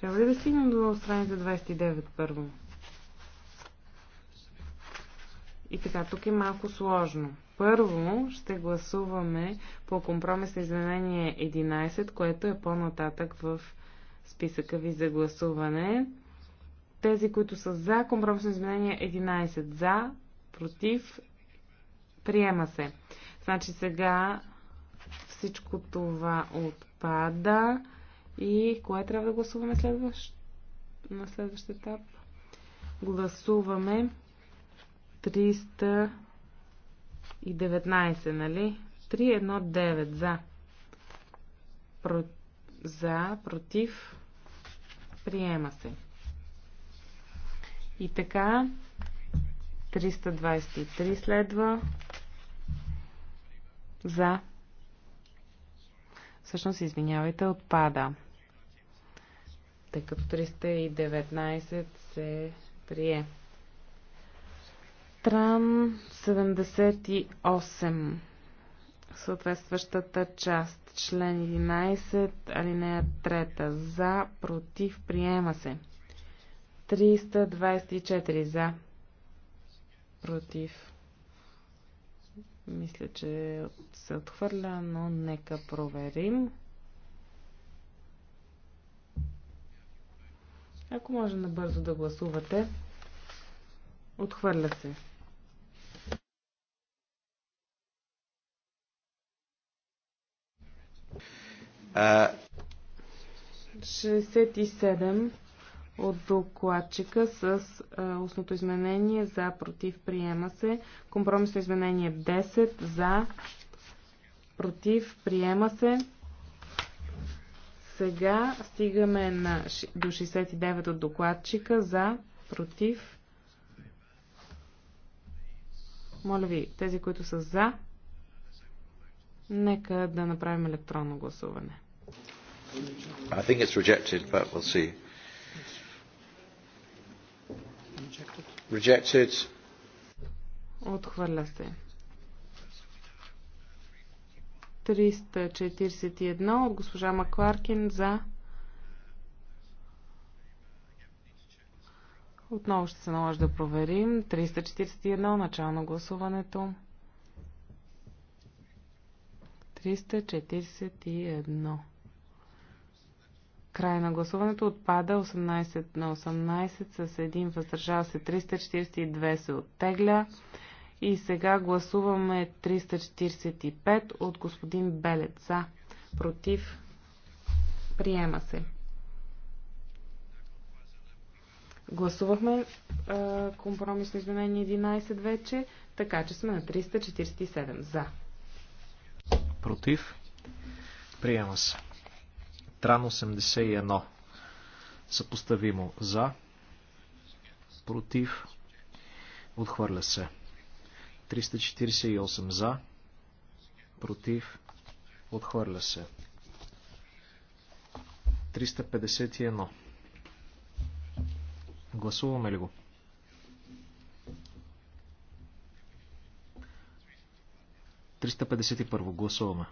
Трябва ли да стигнем до страница 29 първо? И така, тук е малко сложно. Първо ще гласуваме по компромисно изменение 11, което е по-нататък в списъка ви за гласуване. Тези, които са за компромисно изменение 11, за, против, приема се. Значи сега всичко това отпада и кое трябва да гласуваме следващ... на следващ етап? Гласуваме 300 и 19, нали? 9, за. Про... За, против, приема се. И така, 323 следва. За. Всъщност, извинявайте, отпада. Тъй като 319 се прие. Стран 78. Съответстващата част. Член 11, алинея 3. За, против, приема се. 324 за. Против. Мисля, че се отхвърля, но нека проверим. Ако може набързо да гласувате, отхвърля се. 67 от докладчика с а, устното изменение за против приема се. Компромисно изменение 10 за против приема се. Сега стигаме на, до 69 от докладчика за против. Моля ви, тези, които са за, нека да направим електронно гласуване. I think it's rejected, but we'll see. Rejected. Отхвърля се. 341 от госпожа Макларкин за. Отново ще се наложи да проверим. 341 начало на гласуването. 341. Край на гласуването отпада 18 на 18 с един въздържал се 342 се оттегля. И сега гласуваме 345 от господин Белец за. Против. Приема се. Гласувахме а, компромисно изменение 11 вече, така че сме на 347 за. Против. Приема се. Тран 81. Съпоставимо. За. Против. Отхвърля се. 348 за. Против. Отхвърля се. 351. Гласуваме ли го? Триста гласуваме.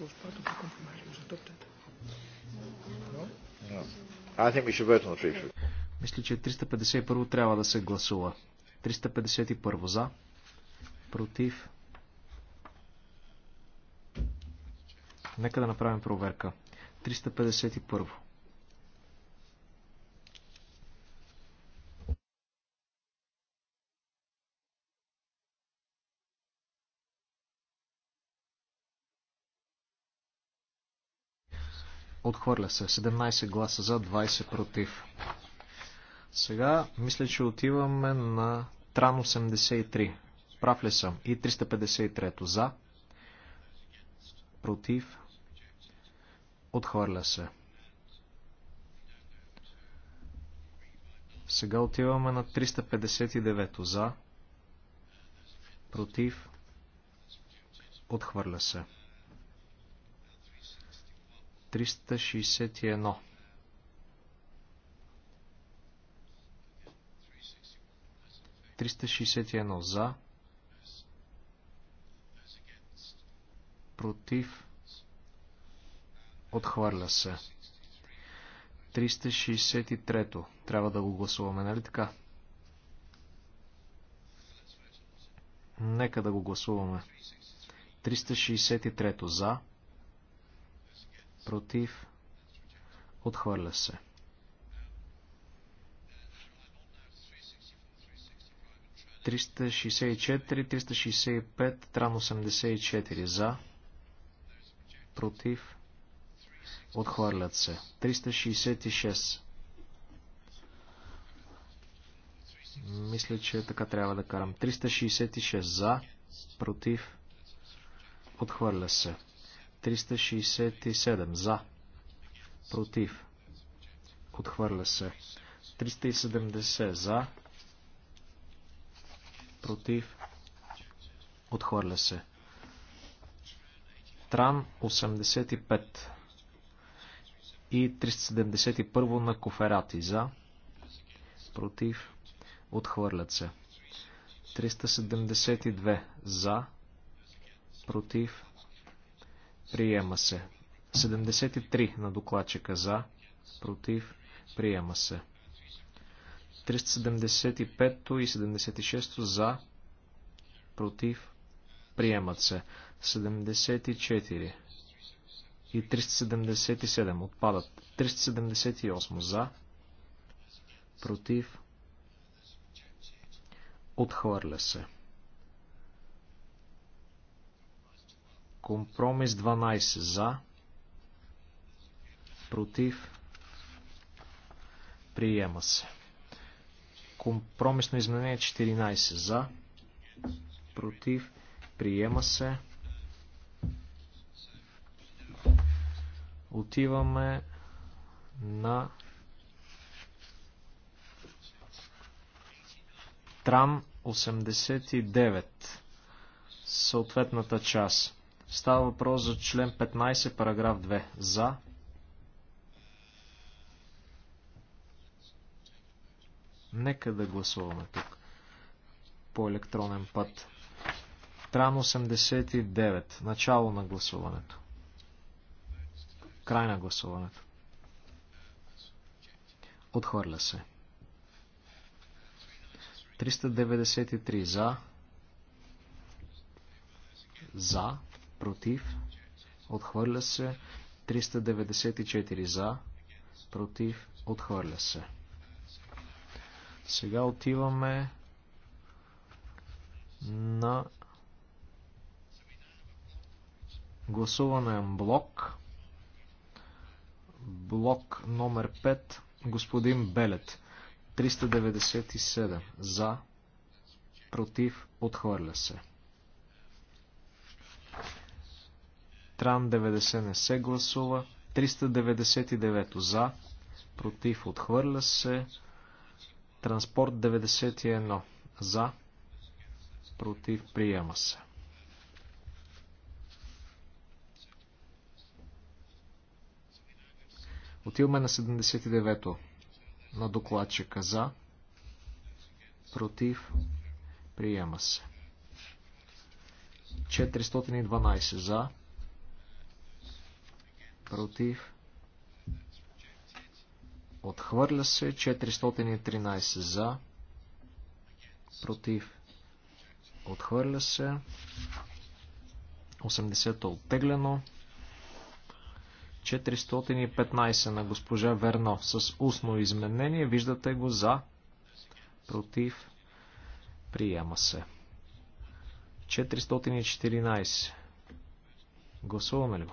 was part of the compromise was adopted. No? No. I think we should vote on 350. Мисля, че 351 трябва да се гласува. 351 за. Против. Нека да направим проверка. 351. Отхвърля се. 17 гласа за, 20 против. Сега мисля, че отиваме на Тран 83. Прав ли съм? И 353 за. Против. Отхвърля се. Сега отиваме на 359 за. Против. Отхвърля се. 361. за, против, отхвърля се. 363. Трябва да го гласуваме, нали така? Нека да го гласуваме. 363. За против, отхвърля се. Триста 364, 365, тран 84 за, против, отхвърлят се. 366. Мисля, че така трябва да карам. 366 за, против, отхвърля се. 367 за. Против. Отхвърля се. 370 за. Против. Отхвърля се. Тран 85 и 371 на коферати за. Против. Отхвърлят се. 372 за. Против. Приема се. 73 на докладчика за. Против. Приема се. 375 и 76 за. Против. Приемат се. 74 и 377 отпадат. 378 за. Против. Отхвърля се. Компромис 12 за. Против. Приема се. Компромисно изменение 14 за. Против. Приема се. Отиваме на Трам 89. Съответната част. Става въпрос за член 15, параграф 2. За. Нека да гласуваме тук. По електронен път. Тран 89. Начало на гласуването. Край на гласуването. Отхвърля се. 393 за. За против, отхвърля се, 394 за, против, отхвърля се. Сега отиваме на гласуване блок. Блок номер 5, господин Белет. 397 за, против, отхвърля се. Тран 90 не се гласува. 399 за, против, отхвърля се. Транспорт 91 за, против, приема се. Отиваме на 79-то на докладчика за, против, приема се. 412 за, против, отхвърля се, 413 за, против, отхвърля се, 80 е оттеглено, 415 на госпожа Верно с устно изменение, виждате го за, против, приема се. 414. Гласуваме ли го?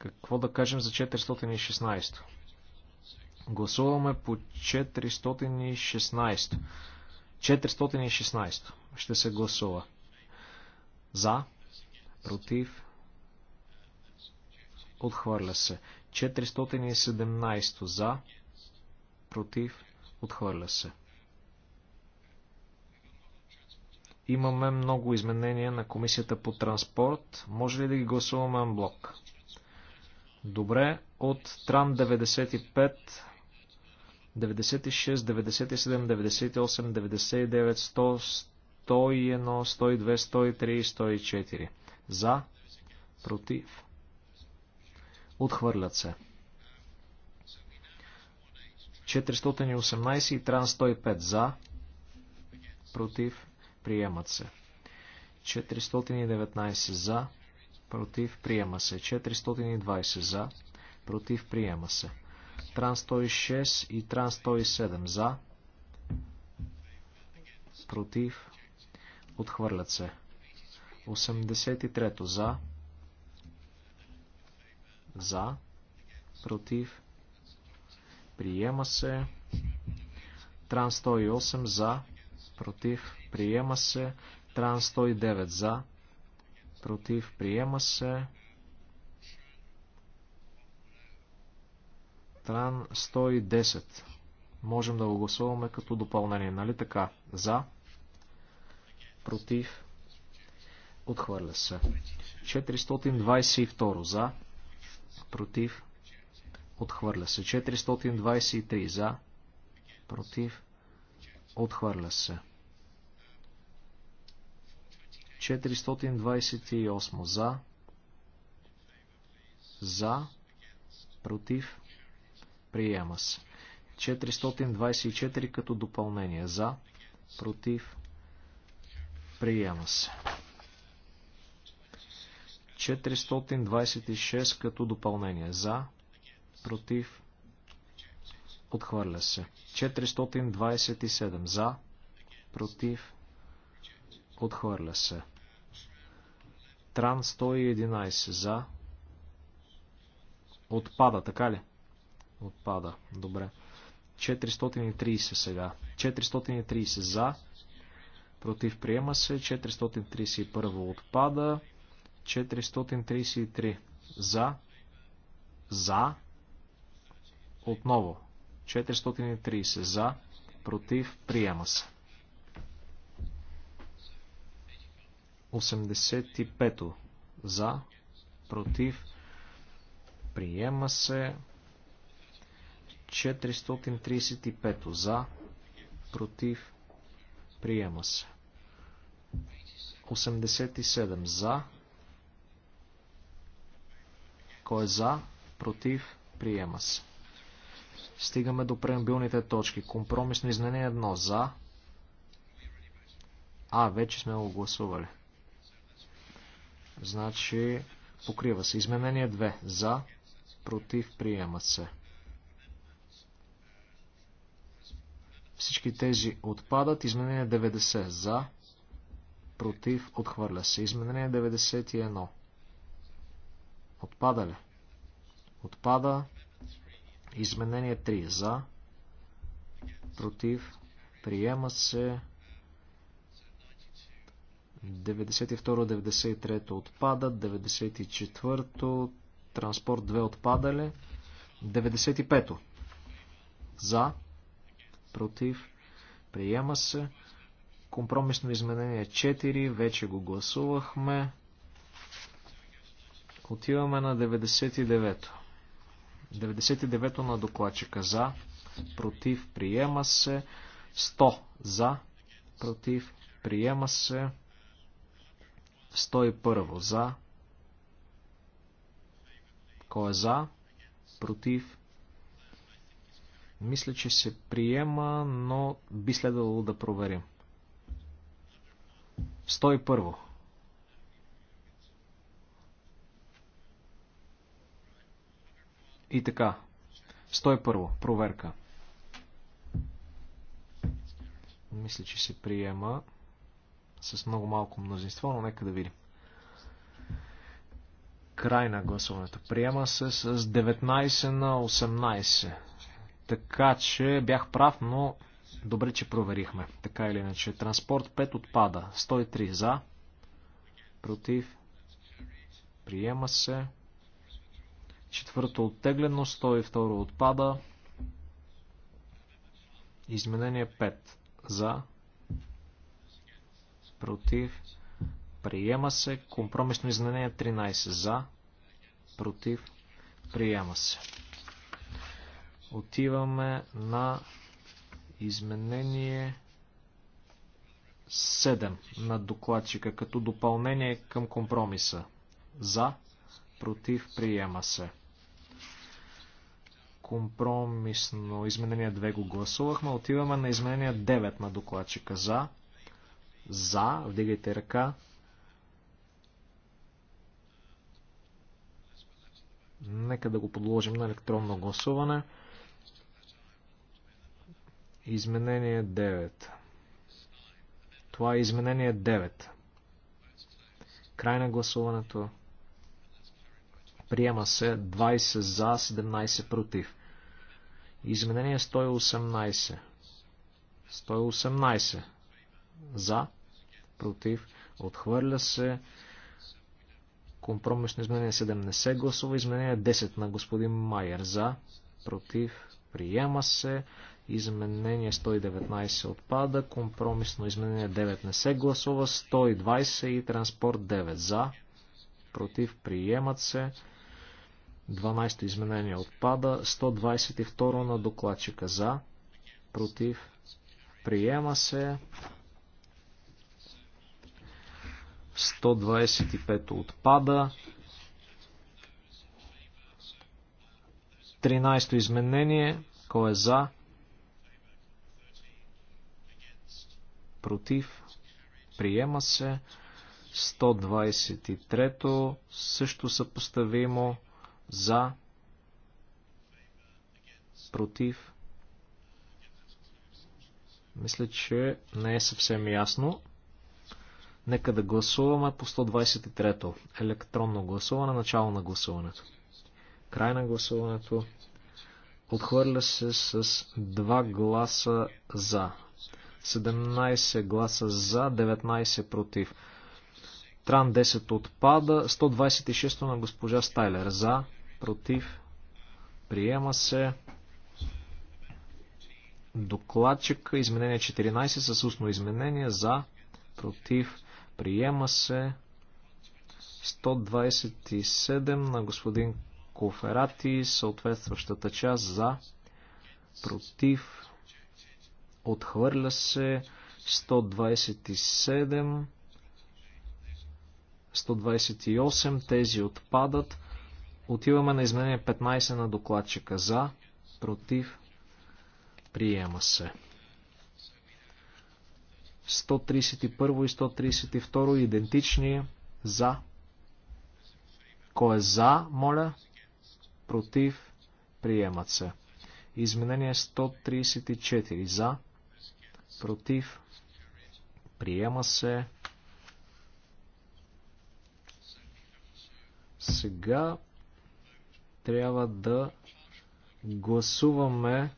Какво да кажем за 416? Гласуваме по 416. 416 ще се гласува. За, против, отхвърля се. 417 за, против, отхвърля се. Имаме много изменения на комисията по транспорт. Може ли да ги гласуваме блок? Добре, от Тран 95, 96, 97, 98, 99, 100, 101, 102, 103, 104. За, против, отхвърлят се. 418 и Тран 105 за, против, приемат се. 419 за, против, приема се. 420 за, против, приема се. Тран 106 и Тран 107 за, против, отхвърлят се. 83 за, за, против, приема се. Тран 108 за, против, приема се. Тран 109 за, против, приема се. Тран 110. Можем да го гласуваме като допълнение, нали така? За, против, отхвърля се. 422 за, против, отхвърля се. 423 за, против, отхвърля се. 428 за, за, против, приема се. 424 като допълнение за, против, приема се. 426 като допълнение за, против, отхвърля се. 427 за, против, Отхвърля се. Тран 111 за. Отпада, така ли? Отпада, добре. 430 сега. 430 за. Против приема се. 431 отпада. 433 за. За. Отново. 430 за. Против приема се. 85 за, против, приема се 435 за, против, приема се 87 за, кой е за, против, приема се. Стигаме до преамбилните точки. Компромисно изменение 1 за. А, вече сме го гласували. Значи покрива се. Изменение 2. За, против, приема се. Всички тези отпадат. Изменение 90. За, против, отхвърля се. Изменение 91. Отпада ли? Отпада. Изменение 3. За, против, приема се. 92-93 отпада, 94-то, транспорт 2 отпадали, 95-то. За, против, приема се. Компромисно изменение 4, вече го гласувахме. Отиваме на 99-то. 99-то на докладчика за, против, приема се. 100 за, против, приема се. 101 за. Кой е за? Против? Мисля, че се приема, но би следвало да проверим. 101. И така. 101. Проверка. Мисля, че се приема с много малко мнозинство, но нека да видим. Край на гласуването. Приема се с 19 на 18. Така че бях прав, но добре, че проверихме. Така или иначе. Транспорт 5 отпада. 103 за. Против. Приема се. Четвърто оттеглено. 102 отпада. Изменение 5 за против, приема се. Компромисно изменение 13 за, против, приема се. Отиваме на изменение 7 на докладчика като допълнение към компромиса. За, против, приема се. Компромисно изменение 2 го гласувахме. Отиваме на изменение 9 на докладчика. За, за, вдигайте ръка. Нека да го подложим на електронно гласуване. Изменение 9. Това е изменение 9. Край на гласуването. Приема се 20 за, 17 против. Изменение 118. 118. За против, отхвърля се. Компромисно изменение 7 не се гласува. Изменение 10 на господин Майер за, против, приема се. Изменение 119 отпада. Компромисно изменение 9 не се гласува. 120 и транспорт 9 за, против, приемат се. 12 изменение отпада. 122 на докладчика за, против, приема се. 125 отпада. 13 то изменение. Кой е за? Против. Приема се. 123 то също съпоставимо. За. Против. Мисля, че не е съвсем ясно. Нека да гласуваме по 123-то. Електронно гласуване, начало на гласуването. Край на гласуването. Отхвърля се с 2 гласа за. 17 гласа за, 19 против. Тран 10 отпада. 126 на госпожа Стайлер. За, против. Приема се. Докладчик. Изменение 14 с устно изменение. За, против. Приема се 127 на господин Коферати, съответстващата част за, против, отхвърля се 127, 128, тези отпадат. Отиваме на изменение 15 на докладчика за, против, приема се. 131 и 132 идентични за. Кой е за, моля? Против. Приемат се. Изменение 134 за. Против. Приема се. Сега трябва да гласуваме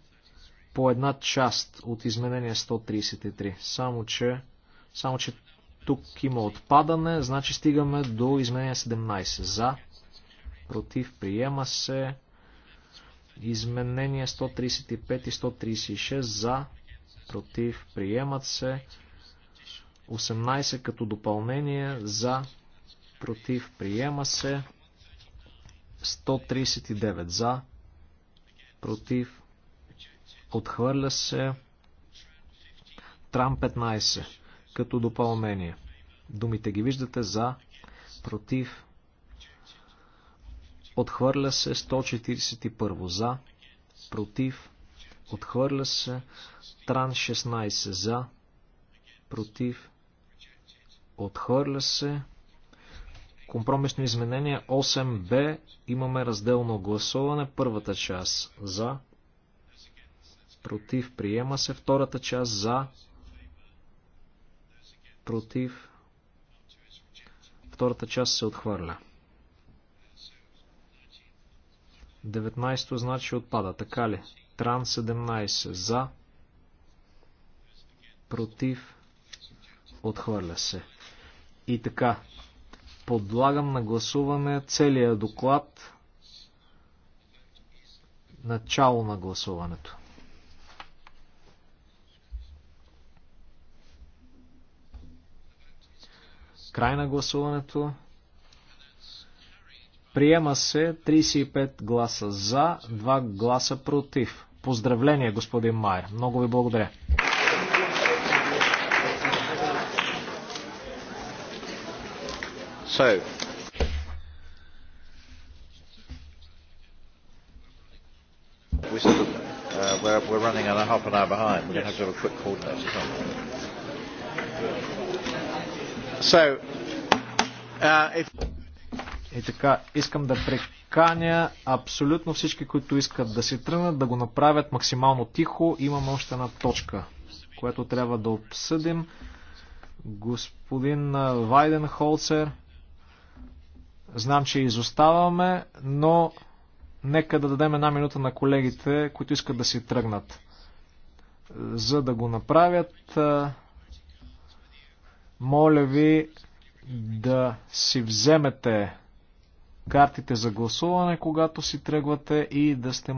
по една част от изменение 133. Само че, само, че тук има отпадане, значи стигаме до изменение 17. За, против, приема се. изменение 135 и 136 за, против, приемат се. 18 като допълнение за, против, приема се. 139 за, против, Отхвърля се Трам 15 като допълнение. Думите ги виждате за, против. Отхвърля се 141 за, против. Отхвърля се Тран 16 за, против. Отхвърля се компромисно изменение 8b. Имаме разделно гласуване. Първата част за, против, приема се. Втората част за, против, втората част се отхвърля. 19 значи отпада, така ли? Тран 17 за, против, отхвърля се. И така, подлагам на гласуване целият доклад, начало на гласуването. край на гласуването. Приема се 35 гласа за, 2 гласа против. Поздравление, господин Майер. Много ви благодаря. Uh, we're, running a half an hour behind. We're yes. going to have to have a quick call now. И uh, е така, искам да преканя абсолютно всички, които искат да си тръгнат, да го направят максимално тихо. Имам още една точка, която трябва да обсъдим. Господин Вайден знам, че изоставаме, но нека да дадем една минута на колегите, които искат да си тръгнат. За да го направят, моля ви да си вземете картите за гласуване, когато си тръгвате и да сте